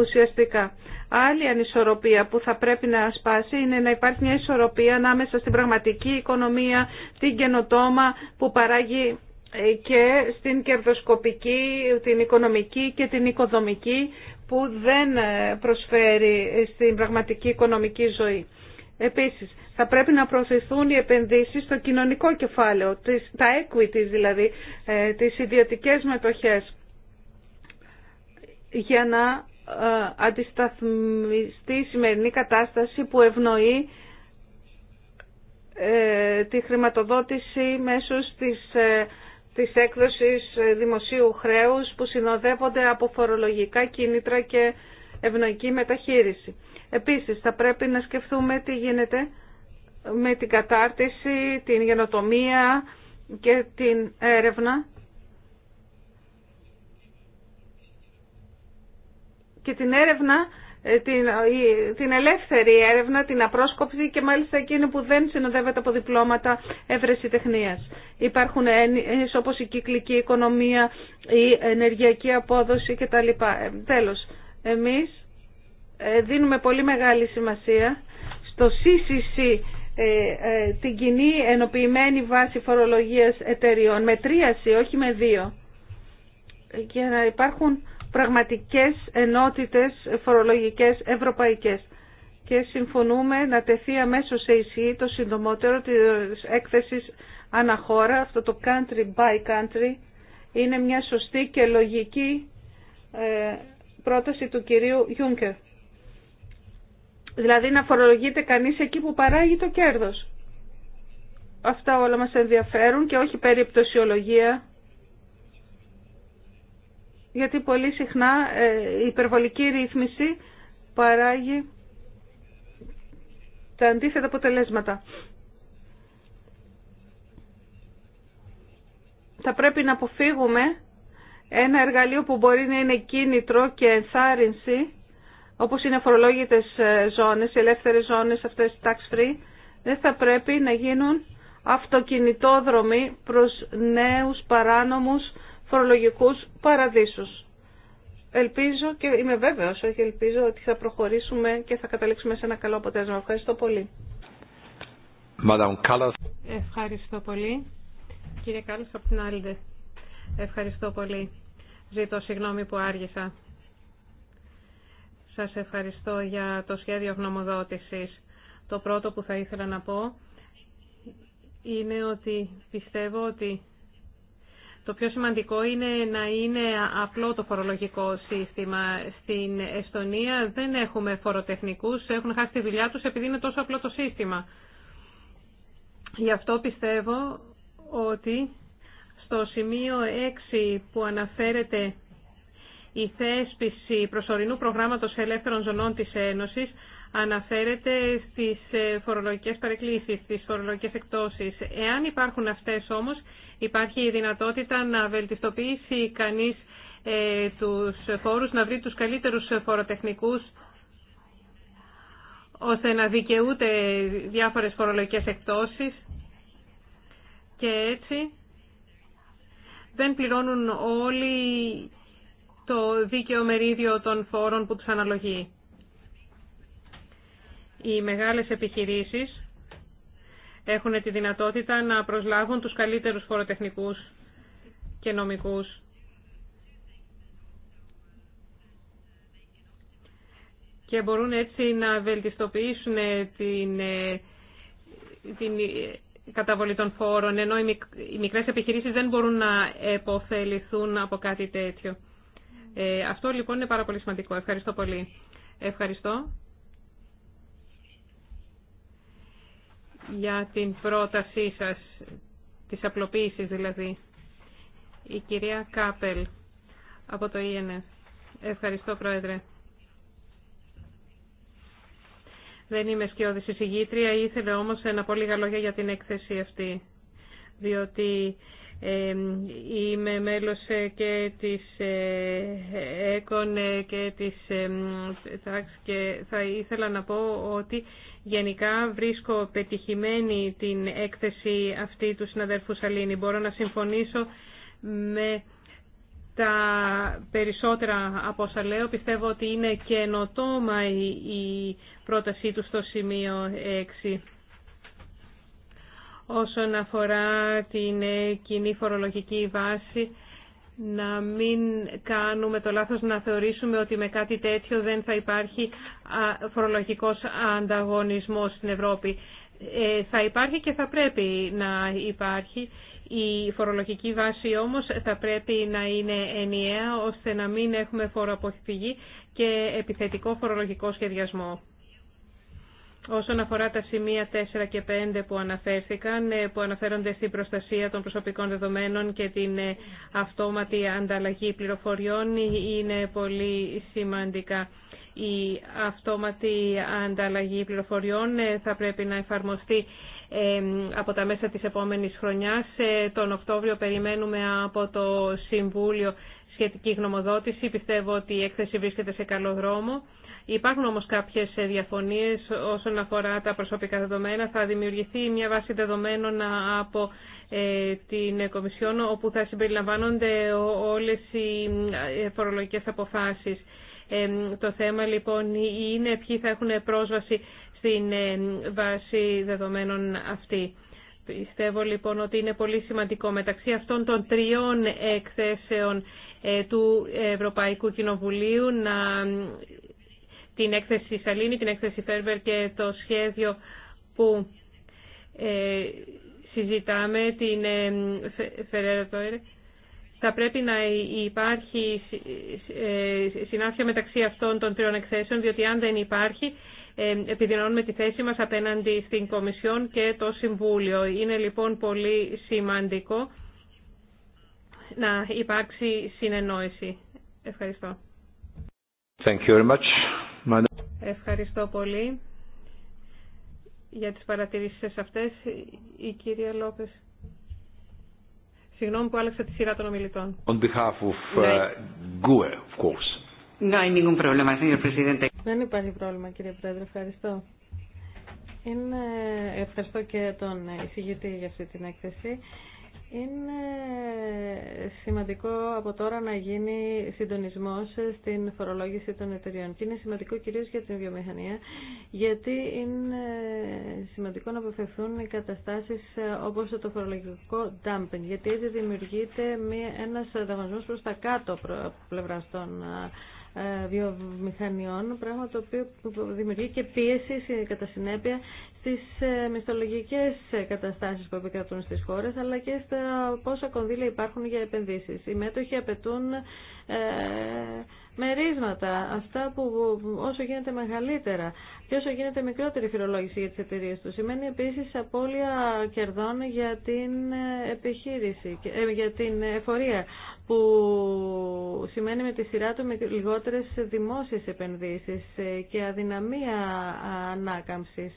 ουσιαστικά. Άλλη ανισορροπία που θα πρέπει να σπάσει είναι να υπάρχει μια ισορροπία ανάμεσα στην πραγματική οικονομία, την καινοτόμα που παράγει ε, και στην κερδοσκοπική, την οικονομική και την οικοδομική που δεν ε, προσφέρει στην πραγματική οικονομική ζωή. Επίσης, θα πρέπει να προωθηθούν οι επενδύσεις στο κοινωνικό κεφάλαιο, τα equity δηλαδή, ε, τις ιδιωτικές μετοχές, για να ε, αντισταθμιστεί η σημερινή κατάσταση που ευνοεί ε, τη χρηματοδότηση μέσω της, ε, της έκδοσης δημοσίου χρέους που συνοδεύονται από φορολογικά κίνητρα και ευνοϊκή μεταχείριση. Επίσης, θα πρέπει να σκεφτούμε τι γίνεται με την κατάρτιση, την γενοτομία και την έρευνα και την έρευνα, ε, την, ε, την ελεύθερη έρευνα, την απρόσκοπτη και μάλιστα εκείνη που δεν συνοδεύεται από διπλώματα εύρεση τεχνίας. Υπάρχουν έννοιες όπως η κυκλική οικονομία, η ενεργειακή απόδοση κτλ. Ε, τέλος, εμείς δίνουμε πολύ μεγάλη σημασία στο CCC, την κοινή ενοποιημένη βάση φορολογίας εταιριών, με τρία όχι με δύο, για να υπάρχουν πραγματικές ενότητες φορολογικές ευρωπαϊκές. Και συμφωνούμε να τεθεί αμέσως σε ισχύ το συντομότερο της έκθεσης αναχώρα, αυτό το country by country, είναι μια σωστή και λογική ε, πρόταση του κυρίου Γιούνκερ. Δηλαδή να φορολογείται κανείς εκεί που παράγει το κέρδος. Αυτά όλα μας ενδιαφέρουν και όχι περιπτωσιολογία γιατί πολύ συχνά η ε, υπερβολική ρύθμιση παράγει τα αντίθετα αποτελέσματα. Θα πρέπει να αποφύγουμε ένα εργαλείο που μπορεί να είναι κίνητρο και ενθάρρυνση, όπως είναι φορολόγητες ε, ζώνες, οι ελεύθερες ζώνες αυτές tax free, δεν θα πρέπει να γίνουν αυτοκινητόδρομοι προς νέους παράνομους φορολογικούς παραδείσους. Ελπίζω και είμαι βέβαιος, όχι ελπίζω, ότι θα προχωρήσουμε και θα καταλήξουμε σε ένα καλό αποτέλεσμα. Ευχαριστώ πολύ. Ευχαριστώ πολύ. Κύριε Κάλλος από την Άλντε. Ευχαριστώ πολύ. Ζήτω συγγνώμη που άργησα. Σας ευχαριστώ για το σχέδιο γνωμοδότησης. Το πρώτο που θα ήθελα να πω είναι ότι πιστεύω ότι το πιο σημαντικό είναι να είναι απλό το φορολογικό σύστημα. Στην Εστονία δεν έχουμε φοροτεχνικούς, έχουν χάσει τη δουλειά τους επειδή είναι τόσο απλό το σύστημα. Γι' αυτό πιστεύω ότι στο σημείο 6 που αναφέρεται η θέσπιση προσωρινού προγράμματος ελεύθερων ζωνών της Ένωσης, αναφέρεται στις ε, φορολογικές παρεκκλήσεις, στις φορολογικές εκτόσεις. Εάν υπάρχουν αυτές όμως, υπάρχει η δυνατότητα να βελτιστοποιήσει κανείς ε, τους φόρους, να βρει τους καλύτερους φοροτεχνικούς, ώστε να δικαιούται διάφορες φορολογικές εκτόσεις και έτσι δεν πληρώνουν όλοι το δίκαιο μερίδιο των φόρων που τους αναλογεί. Οι μεγάλες επιχειρήσεις έχουν τη δυνατότητα να προσλάβουν τους καλύτερους φοροτεχνικούς και νομικούς. Και μπορούν έτσι να βελτιστοποιήσουν την, την καταβολή των φόρων, ενώ οι μικρές επιχειρήσεις δεν μπορούν να επωφεληθούν από κάτι τέτοιο. Ε, αυτό λοιπόν είναι πάρα πολύ σημαντικό. Ευχαριστώ πολύ. Ευχαριστώ. για την πρότασή σας, της απλοποίησης δηλαδή. Η κυρία Κάπελ από το ΙΕΝΕ. Ευχαριστώ Πρόεδρε. Δεν είμαι σκιώδης εισηγήτρια, ήθελε όμως να πω λίγα λόγια για την έκθεση αυτή, διότι είμαι μέλος ε, και της ε, ΕΚΟΝ ε, και της ΤΑΞ και θα ήθελα να πω ότι Γενικά βρίσκω πετυχημένη την έκθεση αυτή του συναδέλφου Σαλίνη. Μπορώ να συμφωνήσω με τα περισσότερα από όσα λέω. Πιστεύω ότι είναι καινοτόμα η πρότασή του στο σημείο 6. Όσον αφορά την ε, κοινή φορολογική βάση, να μην κάνουμε το λάθος να θεωρήσουμε ότι με κάτι τέτοιο δεν θα υπάρχει φορολογικός ανταγωνισμός στην Ευρώπη. Ε, θα υπάρχει και θα πρέπει να υπάρχει. Η φορολογική βάση όμως θα πρέπει να είναι ενιαία ώστε να μην έχουμε φοροαποφυγή και επιθετικό φορολογικό σχεδιασμό. Όσον αφορά τα σημεία 4 και 5 που αναφέρθηκαν, ε, που αναφέρονται στην προστασία των προσωπικών δεδομένων και την ε, αυτόματη ανταλλαγή πληροφοριών, ε, είναι πολύ σημαντικά. Η αυτόματη ανταλλαγή πληροφοριών θα πρέπει να εφαρμοστεί από τα μέσα της επόμενης χρονιάς. Τον Οκτώβριο περιμένουμε από το Συμβούλιο σχετική γνωμοδότηση. Πιστεύω ότι η έκθεση βρίσκεται σε καλό δρόμο. Υπάρχουν όμως κάποιες διαφωνίες όσον αφορά τα προσωπικά δεδομένα. Θα δημιουργηθεί μια βάση δεδομένων από ε, την Κομισιόν όπου θα συμπεριλαμβάνονται όλες οι ε, φορολογικές αποφάσεις. Ε, το θέμα λοιπόν είναι ποιοι θα έχουν πρόσβαση στην βάση δεδομένων αυτή. Πιστεύω λοιπόν ότι είναι πολύ σημαντικό μεταξύ αυτών των τριών εκθέσεων του Ευρωπαϊκού Κοινοβουλίου να την έκθεση Σαλίνη, την έκθεση Φέρβερ και το σχέδιο που ε, συζητάμε, την ε, Φερέρα Τόιρε. Θα πρέπει να υπάρχει ε, συνάφεια μεταξύ αυτών των τριών εκθέσεων, διότι αν δεν υπάρχει, επιδεινώνουμε τη θέση μας απέναντι στην Κομισιόν και το Συμβούλιο. Είναι λοιπόν πολύ σημαντικό να υπάρξει συνεννόηση. Ευχαριστώ. Thank you very much. Ευχαριστώ πολύ για τις παρατηρήσεις σας αυτές. Η κυρία Λόπες. Συγγνώμη που άλλαξα τη σειρά των ομιλητών. On behalf of ναι. uh, GUE, of course. No hay ningún problema, Δεν υπάρχει πρόβλημα, κύριε Πρόεδρε. Ευχαριστώ. Είναι... Ευχαριστώ και τον εισηγητή για αυτή την έκθεση. Είναι σημαντικό από τώρα να γίνει συντονισμός στην φορολόγηση των εταιριών και είναι σημαντικό κυρίως για την βιομηχανία γιατί είναι σημαντικό να αποφευθούν οι καταστάσεις όπως το φορολογικό dumping γιατί έτσι δημιουργείται ένας ανταγωνισμός προς τα κάτω πλευρά των ε, βιομηχανιών, πράγμα το οποίο δημιουργεί και πίεση κατά συνέπεια στις ε, μισθολογικέ ε, καταστάσεις που επικρατούν στις χώρες, αλλά και στα πόσα κονδύλια υπάρχουν για επενδύσεις. Οι μέτοχοι απαιτούν ε, μερίσματα, αυτά που όσο γίνεται μεγαλύτερα και όσο γίνεται μικρότερη φυρολόγηση για τις εταιρείες του. Σημαίνει επίσης απώλεια κερδών για την ε, επιχείρηση, για την εφορία, που σημαίνει με τη σειρά του με λιγότερες δημόσιες επενδύσεις και αδυναμία ανάκαμψης.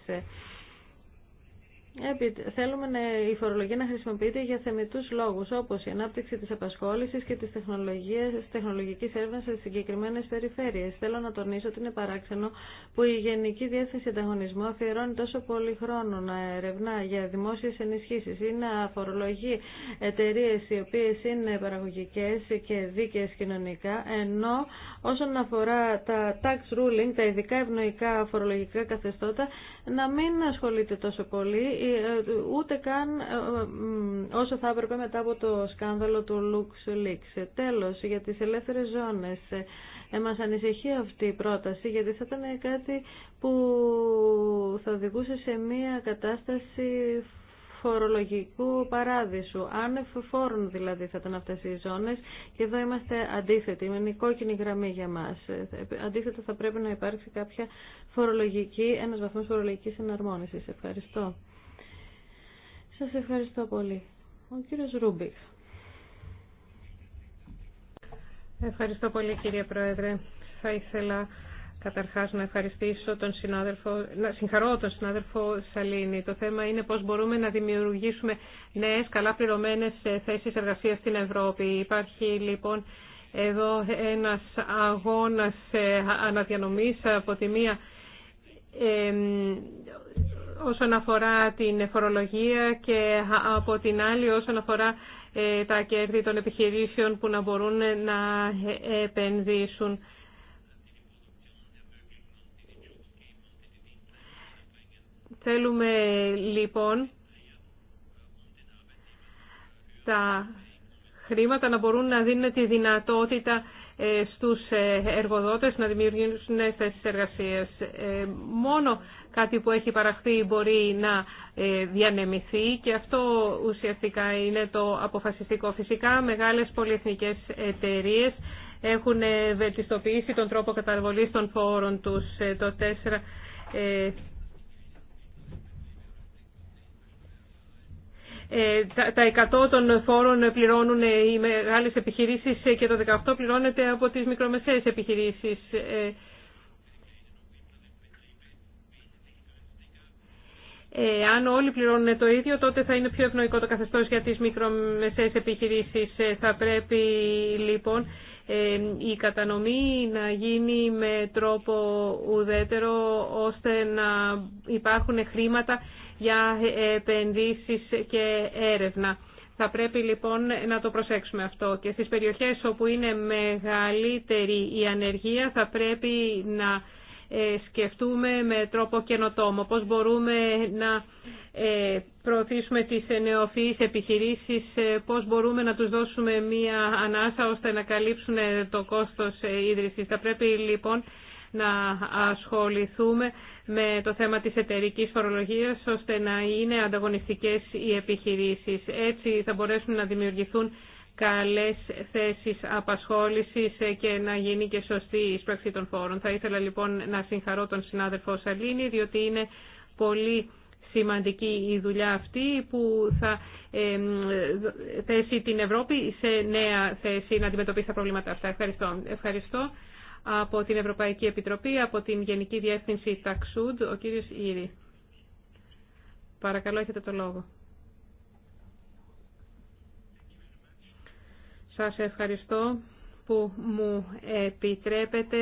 Θέλουμε η φορολογία να χρησιμοποιείται για θεμητούς λόγους, όπως η ανάπτυξη της απασχόλησης και της τεχνολογίας, της τεχνολογικής έρευνας σε συγκεκριμένες περιφέρειες. Θέλω να τονίσω ότι είναι παράξενο που η Γενική Διεύθυνση Ανταγωνισμού αφιερώνει τόσο πολύ χρόνο να ερευνά για δημόσιες ενισχύσεις ή να φορολογεί εταιρείε οι οποίες είναι παραγωγικές και δίκαιες κοινωνικά, ενώ όσον αφορά τα tax ruling, τα ειδικά ευνοϊκά φορολογικά καθεστώτα, να μην ασχολείται τόσο πολύ, ε, ούτε καν ε, ε, όσο θα έπρεπε μετά από το σκάνδαλο του Λίξ. Τέλος, για τις ελεύθερες ζώνες. Ε, μας ανησυχεί αυτή η πρόταση, γιατί θα ήταν κάτι που θα οδηγούσε σε μια κατάσταση φορολογικού παράδεισου. Άνευ φόρων δηλαδή θα ήταν αυτές οι ζώνες και εδώ είμαστε αντίθετοι. Είναι η κόκκινη γραμμή για μας. Αντίθετα θα πρέπει να υπάρξει κάποια φορολογική, ένας βαθμός φορολογικής εναρμόνισης. Ευχαριστώ. Σας ευχαριστώ πολύ. Ο κύριος Ρούμπικ. Ευχαριστώ πολύ κύριε Πρόεδρε. Θα ήθελα Καταρχάς να ευχαριστήσω τον συνάδελφο, να συγχαρώ τον συνάδελφο Σαλίνη. Το θέμα είναι πώς μπορούμε να δημιουργήσουμε νέες καλά πληρωμένες ε, θέσεις εργασίας στην Ευρώπη. Υπάρχει λοιπόν εδώ ένας αγώνας ε, αναδιανομής από τη μία ε, όσον αφορά την φορολογία και από την άλλη όσον αφορά ε, τα κέρδη των επιχειρήσεων που να μπορούν να επενδύσουν. Θέλουμε λοιπόν τα χρήματα να μπορούν να δίνουν τη δυνατότητα ε, στους ε, εργοδότες να δημιουργήσουν νέες θέσεις εργασίας. Ε, μόνο κάτι που έχει παραχθεί μπορεί να διανεμηθεί και αυτό ουσιαστικά είναι το αποφασιστικό. Φυσικά μεγάλες πολυεθνικές εταιρείες έχουν βελτιστοποιήσει τον τρόπο καταβολής των φόρων τους το 4 Ε, τα 100 των φόρων πληρώνουν ε, οι μεγάλες επιχειρήσεις ε, και το 18 πληρώνεται από τις μικρομεσαίες επιχειρήσεις. αν όλοι πληρώνουν το ίδιο, τότε θα είναι πιο ευνοϊκό το καθεστώς για τις μικρομεσαίες επιχειρήσεις. θα πρέπει λοιπόν η κατανομή να γίνει με τρόπο ουδέτερο, ώστε να υπάρχουν χρήματα για ε, επενδύσεις και έρευνα. Θα πρέπει λοιπόν να το προσέξουμε αυτό και στις περιοχές όπου είναι μεγαλύτερη η ανεργία θα πρέπει να ε, σκεφτούμε με τρόπο καινοτόμο πώς μπορούμε να ε, προωθήσουμε τις νεοφυείς επιχειρήσεις, πώς μπορούμε να τους δώσουμε μία ανάσα ώστε να καλύψουν το κόστος ίδρυσης. Θα πρέπει λοιπόν να ασχοληθούμε με το θέμα της εταιρική φορολογίας ώστε να είναι ανταγωνιστικές οι επιχειρήσεις. Έτσι θα μπορέσουν να δημιουργηθούν καλές θέσεις απασχόλησης και να γίνει και σωστή η εισπραξή των φόρων. Θα ήθελα λοιπόν να συγχαρώ τον συνάδελφο Σαλίνη διότι είναι πολύ σημαντική η δουλειά αυτή που θα ε, θέσει την Ευρώπη σε νέα θέση να αντιμετωπίσει τα προβλήματα αυτά. Ευχαριστώ. Ευχαριστώ από την Ευρωπαϊκή Επιτροπή, από την Γενική Διεύθυνση Ταξούντ, ο κύριος Ήρη. Παρακαλώ, έχετε το λόγο. Σας ευχαριστώ που μου επιτρέπετε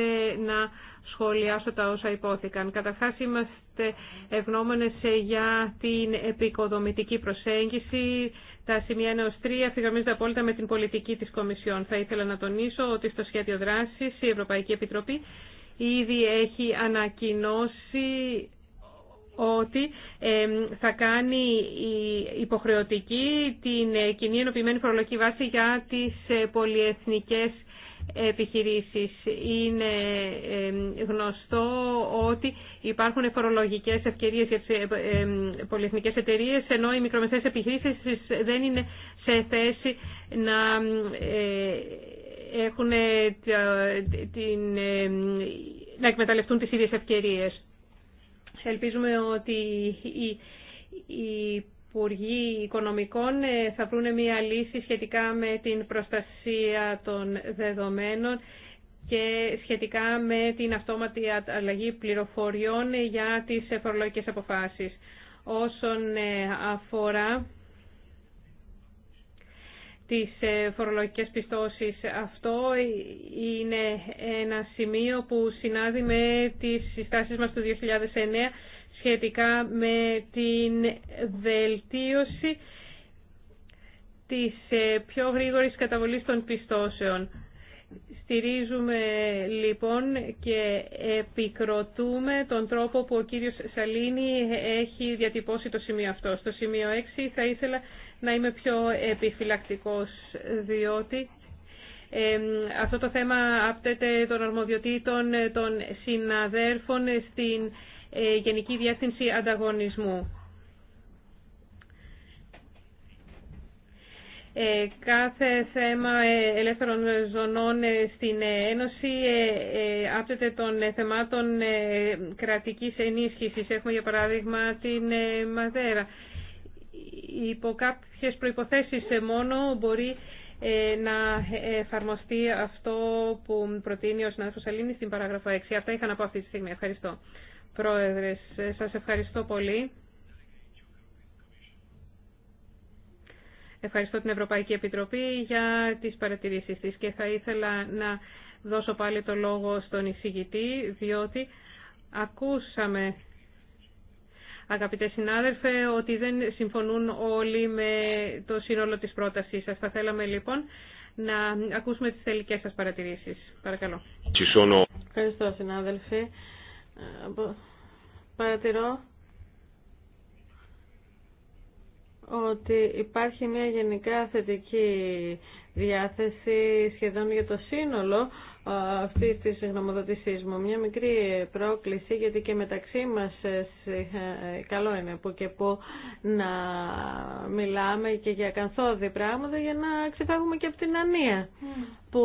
να σχολιάσω τα όσα υπόθηκαν. Καταρχάς είμαστε ευγνώμονες για την επικοδομητική προσέγγιση τα σημεία 1 3 απόλυτα με την πολιτική της Κομισιόν. Θα ήθελα να τονίσω ότι στο σχέδιο δράση η Ευρωπαϊκή Επιτροπή ήδη έχει ανακοινώσει ότι θα κάνει υποχρεωτική την ε, κοινή ενωπημένη φορολογική βάση για τις ε, πολυεθνικές επιχειρήσεις. Είναι γνωστό ότι υπάρχουν φορολογικές ευκαιρίες για τις ε, πολυεθνικές εταιρείες, ενώ οι μικρομεσαίες επιχειρήσεις δεν είναι σε θέση να ε, έχουν ε, την, να εκμεταλλευτούν τις ίδιες ευκαιρίες. ότι η, η Υπουργοί Οικονομικών ε, θα βρουν μια λύση σχετικά με την προστασία των δεδομένων και σχετικά με την αυτόματη αλλαγή πληροφοριών ε, για τις ε, φορολογικές αποφάσεις. Όσον αφορά τις φορολογικές πιστώσεις, αυτό είναι ένα σημείο που συνάδει με τις συστάσεις μας του 2009 σχετικά με την βελτίωση της ε, πιο γρήγορης καταβολής των πιστώσεων. Στηρίζουμε λοιπόν και επικροτούμε τον τρόπο που ο κύριος Σαλίνη έχει διατυπώσει το σημείο αυτό. Στο σημείο 6 θα ήθελα να είμαι πιο επιφυλακτικός διότι αυτό το θέμα άπτεται των αρμοδιοτήτων των συναδέρφων στην ε, Γενική Διεύθυνση Ανταγωνισμού. Ε, κάθε θέμα ε, ελεύθερων ζωνών στην Ένωση άπτεται των θεμάτων κρατικής ενίσχυσης. Έχουμε για παράδειγμα την Μαδέρα. Υπό κάποιες προϋποθέσεις μόνο μπορεί να εφαρμοστεί αυτό που προτείνει ο συνάδελφος Αλήνης στην παράγραφο 6. Αυτά είχα να πω αυτή τη στιγμή. Ευχαριστώ. Πρόεδρες, σας ευχαριστώ πολύ. Ευχαριστώ την Ευρωπαϊκή Επιτροπή για τις παρατηρήσεις της και θα ήθελα να δώσω πάλι το λόγο στον εισηγητή, διότι ακούσαμε, αγαπητέ συνάδελφε, ότι δεν συμφωνούν όλοι με το σύνολο της πρότασής σας. Θα θέλαμε λοιπόν να ακούσουμε τις τελικές σας παρατηρήσεις. Παρακαλώ. Ευχαριστώ συνάδελφοι παρατηρώ ότι υπάρχει μια γενικά θετική διάθεση σχεδόν για το σύνολο αυτή τη γνωμοδοτησή μου. Μια μικρή πρόκληση, γιατί και μεταξύ μα ε, ε, καλό είναι που και που να μιλάμε και για καθόδη πράγματα για να ξεφάγουμε και από την ανία. Mm που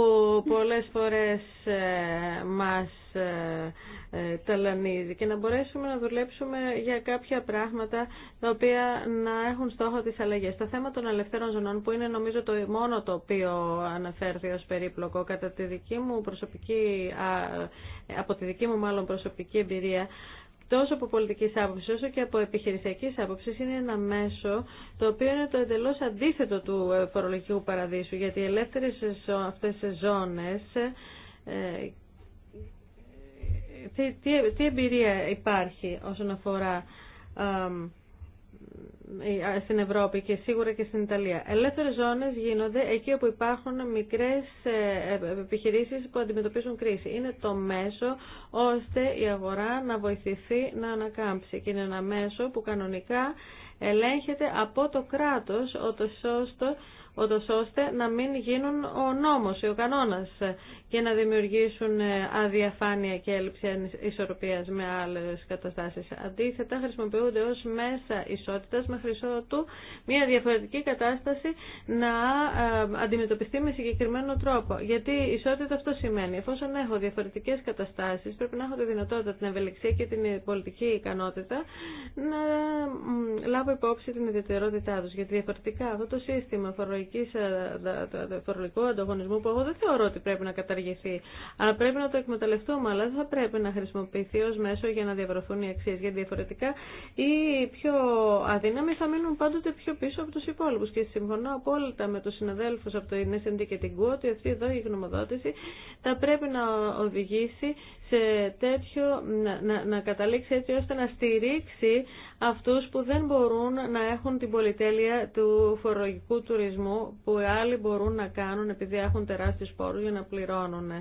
πολλές φορές ε, μας ε, ε, ταλανίζει και να μπορέσουμε να δουλέψουμε για κάποια πράγματα τα οποία να έχουν στόχο τις αλλαγές. Το θέμα των ελευθέρων ζωνών που είναι νομίζω το μόνο το οποίο αναφέρθη ως περίπλοκο κατά τη δική μου προσωπική, από τη δική μου μάλλον προσωπική εμπειρία τόσο από πολιτική άποψη όσο και από επιχειρησιακή άποψη είναι ένα μέσο το οποίο είναι το εντελώ αντίθετο του ε, φορολογικού παραδείσου γιατί οι ελεύθερε αυτέ ζώνε. Ε, ε, τι, τι, τι εμπειρία υπάρχει όσον αφορά στην Ευρώπη και σίγουρα και στην Ιταλία. Ελεύθερες ζώνες γίνονται εκεί όπου υπάρχουν μικρές ε, ε, επιχειρήσεις που αντιμετωπίζουν κρίση. Είναι το μέσο ώστε η αγορά να βοηθηθεί να ανακάμψει και είναι ένα μέσο που κανονικά ελέγχεται από το κράτος, ώστε ούτω ώστε να μην γίνουν ο νόμος ή ο κανόνας και να δημιουργήσουν ε, αδιαφάνεια και έλλειψη ισορροπίας με άλλες καταστάσεις. Αντίθετα, χρησιμοποιούνται ως μέσα ισότητας με χρυσό του μια διαφορετική κατάσταση να ε, αντιμετωπιστεί με συγκεκριμένο τρόπο. Γιατί η ισότητα αυτό σημαίνει. Εφόσον έχω διαφορετικές καταστάσεις, πρέπει να έχω τη δυνατότητα, την ευελιξία και την πολιτική ικανότητα να λάβω υπόψη την ιδιαιτερότητά τους. Γιατί διαφορετικά αυτό το σύστημα το ε, φορολογικού ανταγωνισμό που εγώ δεν θεωρώ ότι πρέπει να καταργηθεί. Αλλά πρέπει να το εκμεταλλευτούμε, αλλά δεν θα πρέπει να χρησιμοποιηθεί ω μέσο για να διαβρωθούν οι αξίε. Γιατί διαφορετικά οι πιο αδύναμοι θα μείνουν πάντοτε πιο πίσω από του υπόλοιπου. Και συμφωνώ απόλυτα με του συναδέλφου από το ΙΝΕΣΕΝΤΗ και την ΚΟ ότι αυτή εδώ η γνωμοδότηση θα πρέπει να οδηγήσει σε τέτοιο, να, καταλήξει έτσι ώστε να στηρίξει αυτούς που δεν μπορούν να έχουν την πολυτέλεια του φορολογικού τουρισμού που άλλοι μπορούν να κάνουν επειδή έχουν τεράστιες πόρους για να πληρώνουν.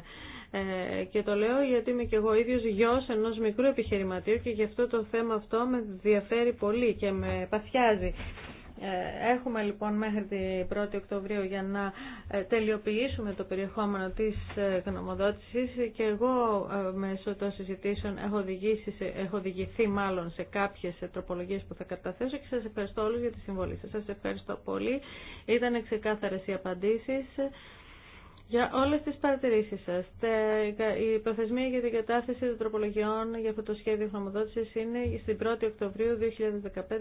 Ε, και το λέω γιατί είμαι και εγώ ίδιος γιος ενός μικρού επιχειρηματίου και γι' αυτό το θέμα αυτό με διαφέρει πολύ και με παθιάζει. Ε, έχουμε λοιπόν μέχρι την 1η Οκτωβρίου για να ε, τελειοποιήσουμε το περιεχόμενο της ε, γνωμοδότησης και εγώ μέσω των συζητήσεων έχω, έχω οδηγηθεί μάλλον σε κάποιες τροπολογίες που θα καταθέσω και σας ευχαριστώ όλους για τη συμβολή σας. Σας ευχαριστώ πολύ. Ήταν ξεκάθαρες οι απαντήσεις για όλες τις παρατηρήσεις σα. Η προθεσμία για την κατάθεση των τροπολογιών για αυτό το σχέδιο χρηματοδότησης είναι στην 1η Οκτωβρίου 2015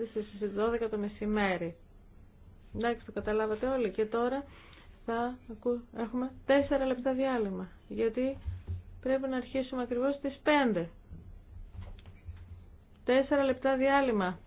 στις 12 το μεσημέρι. Εντάξει, το καταλάβατε όλοι. Και τώρα θα έχουμε 4 λεπτά διάλειμμα, γιατί πρέπει να αρχίσουμε ακριβώς στις 5. 4 λεπτά διάλειμμα.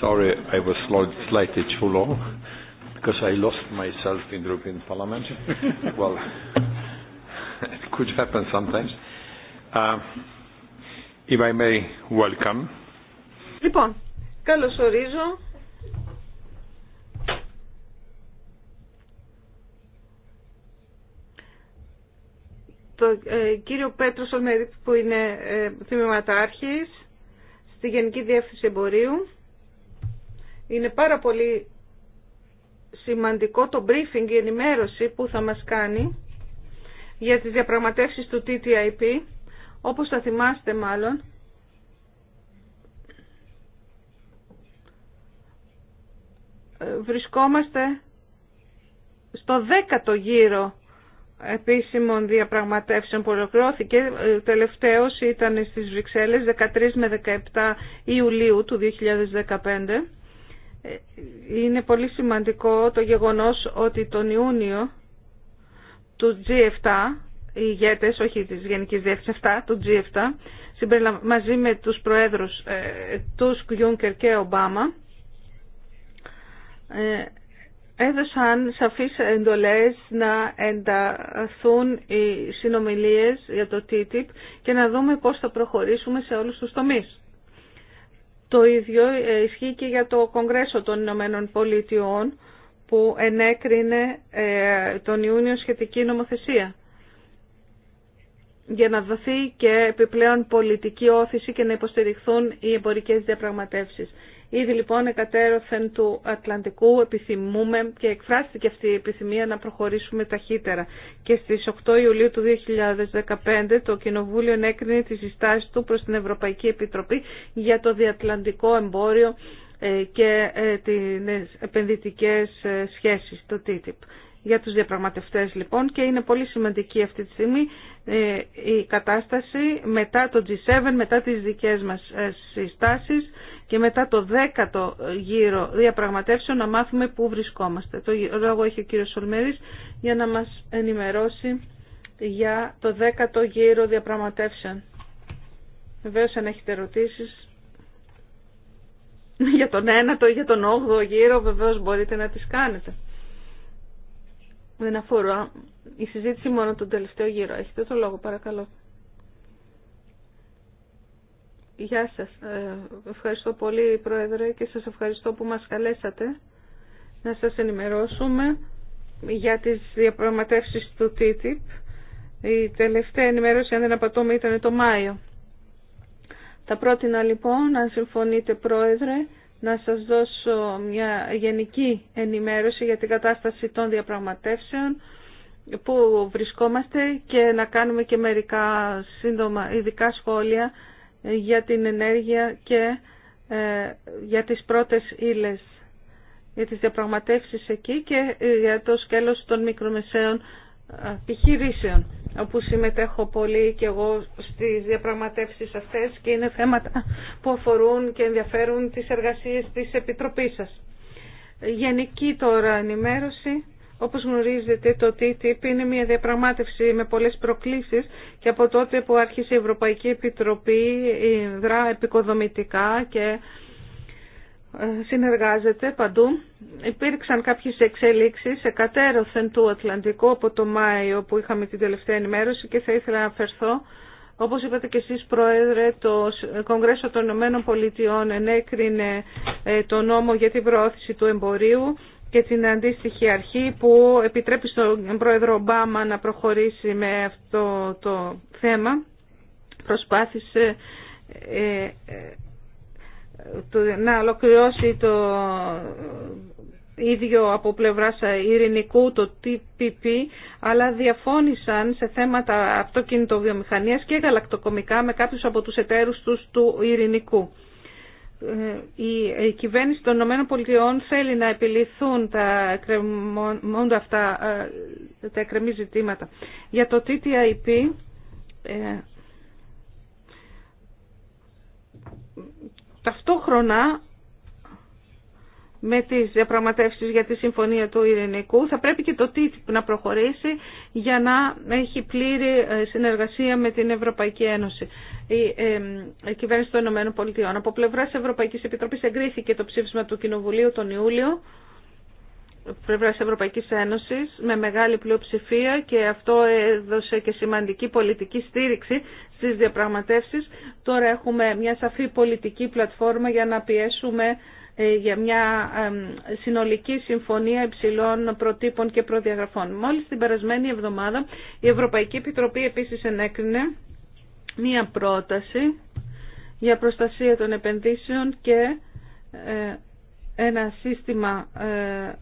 Sorry, I was slightly too long because I lost myself in the European Parliament. well, it could happen sometimes. Uh, if I may, welcome. Λοιπόν, καλώς ορίζω. Το ε, κύριο Πέτρο Σολμερίπ που είναι ε, θυμηματάρχης στη Γενική Διεύθυνση Εμπορίου είναι πάρα πολύ σημαντικό το briefing, η ενημέρωση που θα μας κάνει για τις διαπραγματεύσεις του TTIP, όπως θα θυμάστε μάλλον. Βρισκόμαστε στο δέκατο γύρο επίσημων διαπραγματεύσεων που ολοκληρώθηκε τελευταίος ήταν στις Βρυξέλλες 13 με 17 Ιουλίου του 2015 είναι πολύ σημαντικό το γεγονός ότι τον Ιούνιο του G7, οι ηγέτες, όχι της Γενικής Διεύθυνσης 7, του G7, μαζί με τους προέδρους ε, Τούσκ, Γιούνκερ και Ομπάμα, ε, έδωσαν σαφείς εντολές να ενταθούν οι συνομιλίες για το TTIP και να δούμε πώς θα προχωρήσουμε σε όλους τους τομείς. Το ίδιο ε, ισχύει και για το Κογκρέσο των Ηνωμένων Πολιτειών που ενέκρινε ε, τον Ιούνιο σχετική νομοθεσία για να δοθεί και επιπλέον πολιτική όθηση και να υποστηριχθούν οι εμπορικές διαπραγματεύσεις. Ήδη λοιπόν εκατέρωθεν του Ατλαντικού επιθυμούμε και εκφράστηκε αυτή η επιθυμία να προχωρήσουμε ταχύτερα. Και στις 8 Ιουλίου του 2015 το Κοινοβούλιο ενέκρινε τις συστάσεις του προς την Ευρωπαϊκή Επιτροπή για το διατλαντικό εμπόριο ε, και ε, τις επενδυτικές ε, σχέσεις, το TTIP. Για τους διαπραγματευτές λοιπόν και είναι πολύ σημαντική αυτή τη στιγμή η κατάσταση μετά το G7, μετά τις δικές μας συστάσεις και μετά το δέκατο γύρο διαπραγματεύσεων να μάθουμε πού βρισκόμαστε. Το λόγο έχει ο κύριος Σολμέρης για να μας ενημερώσει για το δέκατο γύρο διαπραγματεύσεων. Βεβαίως αν έχετε ερωτήσεις (laughs) για τον ένατο ή για τον όγδοο γύρο βεβαίως μπορείτε να τις κάνετε. Δεν αφορά η συζήτηση μόνο τον τελευταίο γύρο. Έχετε το λόγο παρακαλώ. Γεια σας. Ε, ευχαριστώ πολύ, Πρόεδρε, και σας ευχαριστώ που μας καλέσατε να σας ενημερώσουμε για τις διαπραγματεύσεις του TTIP. Η τελευταία ενημέρωση, αν δεν απατώμε, ήταν το Μάιο. Θα πρότεινα λοιπόν, αν συμφωνείτε Πρόεδρε, να σας δώσω μια γενική ενημέρωση για την κατάσταση των διαπραγματεύσεων που βρισκόμαστε και να κάνουμε και μερικά σύντομα ειδικά σχόλια για την ενέργεια και ε, για τις πρώτες ύλες, για τις διαπραγματεύσεις εκεί και ε, για το σκέλος των μικρομεσαίων ε, επιχειρήσεων όπου συμμετέχω πολύ και εγώ στις διαπραγματεύσεις αυτές και είναι θέματα που αφορούν και ενδιαφέρουν τις εργασίες της Επιτροπής σας. Γενική τώρα ενημέρωση όπως γνωρίζετε το TTIP είναι μια διαπραγμάτευση με πολλές προκλήσεις και από τότε που άρχισε η Ευρωπαϊκή Επιτροπή ε, δρά επικοδομητικά και ε, συνεργάζεται παντού. Υπήρξαν κάποιες εξελίξεις σε κατέρωθεν του Ατλαντικού από το Μάιο που είχαμε την τελευταία ενημέρωση και θα ήθελα να αφαιρθώ. όπως είπατε και εσείς Πρόεδρε, το Κογκρέσο των Ηνωμένων Πολιτειών ενέκρινε ε, το νόμο για την προώθηση του εμπορίου και την αντίστοιχη αρχή που επιτρέπει στον πρόεδρο Ομπάμα να προχωρήσει με αυτό το θέμα. Προσπάθησε ε, ε, να ολοκληρώσει το ίδιο από πλευράς ειρηνικού το TPP, αλλά διαφώνησαν σε θέματα αυτοκινητοβιομηχανίας και γαλακτοκομικά με κάποιους από τους εταίρους τους του ειρηνικού. Ε, η κυβέρνηση των ΗΠΑ θέλει να επιληθούν τα αυτά ε, τα εκκρεμή ζητήματα. Για το TTIP ε, ταυτόχρονα με τις διαπραγματεύσεις για τη Συμφωνία του Ειρηνικού. Θα πρέπει και το TTIP να προχωρήσει για να έχει πλήρη ε, συνεργασία με την Ευρωπαϊκή Ένωση. Η, ε, η κυβέρνηση των Ηνωμένων Πολιτειών. Από πλευρά Ευρωπαϊκή Επιτροπή εγκρίθηκε το ψήφισμα του Κοινοβουλίου τον Ιούλιο πλευρά Ευρωπαϊκή Ένωση με μεγάλη πλειοψηφία και αυτό έδωσε και σημαντική πολιτική στήριξη στι διαπραγματεύσει. Τώρα έχουμε μια σαφή πολιτική πλατφόρμα για να πιέσουμε ε, για μια συνολική συμφωνία υψηλών προτύπων και προδιαγραφών. Μόλις την περασμένη εβδομάδα η Ευρωπαϊκή Επιτροπή επίσης ενέκρινε μια πρόταση για προστασία των επενδύσεων και ε, ένα σύστημα ε,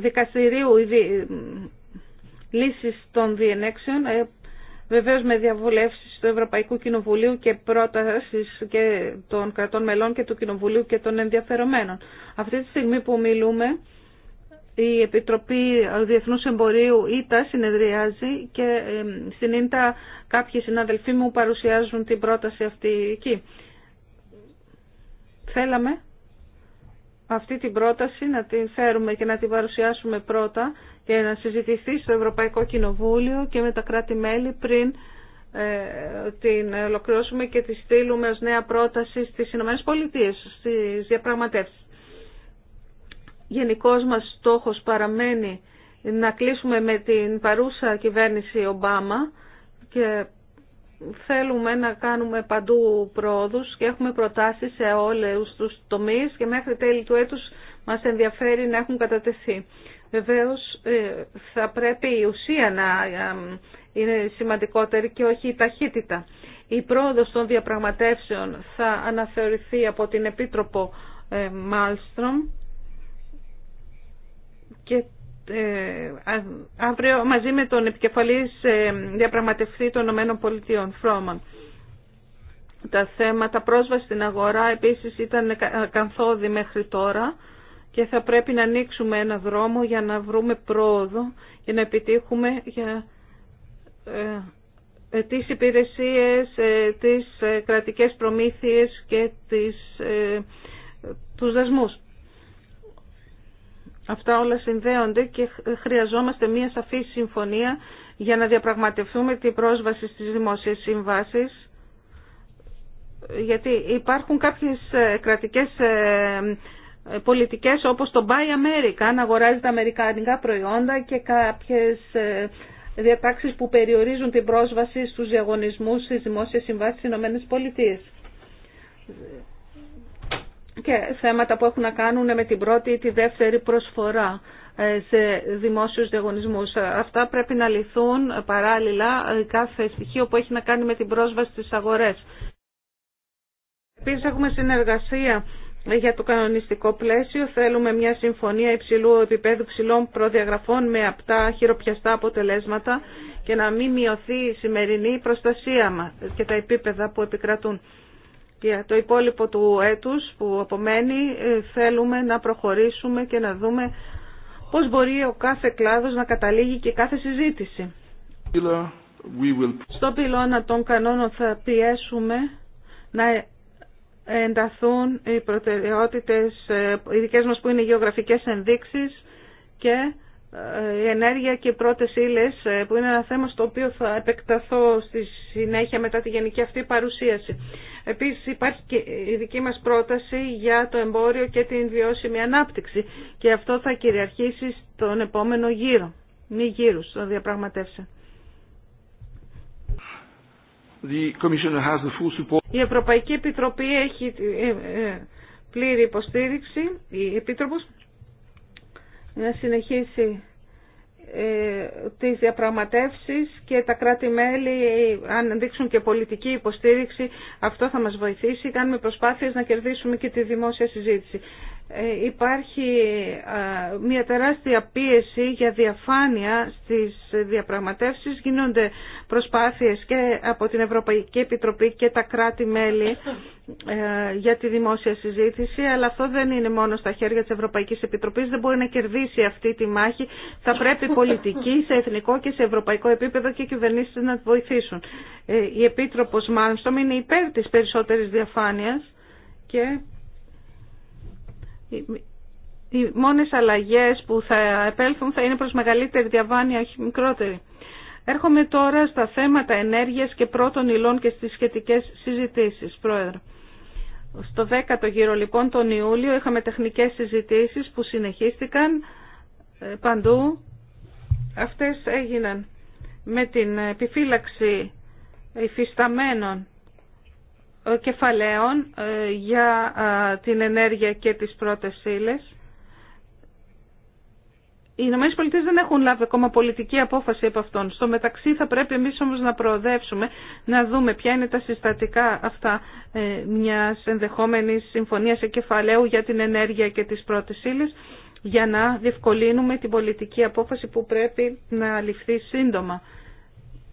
δικαστηρίου λύσης των διενέξεων Βεβαίως με διαβουλεύσεις του Ευρωπαϊκού Κοινοβουλίου και πρότασης και των κρατών μελών και του Κοινοβουλίου και των ενδιαφερομένων. Αυτή τη στιγμή που μιλούμε η Επιτροπή Διεθνούς Εμπορίου ΙΤΑ συνεδριάζει και στην ΙΤΑ κάποιοι συναδελφοί μου παρουσιάζουν την πρόταση αυτή εκεί. Θέλαμε αυτή την πρόταση να την φέρουμε και να την παρουσιάσουμε πρώτα και να συζητηθεί στο Ευρωπαϊκό Κοινοβούλιο και με τα κράτη-μέλη πριν ε, την ολοκληρώσουμε και τη στείλουμε ως νέα πρόταση στις ΗΠΑ, Πολιτείες, στις διαπραγματεύσεις. Γενικός μας στόχος παραμένει να κλείσουμε με την παρούσα κυβέρνηση Ομπάμα και θέλουμε να κάνουμε παντού πρόοδους και έχουμε προτάσεις σε όλους τους τομείς και μέχρι τέλη του έτους μας ενδιαφέρει να έχουν κατατεθεί. Βεβαίως ε, θα πρέπει η ουσία να ε, είναι σημαντικότερη και όχι η ταχύτητα. Η πρόοδος των διαπραγματεύσεων θα αναθεωρηθεί από την Επίτροπο ε, Μάλστρομ και ε, αύριο μαζί με τον επικεφαλής ε, διαπραγματευτή των ΗΠΑ, Φρόμαν. Τα θέματα πρόσβαση στην αγορά επίσης ήταν καθόδη μέχρι τώρα και θα πρέπει να ανοίξουμε ένα δρόμο για να βρούμε πρόοδο και να επιτύχουμε για ε, τις υπηρεσίες, τις κρατικές προμήθειες και τις, τους δασμούς. Αυτά όλα συνδέονται και ε, χρειαζόμαστε μία σαφή συμφωνία για να διαπραγματευτούμε την πρόσβαση στις δημόσιες συμβάσεις γιατί υπάρχουν κάποιες ε, κρατικές ε, πολιτικές όπως το Buy America, να αγοράζει τα αμερικανικά προϊόντα και κάποιες διατάξεις που περιορίζουν την πρόσβαση στους διαγωνισμούς στις δημόσιες συμβάσεις στις ΗΠΑ και θέματα που έχουν να κάνουν με την πρώτη ή τη δεύτερη προσφορά ε, σε δημόσιους διαγωνισμούς. Αυτά πρέπει να λυθούν παράλληλα ε, κάθε στοιχείο που έχει να κάνει με την πρόσβαση στις αγορές. Επίσης έχουμε συνεργασία για το κανονιστικό πλαίσιο. Θέλουμε μια συμφωνία υψηλού επίπεδου ψηλών προδιαγραφών με απτά χειροπιαστά αποτελέσματα και να μην μειωθεί η σημερινή προστασία μας και τα επίπεδα που επικρατούν για το υπόλοιπο του έτους που απομένει ε, θέλουμε να προχωρήσουμε και να δούμε πώς μπορεί ο κάθε κλάδος να καταλήγει και κάθε συζήτηση. Στο πυλώνα των κανόνων θα πιέσουμε να ενταθούν οι προτεραιότητες, ε, οι δικές μας που είναι οι γεωγραφικές ενδείξεις και η ε, ενέργεια και οι πρώτες ύλες ε, που είναι ένα θέμα στο οποίο θα επεκταθώ στη συνέχεια μετά τη γενική αυτή παρουσίαση. Επίσης υπάρχει και η δική μας πρόταση για το εμπόριο και την βιώσιμη ανάπτυξη και αυτό θα κυριαρχήσει στον επόμενο γύρο, μη γύρους το διαπραγματεύσιο. Η Ευρωπαϊκή Επιτροπή έχει ε, πλήρη υποστήριξη, η Επίτροπος, να συνεχίσει ε, τις διαπραγματεύσεις και τα κράτη-μέλη αν δείξουν και πολιτική υποστήριξη αυτό θα μας βοηθήσει κάνουμε προσπάθειες να κερδίσουμε και τη δημόσια συζήτηση ε, υπάρχει μια τεράστια πίεση για διαφάνεια στις διαπραγματεύσεις. Γίνονται προσπάθειες και από την Ευρωπαϊκή Επιτροπή και τα κράτη-μέλη ε, για τη δημόσια συζήτηση, αλλά αυτό δεν είναι μόνο στα χέρια της Ευρωπαϊκής Επιτροπής, δεν μπορεί να κερδίσει αυτή τη μάχη. Θα πρέπει πολιτικοί σε εθνικό και σε ευρωπαϊκό επίπεδο και κυβερνήσεις να βοηθήσουν. Ε, η Επίτροπος Μάνστομ είναι υπέρ της περισσότερης διαφάνειας και οι μόνες αλλαγές που θα επέλθουν θα είναι προς μεγαλύτερη διαβάνεια, όχι μικρότερη. Έρχομαι τώρα στα θέματα ενέργειας και πρώτων υλών και στις σχετικές συζητήσεις, Πρόεδρε. Στο 10ο γύρο λοιπόν τον Ιούλιο είχαμε τεχνικές συζητήσεις που συνεχίστηκαν ε, παντού. Αυτές έγιναν με την επιφύλαξη υφισταμένων κεφαλαίων ε, για την ενέργεια και τις πρώτες ύλες. Οι Ηνωμένες Πολιτείες δεν έχουν λάβει ακόμα πολιτική απόφαση από αυτόν. Στο μεταξύ θα πρέπει εμείς όμως να προοδεύσουμε, να δούμε ποια είναι τα συστατικά αυτά ε, μια ενδεχόμενη συμφωνίας εκεφαλαίου για την ενέργεια και τις πρώτες ύλε, για να διευκολύνουμε την πολιτική απόφαση που πρέπει να ληφθεί σύντομα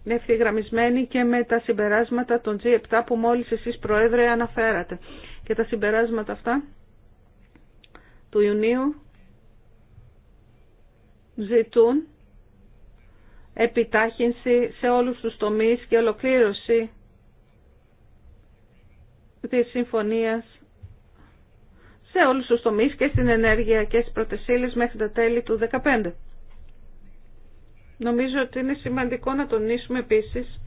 είναι ευθυγραμμισμένη και με τα συμπεράσματα των G7 που μόλις εσείς Προέδρε αναφέρατε. Και τα συμπεράσματα αυτά του Ιουνίου ζητούν επιτάχυνση σε όλους τους τομείς και ολοκλήρωση της συμφωνίας σε όλους τους τομείς και στην ενέργεια και στις πρωτεσίλες μέχρι τα τέλη του 2015. Νομίζω ότι είναι σημαντικό να τονίσουμε επίσης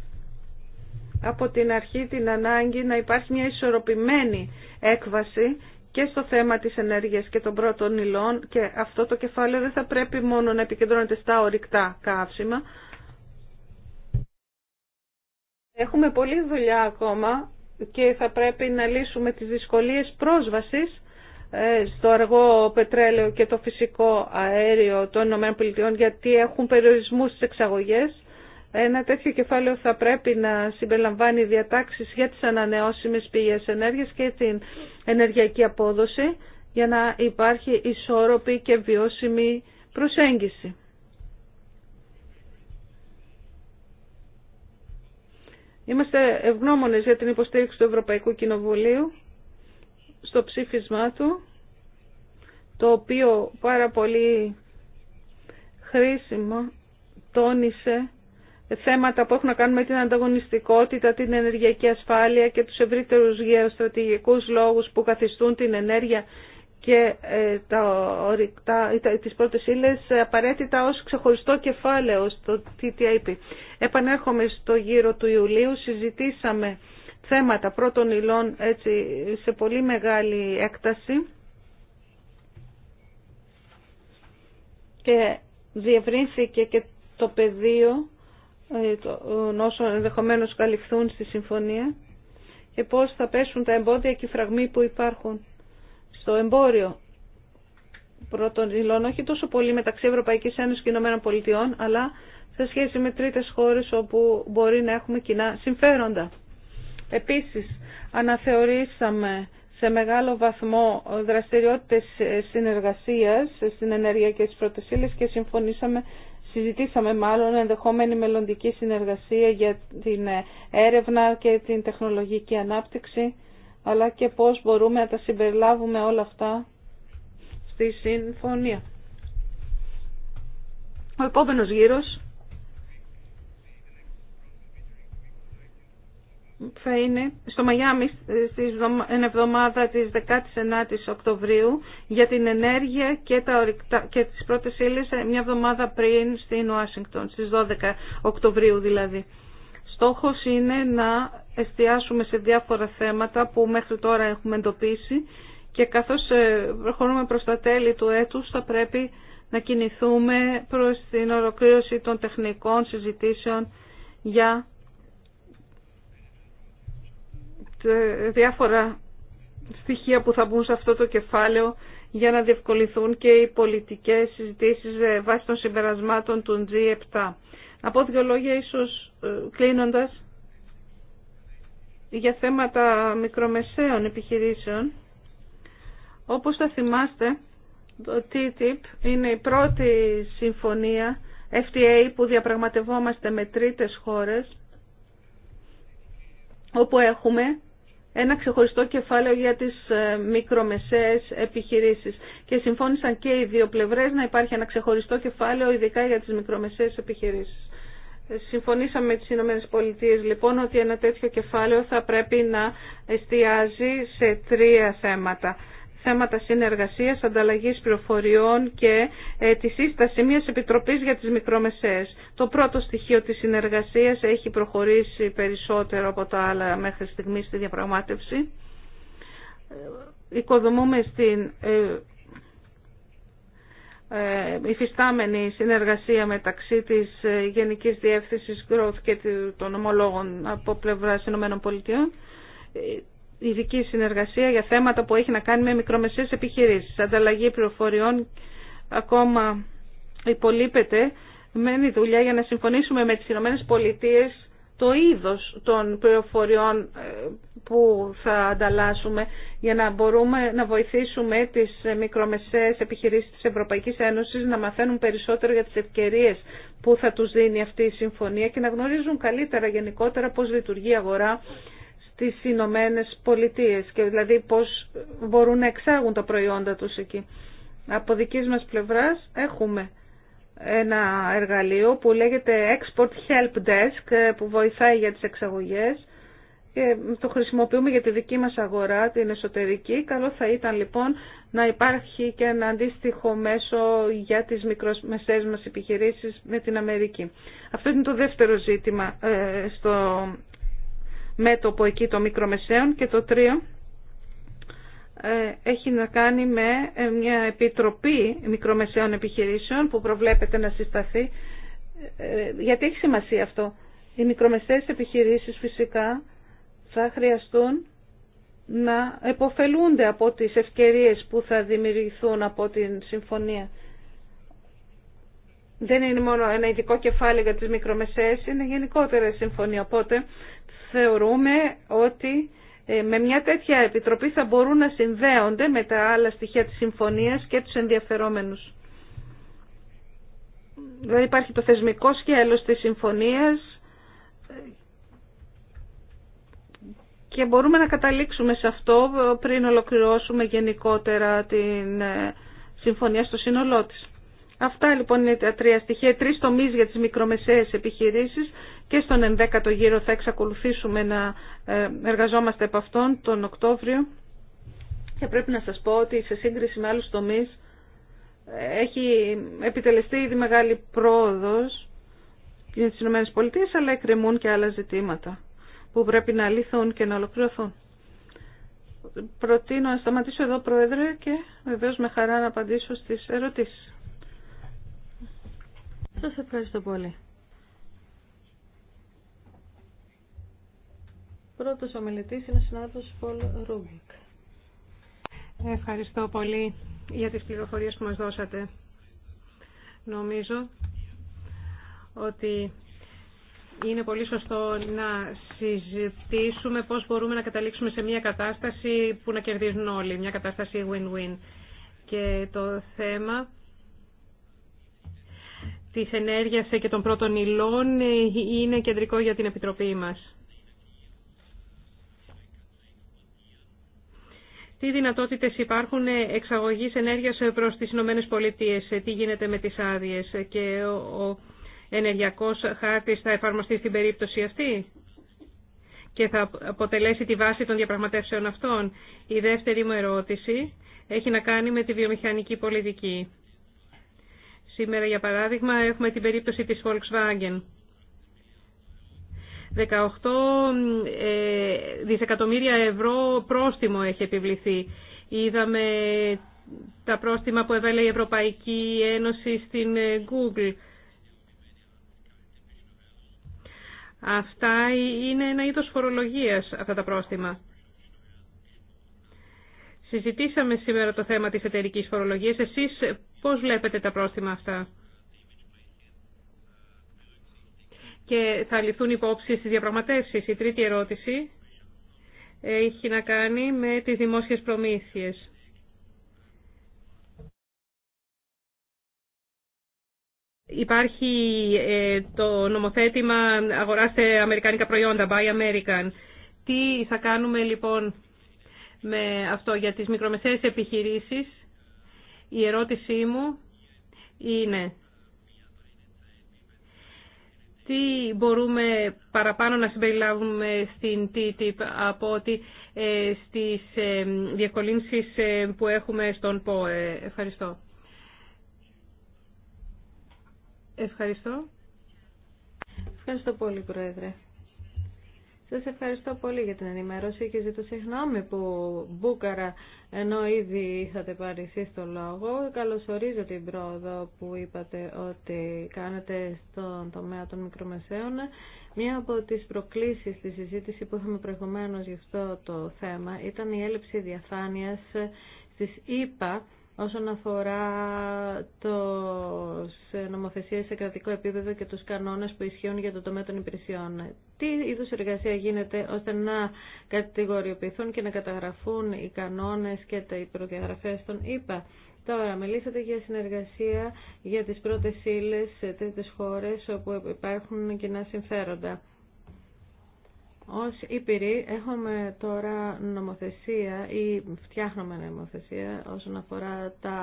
από την αρχή την ανάγκη να υπάρχει μια ισορροπημένη έκβαση και στο θέμα της ενέργειας και των πρώτων υλών και αυτό το κεφάλαιο δεν θα πρέπει μόνο να επικεντρώνεται στα ορυκτά καύσιμα. Έχουμε πολλή δουλειά ακόμα και θα πρέπει να λύσουμε τις δυσκολίες πρόσβασης ε, στο αργό πετρέλαιο και το φυσικό αέριο των ΗΠΑ γιατί έχουν περιορισμούς στις εξαγωγές. Ένα τέτοιο κεφάλαιο θα πρέπει να συμπεριλαμβάνει διατάξεις για τις ανανεώσιμες πηγές ενέργειας και την ενεργειακή απόδοση για να υπάρχει ισόρροπη και βιώσιμη προσέγγιση. Είμαστε ευγνώμονες για την υποστήριξη του Ευρωπαϊκού Κοινοβουλίου στο ψήφισμά του, το οποίο πάρα πολύ χρήσιμο τόνισε θέματα που έχουν να κάνουν με την ανταγωνιστικότητα, την ενεργειακή ασφάλεια και τους ευρύτερους γεωστρατηγικούς λόγους που καθιστούν την ενέργεια και ε, τα, τα, τα, τις πρώτες ύλες απαραίτητα ως ξεχωριστό κεφάλαιο στο TTIP. Επανέρχομαι στο γύρο του Ιουλίου, συζητήσαμε θέματα πρώτων υλών έτσι, σε πολύ μεγάλη έκταση και διευρύνθηκε και το πεδίο ε, ε, όσων ενδεχομένως καλυφθούν στη συμφωνία και πώς θα πέσουν τα εμπόδια και οι φραγμοί που υπάρχουν στο εμπόριο πρώτων υλών, όχι τόσο πολύ μεταξύ Ευρωπαϊκής Ένωσης και Ηνωμένων Πολιτειών, αλλά σε σχέση με τρίτες χώρες όπου μπορεί να έχουμε κοινά συμφέροντα. Επίσης, αναθεωρήσαμε σε μεγάλο βαθμό δραστηριότητες συνεργασίας στην ενέργεια και στις πρωτοσύλλες και συμφωνήσαμε Συζητήσαμε μάλλον ενδεχόμενη μελλοντική συνεργασία για την έρευνα και την τεχνολογική ανάπτυξη, αλλά και πώς μπορούμε να τα συμπεριλάβουμε όλα αυτά στη συμφωνία. Ο επόμενος γύρος θα είναι στο Μαγιάμι στις εβδομάδα της 19ης Οκτωβρίου για την ενέργεια και, τα ορυκτά, και τις πρώτες ύλες ε, μια εβδομάδα πριν στην Ουάσιγκτον, στις 12 Οκτωβρίου δηλαδή. Στόχος είναι να εστιάσουμε σε διάφορα θέματα που μέχρι τώρα έχουμε εντοπίσει και καθώς ε, προχωρούμε προς τα τέλη του έτους θα πρέπει να κινηθούμε προς την ολοκλήρωση των τεχνικών συζητήσεων για Ε, διάφορα στοιχεία που θα μπουν σε αυτό το κεφάλαιο για να διευκολυθούν και οι πολιτικές συζητήσεις ε, βάσει των συμπερασμάτων του G7. Από δύο λόγια ίσως ε, κλείνοντας για θέματα μικρομεσαίων επιχειρήσεων. Όπως θα θυμάστε, το TTIP είναι η πρώτη συμφωνία FTA που διαπραγματευόμαστε με τρίτες χώρες, όπου έχουμε ένα ξεχωριστό κεφάλαιο για τις ε, μικρομεσαίες επιχειρήσεις. Και συμφώνησαν και οι δύο πλευρές να υπάρχει ένα ξεχωριστό κεφάλαιο ειδικά για τις μικρομεσαίες επιχειρήσεις. Ε, συμφωνήσαμε με τις Ηνωμένες Πολιτείες λοιπόν ότι ένα τέτοιο κεφάλαιο θα πρέπει να εστιάζει σε τρία θέματα θέματα συνεργασίας, ανταλλαγής πληροφοριών και ε, τη σύσταση μιας επιτροπής για τις μικρομεσαίες. Το πρώτο στοιχείο της συνεργασίας έχει προχωρήσει περισσότερο από τα άλλα μέχρι στιγμή στη διαπραγμάτευση. Ε, οικοδομούμε στην ε, υφιστάμενη συνεργασία μεταξύ της Γενικής Διεύθυνσης Growth και των ομολόγων από πλευράς ΗΠΑ ειδική συνεργασία για θέματα που έχει να κάνει με μικρομεσαίες επιχειρήσεις. Ανταλλαγή πληροφοριών ακόμα υπολείπεται. Μένει δουλειά για να συμφωνήσουμε με τις Ηνωμένες Πολιτείες το είδος των πληροφοριών ε, που θα ανταλλάσσουμε για να μπορούμε να βοηθήσουμε τις μικρομεσαίες επιχειρήσεις της Ευρωπαϊκής Ένωσης να μαθαίνουν περισσότερο για τις ευκαιρίες που θα τους δίνει αυτή η συμφωνία και να γνωρίζουν καλύτερα γενικότερα πώς λειτουργεί η αγορά τις Ηνωμένε Πολιτείε και δηλαδή πώς μπορούν να εξάγουν τα προϊόντα τους εκεί. Από δική μας πλευράς έχουμε ένα εργαλείο που λέγεται Export Help Desk ε, που βοηθάει για τις εξαγωγές και το χρησιμοποιούμε για τη δική μας αγορά, την εσωτερική. Καλό θα ήταν λοιπόν να υπάρχει και ένα αντίστοιχο μέσο για τις μικρομεσαίες μας επιχειρήσεις με την Αμερική. Αυτό είναι το δεύτερο ζήτημα ε, στο μέτωπο εκεί των μικρομεσαίων και το τρίο ε, έχει να κάνει με ε, μια επιτροπή μικρομεσαίων επιχειρήσεων που προβλέπεται να συσταθεί. Ε, γιατί έχει σημασία αυτό. Οι μικρομεσαίες επιχειρήσεις φυσικά θα χρειαστούν να εποφελούνται από τις ευκαιρίες που θα δημιουργηθούν από την συμφωνία. Δεν είναι μόνο ένα ειδικό κεφάλαιο για τις μικρομεσαίες, είναι γενικότερα συμφωνία. Οπότε θεωρούμε ότι ε, με μια τέτοια επιτροπή θα μπορούν να συνδέονται με τα άλλα στοιχεία της συμφωνίας και τους ενδιαφερόμενους. Δηλαδή υπάρχει το θεσμικό σκέλος της συμφωνίας και μπορούμε να καταλήξουμε σε αυτό πριν ολοκληρώσουμε γενικότερα την ε, συμφωνία στο σύνολό της. Αυτά λοιπόν είναι τα τρία στοιχεία, τρει τομεί για τι μικρομεσαίες επιχειρήσει και στον 11ο γύρο θα εξακολουθήσουμε να ε, εργαζόμαστε από αυτόν τον Οκτώβριο. Και πρέπει να σα πω ότι σε σύγκριση με άλλου τομεί ε, έχει επιτελεστεί ήδη μεγάλη πρόοδο για τις ΗΠΑ, αλλά εκκρεμούν και άλλα ζητήματα που πρέπει να λυθούν και να ολοκληρωθούν. Προτείνω να σταματήσω εδώ, Πρόεδρε, και βεβαίω με χαρά να απαντήσω στις ερωτήσει. Σας ευχαριστώ πολύ. Πρώτος ομιλητής είναι ο συνάδελφος Πολ Ρούμπικ. Ευχαριστώ πολύ για τις πληροφορίες που μας δώσατε. Νομίζω ότι είναι πολύ σωστό να συζητήσουμε πώς μπορούμε να καταλήξουμε σε μια κατάσταση που να κερδίζουν όλοι, μια κατάσταση win-win. Και το θέμα Τη ενέργειας και των πρώτων υλών είναι κεντρικό για την Επιτροπή μας. Τι δυνατότητες υπάρχουν εξαγωγής ενέργειας προς τις Ηνωμένες Πολιτείες, τι γίνεται με τις άδειες και ο ενεργειακός χάρτης θα εφαρμοστεί στην περίπτωση αυτή και θα αποτελέσει τη βάση των διαπραγματεύσεων αυτών. Η δεύτερη μου ερώτηση έχει να κάνει με τη βιομηχανική πολιτική. Σήμερα, για παράδειγμα, έχουμε την περίπτωση της Volkswagen. 18 ε, δισεκατομμύρια ευρώ πρόστιμο έχει επιβληθεί. Είδαμε τα πρόστιμα που έβαλε η Ευρωπαϊκή Ένωση στην ε, Google. Αυτά είναι ένα είδος φορολογίας αυτά τα πρόστιμα. Συζητήσαμε σήμερα το θέμα της εταιρικής φορολογίας. Εσείς πώς βλέπετε τα πρόστιμα αυτά. Και θα ληφθούν υπόψη στις διαπραγματεύσεις. Η τρίτη ερώτηση έχει να κάνει με τις δημόσιες προμήθειες. Υπάρχει ε, το νομοθέτημα «Αγοράστε αμερικάνικα προϊόντα», «Buy American». Τι θα κάνουμε λοιπόν με αυτό. Για τις μικρομεσαίες επιχειρήσεις, η ερώτησή μου είναι τι μπορούμε παραπάνω να συμπεριλάβουμε στην TTIP από ότι ε, στις ε, διακολύνσεις ε, που έχουμε στον ΠΟΕ. Ευχαριστώ. Ευχαριστώ. Ευχαριστώ πολύ, Πρόεδρε. Σας ευχαριστώ πολύ για την ενημέρωση και ζητώ συγγνώμη που μπούκαρα ενώ ήδη είχατε πάρει εσεί το λόγο. Καλωσορίζω την πρόοδο που είπατε ότι κάνετε στον τομέα των μικρομεσαίων. Μία από τις προκλήσεις στη συζήτηση που είχαμε προηγουμένω γι' αυτό το θέμα ήταν η έλλειψη διαφάνειας στι ΕΠΑ όσον αφορά το νομοθεσία σε κρατικό επίπεδο και τους κανόνες που ισχύουν για το τομέα των υπηρεσιών. Τι είδους εργασία γίνεται ώστε να κατηγοριοποιηθούν και να καταγραφούν οι κανόνες και τα προδιαγραφές των ΙΠΑ. Τώρα, μιλήσατε για συνεργασία για τις πρώτες ύλες σε τέτοιες χώρες όπου υπάρχουν κοινά συμφέροντα. Ως Ήπειροι έχουμε τώρα νομοθεσία ή φτιάχνουμε νομοθεσία όσον αφορά τα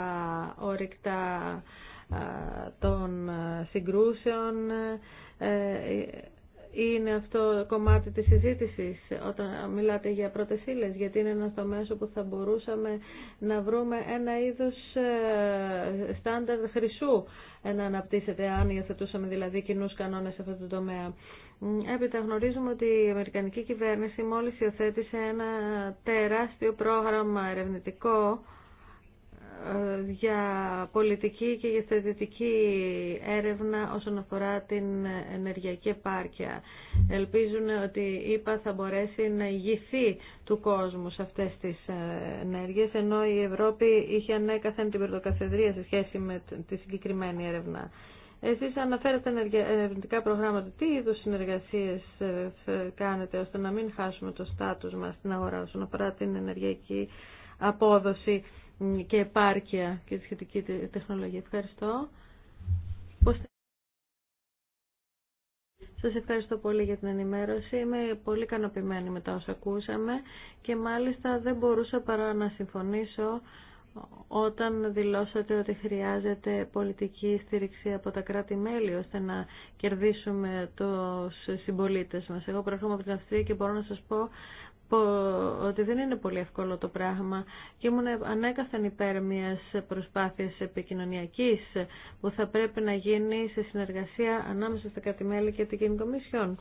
όρυκτα των συγκρούσεων. Ε, είναι αυτό κομμάτι της συζήτησης όταν μιλάτε για πρώτες ύλες, γιατί είναι ένα τομέα που θα μπορούσαμε να βρούμε ένα είδος ε, στάνταρ χρυσού ε, να αναπτύσσεται, αν υιοθετούσαμε δηλαδή κοινού κανόνες σε αυτό το τομέα. Έπειτα γνωρίζουμε ότι η Αμερικανική κυβέρνηση μόλις υιοθέτησε ένα τεράστιο πρόγραμμα ερευνητικό ε, για πολιτική και για θετική έρευνα όσον αφορά την ενεργειακή επάρκεια. Ελπίζουν ότι η ΕΠΑ θα μπορέσει να ηγηθεί του κόσμου σε αυτές τις ε, ενέργειες, ενώ η Ευρώπη είχε ανέκαθεν την πρωτοκαθεδρία σε σχέση με τη συγκεκριμένη έρευνα. Εσεί αναφέρατε ερευνητικά προγράμματα. Τι είδους συνεργασίες ε, κάνετε ώστε να μην χάσουμε το στάτους μας στην αγορά όσον αφορά την ενεργειακή απόδοση και επάρκεια και τη σχετική τεχνολογία. Ευχαριστώ. Σας ευχαριστώ πολύ για την ενημέρωση. Είμαι πολύ ικανοποιημένη με τα όσα ακούσαμε και μάλιστα δεν μπορούσα παρά να συμφωνήσω όταν δηλώσατε ότι χρειάζεται πολιτική στήριξη από τα κράτη-μέλη ώστε να κερδίσουμε τους συμπολίτες μας. Εγώ προέρχομαι από την Αυστρία και μπορώ να σας πω ότι δεν είναι πολύ εύκολο το πράγμα και ήμουν ανέκαθεν υπέρ μιας προσπάθεια επικοινωνιακής που θα πρέπει να γίνει σε συνεργασία ανάμεσα στα κράτη-μέλη και την Κομισιόν.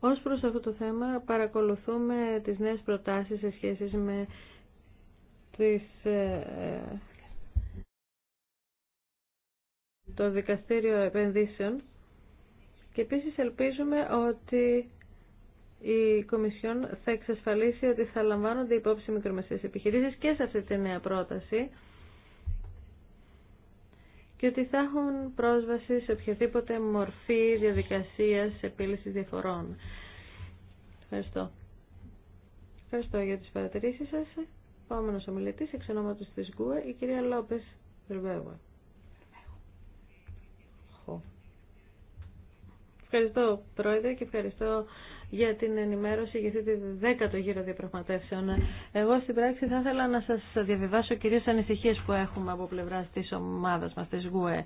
Ως προς αυτό το θέμα παρακολουθούμε τις νέες προτάσεις σε σχέση με της, ε, ε, το Δικαστήριο Επενδύσεων και επίσης ελπίζουμε ότι η Κομισιόν θα εξασφαλίσει ότι θα λαμβάνονται υπόψη μικρομεσαίες επιχειρήσεις και σε αυτή τη νέα πρόταση και ότι θα έχουν πρόσβαση σε οποιαδήποτε μορφή διαδικασίας επίλυσης διαφορών. Ευχαριστώ. Ευχαριστώ για τις παρατηρήσεις σας επόμενο ομιλητή, εξ της η κυρία Λόπε. Βερβέγουα. Ευχαριστώ, Πρόεδρε, και ευχαριστώ για την ενημέρωση για αυτή τη δέκατο γύρο διαπραγματεύσεων. Εγώ στην πράξη θα ήθελα να σας διαβιβάσω κυρίως ανησυχίες που έχουμε από πλευράς της ομάδας μας, της ΓΟΕ.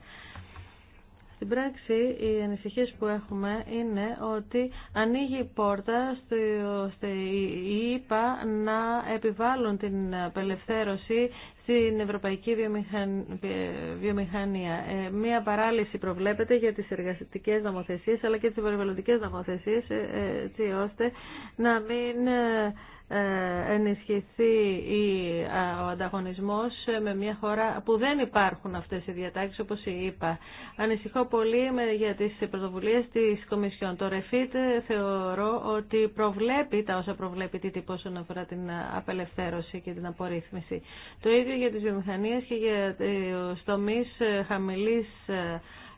Στην πράξη, οι ανησυχίε που έχουμε είναι ότι ανοίγει η πόρτα ώστε οι ΙΠΑ να επιβάλλουν την απελευθέρωση στην ευρωπαϊκή βιομηχανία. Ε, μία παράλυση προβλέπεται για τις εργαστικές νομοθεσίες αλλά και τις περιβαλλοντικές νομοθεσίες ε, έτσι ώστε να μην ε, ε, ενισχυθεί ε, ο ανταγωνισμός με μια χώρα που δεν υπάρχουν αυτές οι διατάξεις όπως είπα. Ανησυχώ πολύ με για τις πρωτοβουλίες της Κομισιόν. Το ΡΕΦΙΤ θεωρώ ότι προβλέπει τα όσα προβλέπει τι τύπος όσον αφορά την απελευθέρωση και την απορρίθμιση. Το ίδιο για τις βιομηχανίες και για τους ε, τομείς χαμηλής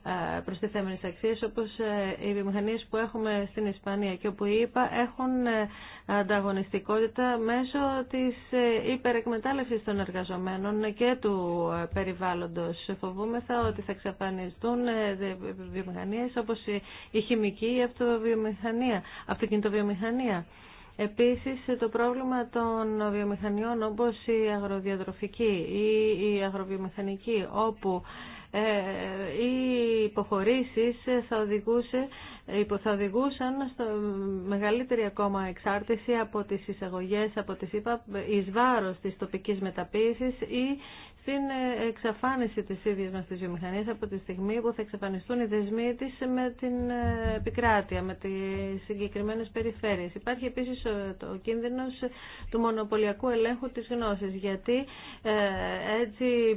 ε, προστιθέμενες αξίες όπως ε, οι βιομηχανίες που έχουμε στην Ισπανία και όπου είπα, έχουν ε, ανταγωνιστικότητα μέσω της υπερεκμετάλλευσης των εργαζομένων και του περιβάλλοντος. Φοβούμεθα ότι θα εξαφανιστούν βιομηχανίες όπως η χημική ή η αυτοβιομηχανία, αυτοκινητοβιομηχανία. Επίσης το πρόβλημα των βιομηχανιών όπως η αγροδιατροφική ή η αγροβιομηχανική όπου ε, οι υποχωρήσεις θα, οδηγούσε, θα οδηγούσαν στο μεγαλύτερη ακόμα εξάρτηση από τις εισαγωγές, από τις είπα, εις βάρος της τοπικής μεταποίησης ή στην εξαφάνιση της ίδιας μας της βιομηχανίας από τη στιγμή που θα εξαφανιστούν οι δεσμοί της με την ε, επικράτεια, με τις συγκεκριμένες περιφέρειες. Υπάρχει επίσης ε, ο κίνδυνος του μονοπωλιακού ελέγχου της γνώσης, γιατί έτσι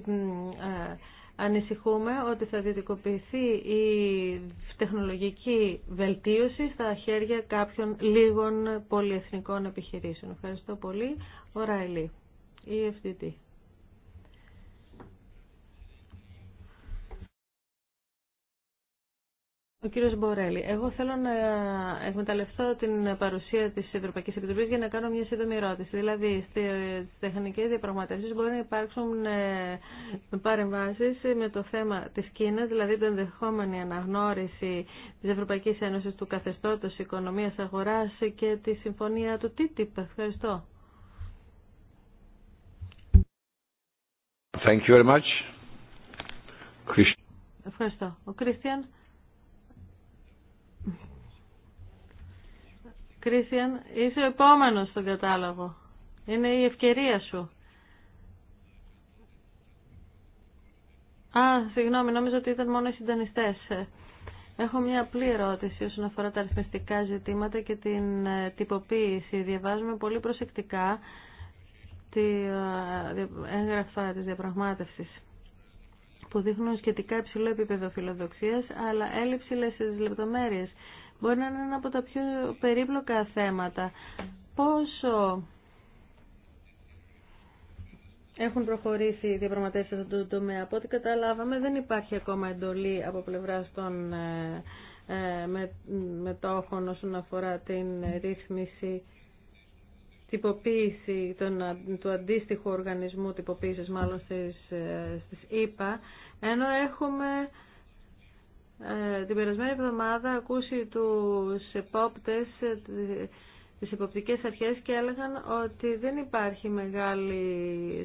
Ανησυχούμε ότι θα διδικοποιηθεί η τεχνολογική βελτίωση στα χέρια κάποιων λίγων πολυεθνικών επιχειρήσεων. Ευχαριστώ πολύ. Ο Ραιλή η Ο κύριο Μπορέλη, εγώ θέλω να εκμεταλλευτώ την παρουσία τη Ευρωπαϊκή Επιτροπή για να κάνω μια σύντομη ερώτηση. Δηλαδή, στι τεχνικέ διαπραγματεύσει μπορεί να υπάρξουν ε, παρεμβάσει με το θέμα τη Κίνα, δηλαδή την ενδεχόμενη αναγνώριση τη Ευρωπαϊκή Ένωση του καθεστώτο οικονομία αγορά και τη συμφωνία του TTIP. Ευχαριστώ. Thank you very much. Ευχαριστώ. Ο Κρίστιαν. Κρίσιαν, είσαι ο επόμενος στον κατάλογο. Είναι η ευκαιρία σου. Α, συγγνώμη, νόμιζα ότι ήταν μόνο οι συντονιστέ. Έχω μια απλή ερώτηση όσον αφορά τα αριθμιστικά ζητήματα και την ε, τυποποίηση. Διαβάζουμε πολύ προσεκτικά τη ε, έγγραφα της διαπραγμάτευσης που δείχνουν σχετικά υψηλό επίπεδο φιλοδοξίας, αλλά έλλειψη λες λεπτομέρειες μπορεί να είναι ένα από τα πιο περίπλοκα θέματα. Πόσο έχουν προχωρήσει οι διαπραγματεύσει σε αυτό το τομέα. Από ό,τι καταλάβαμε δεν υπάρχει ακόμα εντολή από πλευρά των ε, ε, μετόχων όσον αφορά την ρύθμιση τυποποίηση των, του αντίστοιχου οργανισμού τυποποίησης μάλλον στις, ε, στις ΕΠΑ, ενώ έχουμε ε, την περασμένη εβδομάδα ακούσει τους επόπτες, ε, τις εποπτικές αρχές και έλεγαν ότι δεν υπάρχει μεγάλη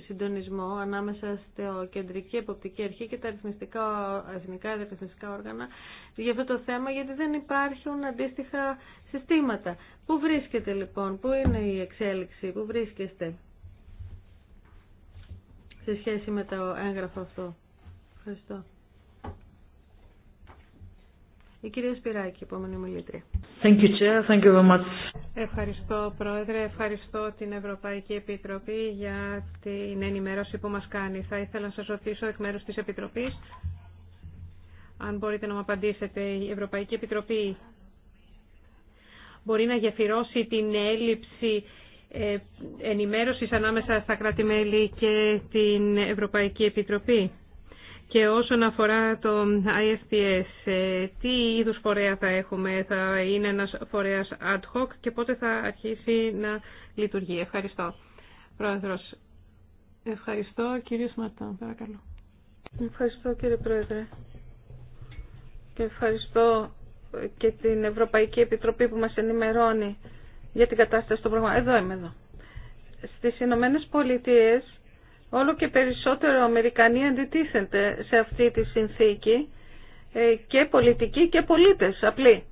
συντονισμό ανάμεσα στο κεντρική εποπτική αρχή και τα ρυθμιστικά, εθνικά όργανα για αυτό το θέμα γιατί δεν υπάρχουν αντίστοιχα συστήματα. Πού βρίσκεται λοιπόν, πού είναι η εξέλιξη, πού βρίσκεστε σε σχέση με το έγγραφο αυτό. Ευχαριστώ. Η κυρία Σπυράκη, επόμενη μιλήτρια. Thank you, Chair. Thank you very much. Ευχαριστώ, Πρόεδρε. Ευχαριστώ την Ευρωπαϊκή Επιτροπή για την ενημέρωση που μας κάνει. Θα ήθελα να σας ρωτήσω εκ μέρους της Επιτροπής, αν μπορείτε να μου απαντήσετε, η Ευρωπαϊκή Επιτροπή μπορεί να γεφυρώσει την έλλειψη ε, ενημέρωσης ανάμεσα στα κράτη-μέλη και την Ευρωπαϊκή Επιτροπή. Και όσον αφορά το IFTS, ε, τι είδους φορέα θα έχουμε, θα είναι ένας φορέας ad hoc και πότε θα αρχίσει να λειτουργεί. Ευχαριστώ. Πρόεδρος, ευχαριστώ. Κύριε Σμαρτάν, παρακαλώ. Ευχαριστώ κύριε Πρόεδρε. Και ευχαριστώ και την Ευρωπαϊκή Επιτροπή που μας ενημερώνει για την κατάσταση των προγραμμάτων. Εδώ είμαι εδώ. Στις Ηνωμένε Πολιτείες Όλο και περισσότερο Αμερικανοί αντιτίθενται σε αυτή τη συνθήκη ε, και πολιτικοί και πολίτες απλοί.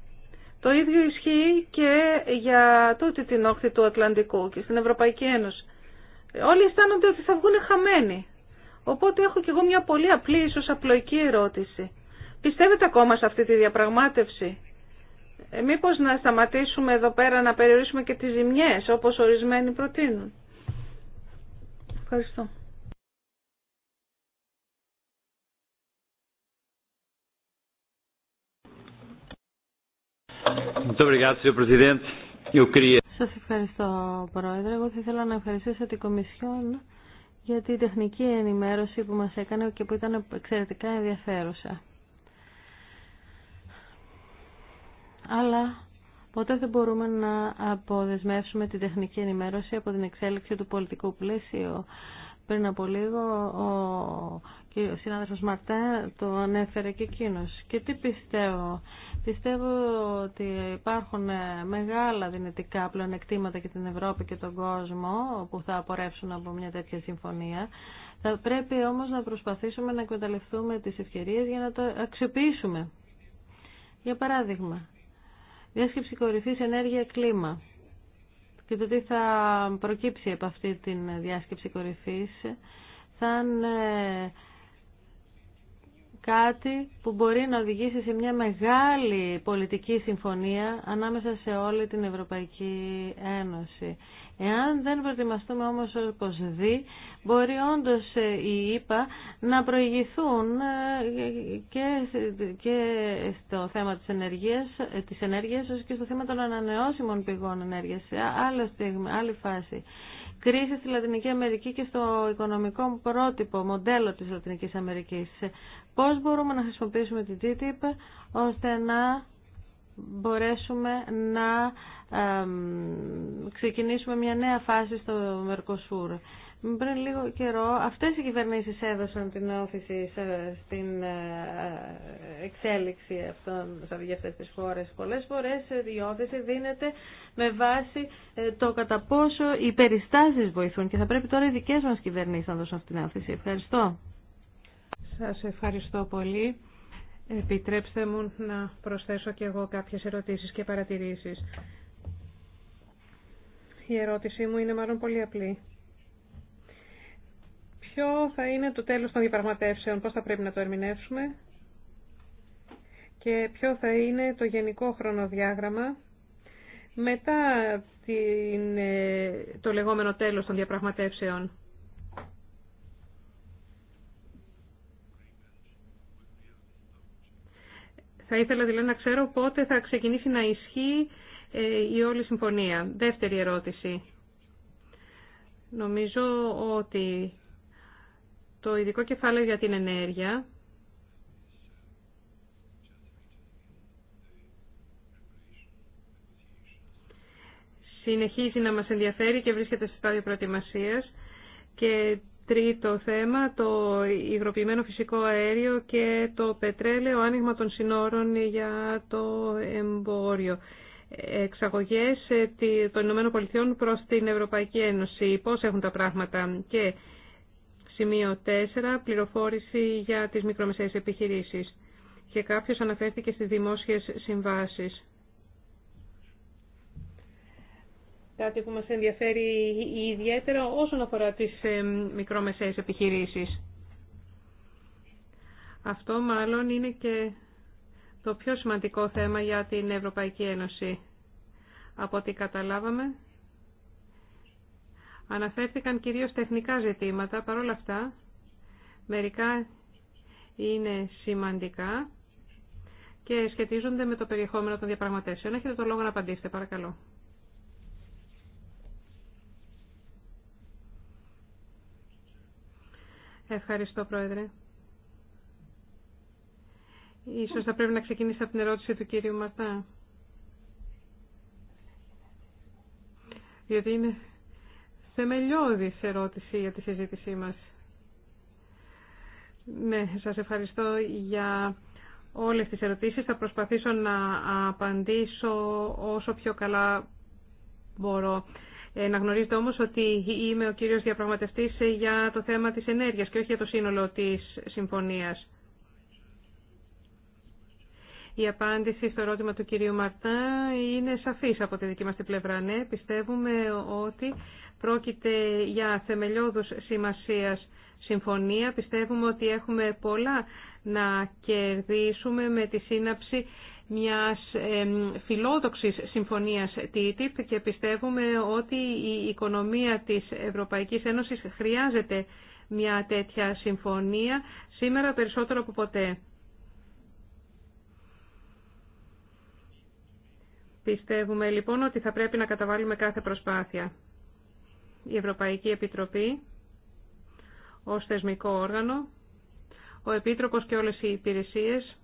Το ίδιο ισχύει και για τούτη την όχθη του Ατλαντικού και στην Ευρωπαϊκή Ένωση. Όλοι αισθάνονται ότι θα βγουν χαμένοι. Οπότε έχω και εγώ μια πολύ απλή, ίσως απλοϊκή ερώτηση. Πιστεύετε ακόμα σε αυτή τη διαπραγμάτευση. Ε, μήπως να σταματήσουμε εδώ πέρα να περιορίσουμε και τις ζημιές, όπως ορισμένοι προτείνουν. Ευχαριστώ. Σας ευχαριστώ, Πρόεδρε. Εγώ θα ήθελα να ευχαριστήσω την Κομισιόν για την τεχνική ενημέρωση που μας έκανε και που ήταν εξαιρετικά ενδιαφέρουσα. Αλλά ποτέ δεν μπορούμε να αποδεσμεύσουμε την τεχνική ενημέρωση από την εξέλιξη του πολιτικού πλαίσιου. Πριν από λίγο ο ο συνάδελφος Μαρτέ το ανέφερε και εκείνο. Και τι πιστεύω. Πιστεύω ότι υπάρχουν μεγάλα δυνητικά πλεονεκτήματα και την Ευρώπη και τον κόσμο που θα απορρέψουν από μια τέτοια συμφωνία. Θα πρέπει όμως να προσπαθήσουμε να εκμεταλλευτούμε τις ευκαιρίες για να το αξιοποιήσουμε. Για παράδειγμα, διάσκεψη κορυφής ενέργεια-κλίμα. Και το τι θα προκύψει από αυτή τη διάσκεψη κορυφής θα είναι κάτι που μπορεί να οδηγήσει σε μια μεγάλη πολιτική συμφωνία ανάμεσα σε όλη την Ευρωπαϊκή Ένωση. Εάν δεν προετοιμαστούμε όμως όπως δει, μπορεί όντως ε, οι ΙΠΑ να προηγηθούν ε, και, στο θέμα της ενέργειας, ε, της και στο θέμα των ανανεώσιμων πηγών ενέργειας, σε άλλη φάση κρίση στη Λατινική Αμερική και στο οικονομικό πρότυπο, μοντέλο της Λατινικής Αμερικής. Πώς μπορούμε να χρησιμοποιήσουμε την TTIP ώστε να μπορέσουμε να ξεκινήσουμε μια νέα φάση στο Μερκοσούρ πριν λίγο καιρό αυτές οι κυβερνήσεις έδωσαν την όθηση στην ε, εξέλιξη αυτών για αυτές τις χώρες. Πολλές φορές η όθηση δίνεται με βάση ε, το κατά πόσο οι περιστάσεις βοηθούν και θα πρέπει τώρα οι δικές μας κυβερνήσεις να δώσουν αυτή την όθηση. Ευχαριστώ. Σας ευχαριστώ πολύ. Επιτρέψτε μου να προσθέσω και εγώ κάποιες ερωτήσεις και παρατηρήσεις. Η ερώτησή μου είναι μάλλον πολύ απλή ποιο θα είναι το τέλος των διαπραγματεύσεων, πώς θα πρέπει να το ερμηνεύσουμε και ποιο θα είναι το γενικό χρονοδιάγραμμα μετά την, ε, το λεγόμενο τέλος των διαπραγματεύσεων. Θα ήθελα δηλαδή να ξέρω πότε θα ξεκινήσει να ισχύει ε, η όλη συμφωνία. Δεύτερη ερώτηση. Νομίζω ότι το ειδικό κεφάλαιο για την ενέργεια συνεχίζει να μας ενδιαφέρει και βρίσκεται σε στάδιο προετοιμασίας. Και τρίτο θέμα, το υγροποιημένο φυσικό αέριο και το πετρέλαιο, άνοιγμα των συνόρων για το εμπόριο. Εξαγωγές ε, των Ηνωμένων Πολιτειών προς την Ευρωπαϊκή Ένωση. Πώς έχουν τα πράγματα και Σημείο 4. Πληροφόρηση για τις μικρομεσαίες επιχειρήσεις. Και κάποιος αναφέρθηκε στις δημόσιες συμβάσεις. Κάτι που μας ενδιαφέρει ιδιαίτερα όσον αφορά τις ε, μικρομεσαίες επιχειρήσεις. Αυτό μάλλον είναι και το πιο σημαντικό θέμα για την Ευρωπαϊκή Ένωση. Από ό,τι καταλάβαμε, Αναφέρθηκαν κυρίως τεχνικά ζητήματα, παρόλα αυτά μερικά είναι σημαντικά και σχετίζονται με το περιεχόμενο των διαπραγματεύσεων. Έχετε το λόγο να απαντήσετε, παρακαλώ. Ευχαριστώ, Πρόεδρε. Ίσως θα πρέπει να ξεκινήσω από την ερώτηση του κύριου Μαρτά. Γιατί είναι θεμελιώδης ερώτηση για τη συζήτησή μας. Ναι, σας ευχαριστώ για όλες τις ερωτήσεις. Θα προσπαθήσω να απαντήσω όσο πιο καλά μπορώ. Ε, να γνωρίζετε όμως ότι είμαι ο κύριος διαπραγματευτής για το θέμα της ενέργειας και όχι για το σύνολο της συμφωνίας. Η απάντηση στο ερώτημα του κυρίου Μαρτά είναι σαφής από τη δική μας την πλευρά. Ναι, πιστεύουμε ότι πρόκειται για θεμελιώδους σημασίας συμφωνία. Πιστεύουμε ότι έχουμε πολλά να κερδίσουμε με τη σύναψη μιας φιλόδοξης συμφωνίας TTIP και πιστεύουμε ότι η οικονομία της Ευρωπαϊκής Ένωσης χρειάζεται μια τέτοια συμφωνία σήμερα περισσότερο από ποτέ. Πιστεύουμε λοιπόν ότι θα πρέπει να καταβάλουμε κάθε προσπάθεια. Η Ευρωπαϊκή Επιτροπή ως θεσμικό όργανο, ο Επίτροπος και όλες οι υπηρεσίες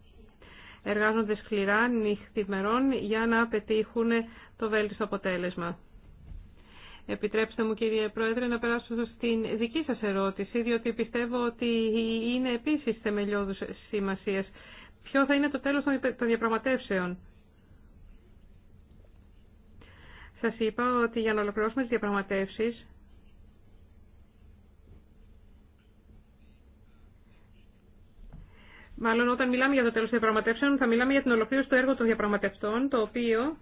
εργάζονται σκληρά νυχθημερών για να πετύχουν το βέλτιστο αποτέλεσμα. Επιτρέψτε μου κύριε Πρόεδρε να περάσω στην δική σας ερώτηση, διότι πιστεύω ότι είναι επίσης θεμελιώδους σημασίας. Ποιο θα είναι το τέλος των διαπραγματεύσεων. Σας είπα ότι για να ολοκληρώσουμε τις διαπραγματεύσεις Μάλλον όταν μιλάμε για το τέλος των διαπραγματεύσεων θα μιλάμε για την ολοκλήρωση του έργου των διαπραγματευτών, το οποίο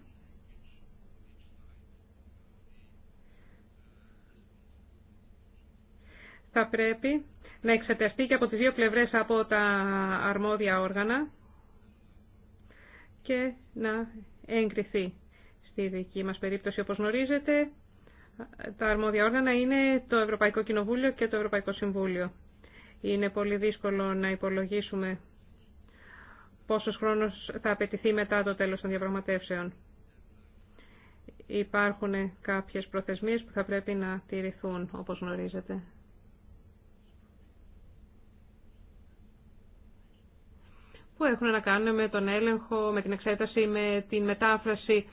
θα πρέπει να εξεταστεί και από τις δύο πλευρές από τα αρμόδια όργανα και να εγκριθεί. Στη δική μας περίπτωση, όπως γνωρίζετε, τα αρμόδια όργανα είναι το Ευρωπαϊκό Κοινοβούλιο και το Ευρωπαϊκό Συμβούλιο. Είναι πολύ δύσκολο να υπολογίσουμε πόσος χρόνος θα απαιτηθεί μετά το τέλος των διαπραγματεύσεων. Υπάρχουν κάποιες προθεσμίες που θα πρέπει να τηρηθούν, όπως γνωρίζετε. Που έχουν να κάνουν με τον έλεγχο, με την εξέταση, με την μετάφραση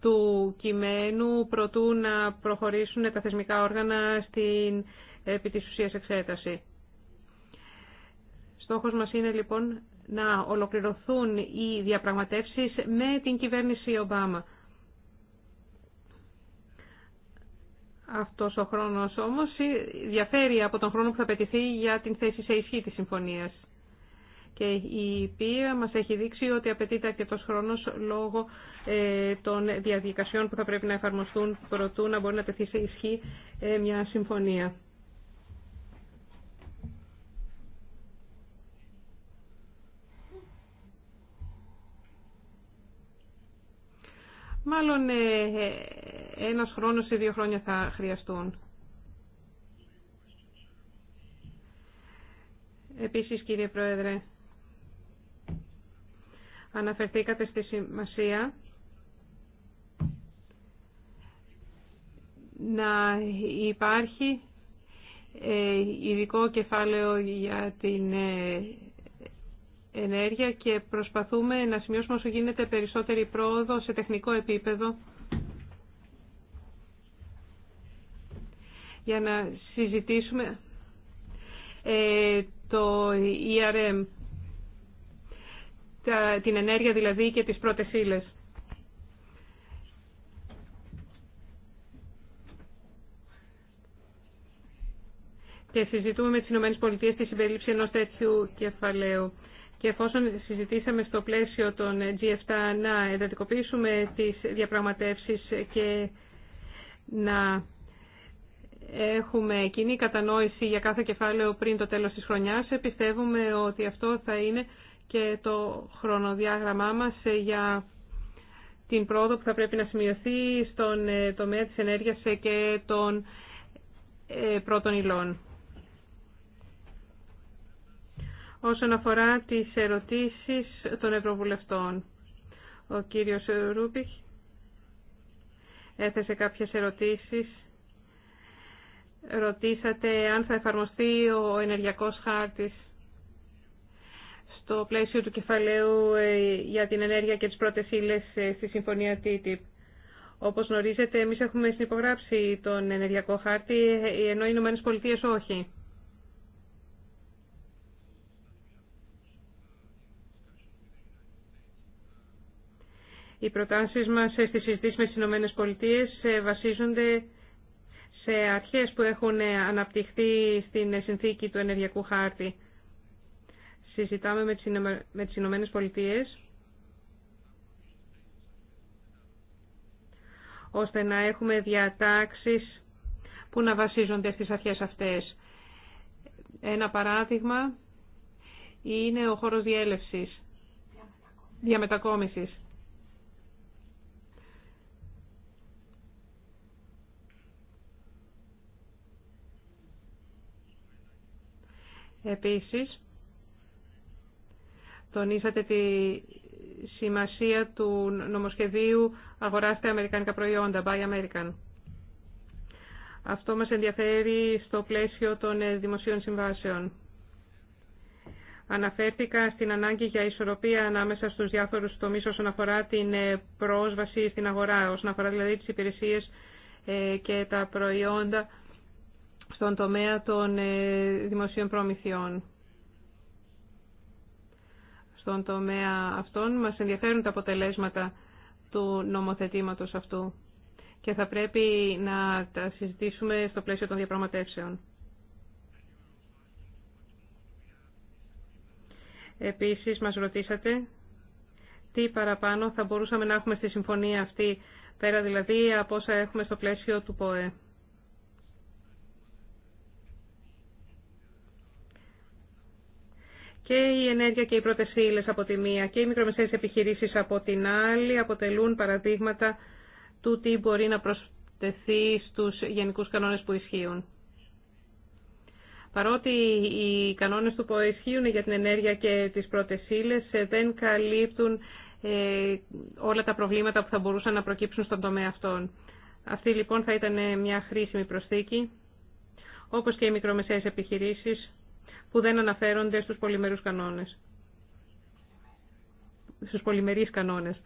του κειμένου προτού να προχωρήσουν τα θεσμικά όργανα στην επί της ουσίας εξέταση. Στόχος μας είναι λοιπόν να ολοκληρωθούν οι διαπραγματεύσεις με την κυβέρνηση Ομπάμα. Αυτός ο χρόνος όμως διαφέρει από τον χρόνο που θα πετηθεί για την θέση σε ισχύ της συμφωνίας και η ΠΙΑ μας έχει δείξει ότι απαιτείται αρκετό χρόνος λόγω ε, των διαδικασιών που θα πρέπει να εφαρμοστούν προτού να μπορεί να τεθεί σε ισχύ ε, μια συμφωνία. Μάλλον ε, ένας χρόνος ή δύο χρόνια θα χρειαστούν. Επίσης, κύριε Πρόεδρε, Αναφερθήκατε στη σημασία να υπάρχει ε, ειδικό κεφάλαιο για την ε, ενέργεια και προσπαθούμε να σημειώσουμε όσο γίνεται περισσότερη πρόοδο σε τεχνικό επίπεδο για να συζητήσουμε ε, το ERM την ενέργεια δηλαδή και τις πρώτες ύλε. Και συζητούμε με τις ΗΠΑ τη συμπερίληψη ενός τέτοιου κεφαλαίου. Και εφόσον συζητήσαμε στο πλαίσιο των G7 να εντατικοποιήσουμε τις διαπραγματεύσεις και να έχουμε κοινή κατανόηση για κάθε κεφάλαιο πριν το τέλος της χρονιάς, πιστεύουμε ότι αυτό θα είναι και το χρονοδιάγραμμά μας ε, για την πρόοδο που θα πρέπει να σημειωθεί στον ε, τομέα της ενέργειας ε, και των πρώτων υλών. Όσον αφορά τις ερωτήσεις των Ευρωβουλευτών, ο κύριος Ρούπιχ έθεσε κάποιες ερωτήσεις. Ρωτήσατε αν θα εφαρμοστεί ο ενεργειακός χάρτης στο πλαίσιο του κεφαλαίου ε, για την ενέργεια και τις πρώτες ύλες ε, στη Συμφωνία TTIP. Όπως γνωρίζετε, εμείς έχουμε συνυπογράψει τον ενεργειακό χάρτη, ε, ενώ οι Ηνωμένες Πολιτείες όχι. Οι προτάσεις μας στη συζήτηση με τις Ηνωμένες Πολιτείες βασίζονται σε αρχές που έχουν αναπτυχθεί στην συνθήκη του ενεργειακού χάρτη συζητάμε με τις, Ηνωμένε Πολιτείε ώστε να έχουμε διατάξεις που να βασίζονται στις αρχές αυτές. Ένα παράδειγμα είναι ο χώρος διέλευσης, διαμετακόμισης. Επίσης, τονίσατε τη σημασία του νομοσχεδίου «Αγοράστε Αμερικανικά προϊόντα» «Buy American». Αυτό μας ενδιαφέρει στο πλαίσιο των ε, δημοσίων συμβάσεων. Αναφέρθηκα στην ανάγκη για ισορροπία ανάμεσα στους διάφορους τομείς όσον αφορά την ε, πρόσβαση στην αγορά, όσον αφορά δηλαδή τις υπηρεσίες ε, και τα προϊόντα στον τομέα των δημοσίων προμηθειών στον τομέα αυτών. Μας ενδιαφέρουν τα αποτελέσματα του νομοθετήματος αυτού και θα πρέπει να τα συζητήσουμε στο πλαίσιο των διαπραγματεύσεων. Επίσης, μας ρωτήσατε τι παραπάνω θα μπορούσαμε να έχουμε στη συμφωνία αυτή, πέρα δηλαδή από όσα έχουμε στο πλαίσιο του ΠΟΕ. Και η ενέργεια και οι πρώτε ύλε από τη μία και οι μικρομεσαίες επιχειρήσεις από την άλλη αποτελούν παραδείγματα του τι μπορεί να προσθεθεί στους γενικούς κανόνες που ισχύουν. Παρότι οι κανόνες του που ισχύουν για την ενέργεια και τις πρώτες ύλες δεν καλύπτουν ε, όλα τα προβλήματα που θα μπορούσαν να προκύψουν στον τομέα αυτών. Αυτή λοιπόν θα ήταν μια χρήσιμη προσθήκη, όπως και οι μικρομεσαίες επιχειρήσεις, που δεν αναφέρονται στους πολυμερούς κανόνες. Στους πολυμερείς κανόνες.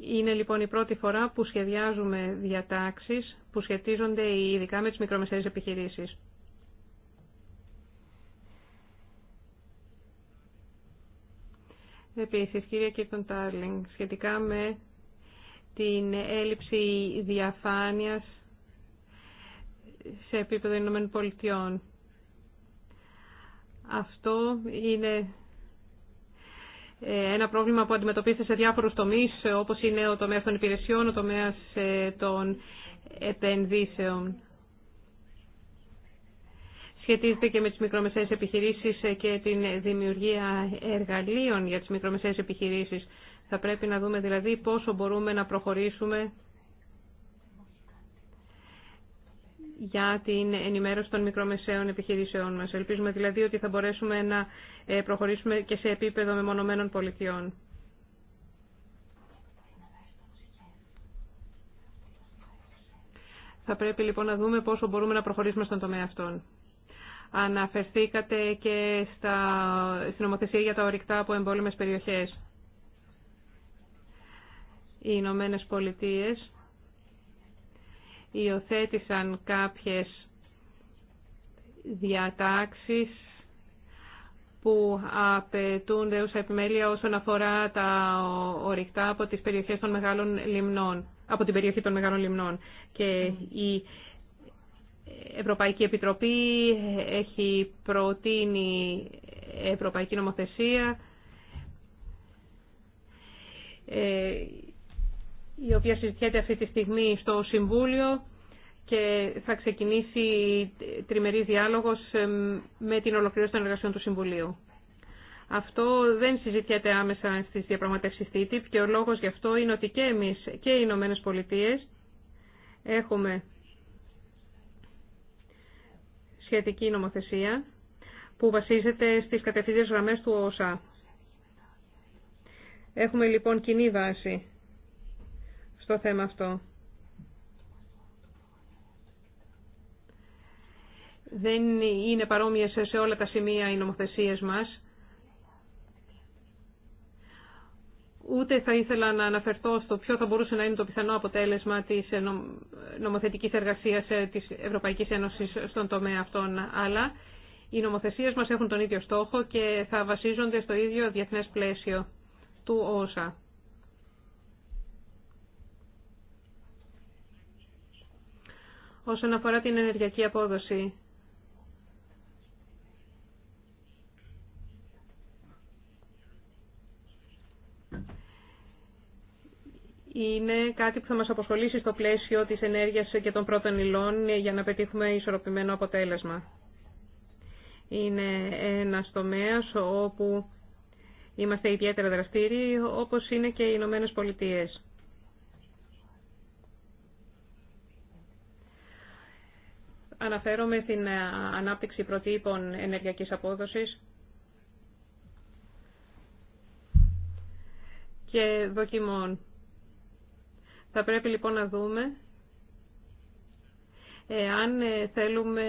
Είναι λοιπόν η πρώτη φορά που σχεδιάζουμε διατάξεις που σχετίζονται ειδικά με τις μικρομεσαίες επιχειρήσεις. Επίσης, κύριε Κίρτον Τάρλινγκ, σχετικά με την έλλειψη διαφάνειας σε επίπεδο Ηνωμένων Πολιτειών. Αυτό είναι ε, ένα πρόβλημα που αντιμετωπίζεται σε διάφορους τομείς, όπως είναι ο τομέας των υπηρεσιών, ο τομέας ε, των επενδύσεων. Σχετίζεται και με τις μικρομεσαίες επιχειρήσεις ε, και την δημιουργία εργαλείων για τις μικρομεσαίες επιχειρήσεις. Θα πρέπει να δούμε δηλαδή πόσο μπορούμε να προχωρήσουμε για την ενημέρωση των μικρομεσαίων επιχειρήσεών μας. Ελπίζουμε δηλαδή ότι θα μπορέσουμε να ε, προχωρήσουμε και σε επίπεδο μεμονωμένων πολιτιών. Θα πρέπει λοιπόν να δούμε πόσο μπορούμε να προχωρήσουμε στον τομέα αυτόν. Αναφερθήκατε και στα, στην νομοθεσία για τα ορυκτά από εμπόλεμες περιοχές. Οι Ηνωμένε Πολιτείες υιοθέτησαν κάποιες διατάξεις που απαιτούν δέουσα επιμέλεια όσον αφορά τα ορυκτά από τις περιοχές των μεγάλων λιμνών, από την περιοχή των μεγάλων λιμνών. Και η Ευρωπαϊκή Επιτροπή έχει προτείνει Ευρωπαϊκή Νομοθεσία ε, η οποία συζητιέται αυτή τη στιγμή στο Συμβούλιο και θα ξεκινήσει τριμερή διάλογος ε, με την ολοκλήρωση των εργασιών του Συμβουλίου. Αυτό δεν συζητιέται άμεσα στις διαπραγματεύσεις TTIP και ο λόγος γι' αυτό είναι ότι και εμείς και οι Ηνωμένε Πολιτείε έχουμε σχετική νομοθεσία που βασίζεται στις κατευθυντές γραμμές του ΩΣΑ. Έχουμε λοιπόν κοινή βάση το θέμα αυτό. Δεν είναι παρόμοιες σε όλα τα σημεία οι νομοθεσίες μας. Ούτε θα ήθελα να αναφερθώ στο ποιο θα μπορούσε να είναι το πιθανό αποτέλεσμα της νομοθετικής εργασίας ε, της Ευρωπαϊκής Ένωσης στον τομέα αυτών, αλλά οι νομοθεσίες μας έχουν τον ίδιο στόχο και θα βασίζονται στο ίδιο διεθνές πλαίσιο του ΩΣΑ. όσον αφορά την ενεργειακή απόδοση. είναι κάτι που θα μας αποσχολήσει στο πλαίσιο της ενέργειας και των πρώτων υλών για να πετύχουμε ισορροπημένο αποτέλεσμα. Είναι ένας τομέας όπου είμαστε ιδιαίτερα δραστήριοι, όπως είναι και οι Ηνωμένε Πολιτείες. Αναφέρομαι στην ε, ανάπτυξη προτύπων ενεργειακής απόδοσης και δοκιμών. Θα πρέπει λοιπόν να δούμε ε, αν ε, θέλουμε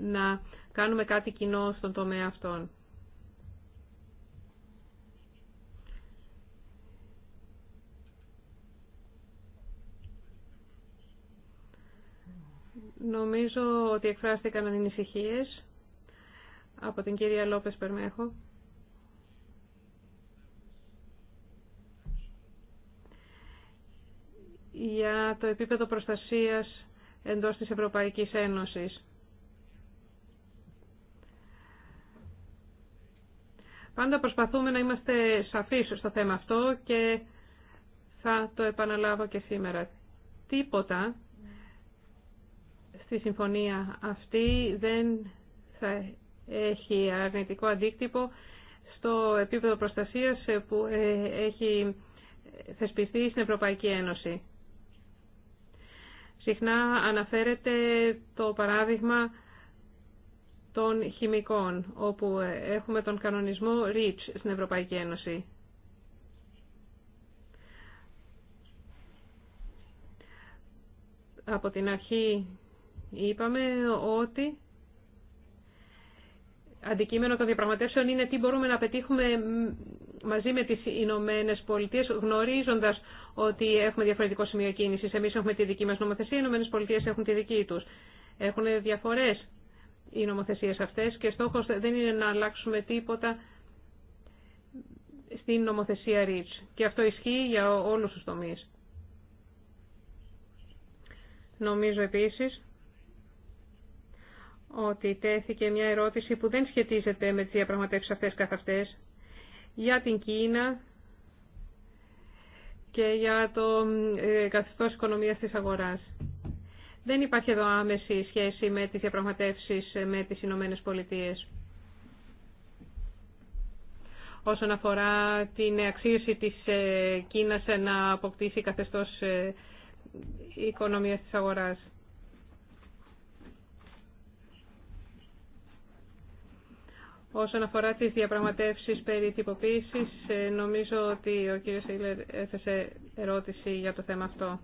να κάνουμε κάτι κοινό στον τομέα αυτόν. Νομίζω ότι εκφράστηκαν ανησυχίε από την κυρία Λόπες Περμέχο. για το επίπεδο προστασίας εντός της Ευρωπαϊκής Ένωσης. Πάντα προσπαθούμε να είμαστε σαφείς στο θέμα αυτό και θα το επαναλάβω και σήμερα. Τίποτα στη συμφωνία αυτή δεν θα έχει αρνητικό αντίκτυπο στο επίπεδο προστασίας που ε, έχει θεσπιστεί στην Ευρωπαϊκή Ένωση. Συχνά αναφέρεται το παράδειγμα των χημικών, όπου έχουμε τον κανονισμό REACH στην Ευρωπαϊκή Ένωση. Από την αρχή Είπαμε ότι αντικείμενο των διαπραγματεύσεων είναι τι μπορούμε να πετύχουμε μαζί με τις Ηνωμένε Πολιτείε, γνωρίζοντας ότι έχουμε διαφορετικό σημείο κίνηση. Εμείς έχουμε τη δική μας νομοθεσία, οι Ηνωμένε Πολιτείε έχουν τη δική τους. Έχουν διαφορές οι νομοθεσίες αυτές και στόχος δεν είναι να αλλάξουμε τίποτα στην νομοθεσία REACH. Και αυτό ισχύει για όλους τους τομείς. Νομίζω επίσης ότι τέθηκε μια ερώτηση που δεν σχετίζεται με τις διαπραγματεύσεις αυτές καθ' αυτές για την Κίνα και για το ε, καθεστώς οικονομίας της αγοράς. Δεν υπάρχει εδώ άμεση σχέση με τις διαπραγματεύσεις με τις Ηνωμένε Πολιτείε. Όσον αφορά την αξίωση της ε, Κίνας να αποκτήσει καθεστώς ε, οικονομίας της αγοράς. Όσον αφορά τις διαπραγματεύσεις περί τυποποίησης, ε, νομίζω ότι ο κύριος Σίλερ έθεσε ερώτηση για το θέμα αυτό.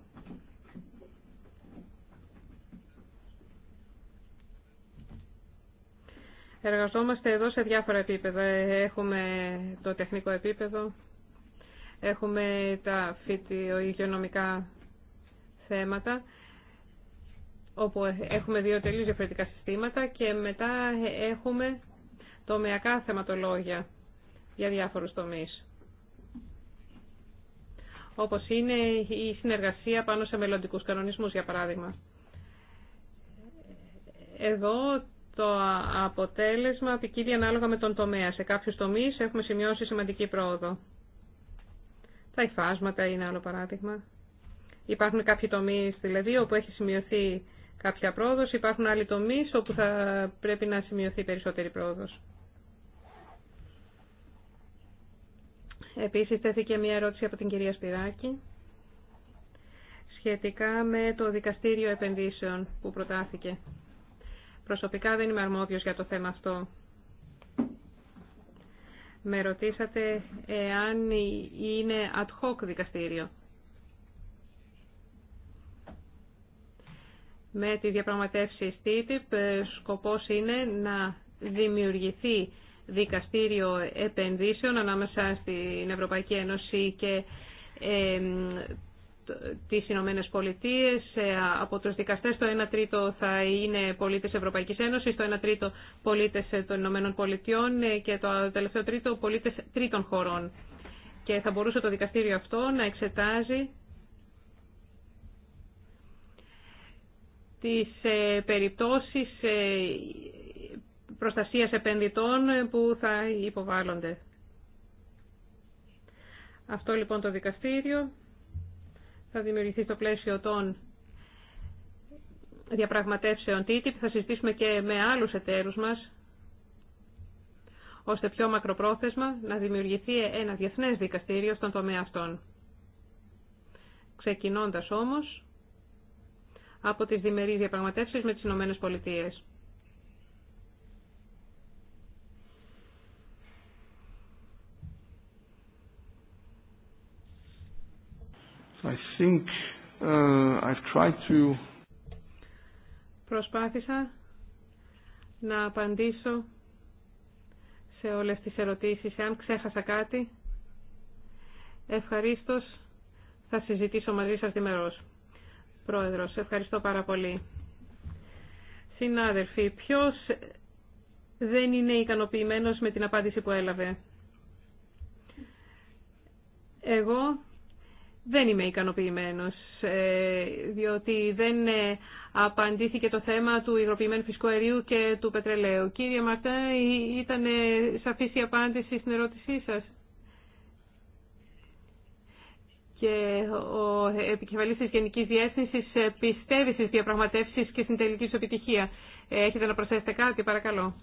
Εργαζόμαστε εδώ σε διάφορα επίπεδα. Ε, έχουμε το τεχνικό επίπεδο, έχουμε τα φυτιο θέματα, όπου έχουμε δύο τελείως διαφορετικά συστήματα και μετά έχουμε τομεακά θεματολόγια για διάφορους τομείς. Όπως είναι η συνεργασία πάνω σε μελλοντικού κανονισμούς, για παράδειγμα. Εδώ το αποτέλεσμα ποικίλει ανάλογα με τον τομέα. Σε κάποιους τομείς έχουμε σημειώσει σημαντική πρόοδο. Τα υφάσματα είναι άλλο παράδειγμα. Υπάρχουν κάποιοι τομείς δηλαδή όπου έχει σημειωθεί κάποια πρόοδος. Υπάρχουν άλλοι τομείς όπου θα πρέπει να σημειωθεί περισσότερη πρόοδος. Επίσης θέθηκε μια ερώτηση από την κυρία Σπυράκη σχετικά με το δικαστήριο επενδύσεων που προτάθηκε. Προσωπικά δεν είμαι αρμόδιος για το θέμα αυτό. Με ρωτήσατε εάν είναι ad hoc δικαστήριο. με τη διαπραγματεύση TTIP ε, σκοπός είναι να δημιουργηθεί δικαστήριο επενδύσεων ανάμεσα στην Ευρωπαϊκή Ένωση και ε, τις Ηνωμένε Πολιτείε. Από τους δικαστές το 1 τρίτο θα είναι πολίτες Ευρωπαϊκής Ένωσης, το 1 τρίτο πολίτες ε, των Ηνωμένων Πολιτειών ε, και το τελευταίο τρίτο πολίτες τρίτων χωρών. Και θα μπορούσε το δικαστήριο αυτό να εξετάζει τις ε, περιπτώσεις ε, προστασίας επενδυτών που θα υποβάλλονται. Αυτό λοιπόν το δικαστήριο θα δημιουργηθεί στο πλαίσιο των διαπραγματεύσεων TTIP. Θα συζητήσουμε και με άλλους εταίρους μας, ώστε πιο μακροπρόθεσμα να δημιουργηθεί ένα διεθνές δικαστήριο στον τομέα αυτών. Ξεκινώντας όμως από τις διμερείς διαπραγματεύσεις με τις Ηνωμένες Πολιτείες. Uh, I've tried to... Προσπάθησα να απαντήσω σε όλες τις ερωτήσεις. Εάν ξέχασα κάτι, ευχαρίστως θα συζητήσω μαζί σας διμερώς. Πρόεδρος, ευχαριστώ πάρα πολύ. Συνάδελφοι, ποιος δεν είναι ικανοποιημένος με την απάντηση που έλαβε. Εγώ δεν είμαι ικανοποιημένος, ε, διότι δεν ε, απαντήθηκε το θέμα του υγροποιημένου φυσικού αερίου και του πετρελαίου. Κύριε Μαρτά, ήταν σαφής η απάντηση στην ερώτησή σας και ο επικεφαλής της Γενικής Διεύθυνσης ε, πιστεύει στις διαπραγματεύσεις και στην τελική σου επιτυχία. Ε, έχετε να προσθέσετε κάτι, παρακαλώ.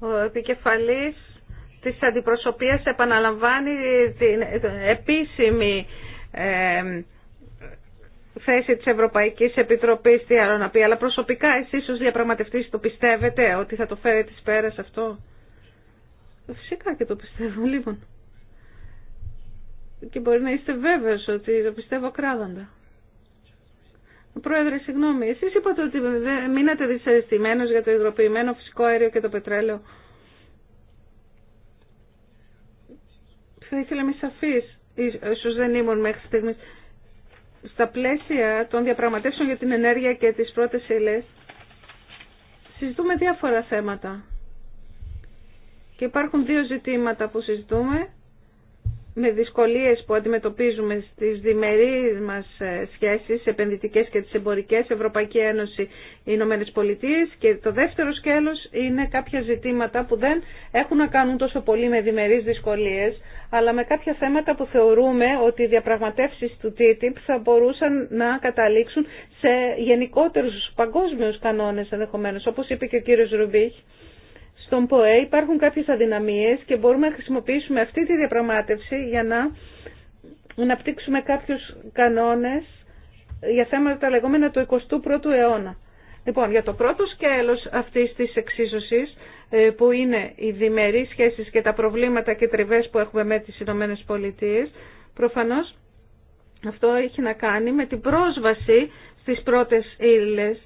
Ο επικεφαλής της αντιπροσωπείας επαναλαμβάνει την επίσημη ε, θέση της Ευρωπαϊκής Επιτροπής, τι άλλο να πει, αλλά προσωπικά εσείς ως διαπραγματευτής το πιστεύετε ότι θα το φέρετε εις πέρας αυτό. Φυσικά και το πιστεύω, λοιπόν και μπορεί να είστε βέβαιος ότι το πιστεύω κράδαντα. Πρόεδρε, συγγνώμη, εσείς είπατε ότι μείνατε δυσαρεστημένος για το υγροποιημένο φυσικό αέριο και το πετρέλαιο. Θα ήθελα να σαφής, ίσως δεν ήμουν μέχρι στιγμής. Στα πλαίσια των διαπραγματεύσεων για την ενέργεια και τις πρώτες ύλε, συζητούμε διάφορα θέματα. Και υπάρχουν δύο ζητήματα που συζητούμε με δυσκολίες που αντιμετωπίζουμε στις διμερείς μας ε, σχέσεις επενδυτικές και τις εμπορικές Ευρωπαϊκή Ένωση Ηνωμένε Πολιτείε και το δεύτερο σκέλος είναι κάποια ζητήματα που δεν έχουν να κάνουν τόσο πολύ με διμερείς δυσκολίες αλλά με κάποια θέματα που θεωρούμε ότι οι διαπραγματεύσεις του TTIP θα μπορούσαν να καταλήξουν σε γενικότερους παγκόσμιους κανόνες ενδεχομένως όπως είπε και ο κύριος Ρουμπίχ στον ΠΟΕ υπάρχουν κάποιες αδυναμίες και μπορούμε να χρησιμοποιήσουμε αυτή τη διαπραγμάτευση για να αναπτύξουμε κάποιους κανόνες για θέματα τα λεγόμενα του 21ου αιώνα. Λοιπόν, για το πρώτο σκέλος αυτής της εξίσωσης ε, που είναι οι διμερείς σχέσεις και τα προβλήματα και τριβές που έχουμε με τις Ηνωμένες Πολιτείες προφανώς αυτό έχει να κάνει με την πρόσβαση στις πρώτες ύλες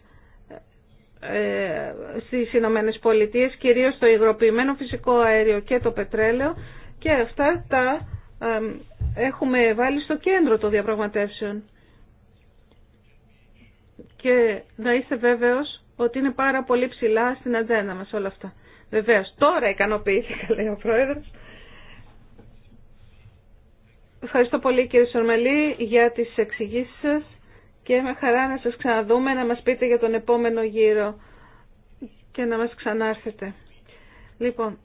ε, στις Ηνωμένε Πολιτείε, κυρίως το υγροποιημένο φυσικό αέριο και το πετρέλαιο και αυτά τα ε, έχουμε βάλει στο κέντρο των διαπραγματεύσεων. Και να είστε βέβαιος ότι είναι πάρα πολύ ψηλά στην ατζέντα μας όλα αυτά. Βεβαίως, τώρα ικανοποιήθηκα, λέει ο Πρόεδρος. Ευχαριστώ πολύ κύριε Σορμελή για τις εξηγήσεις σας και με χαρά να σας ξαναδούμε, να μας πείτε για τον επόμενο γύρο και να μας ξανάρθετε. Λοιπόν,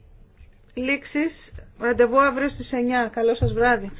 λήξεις, ραντεβού αύριο στις 9. Καλό σας βράδυ.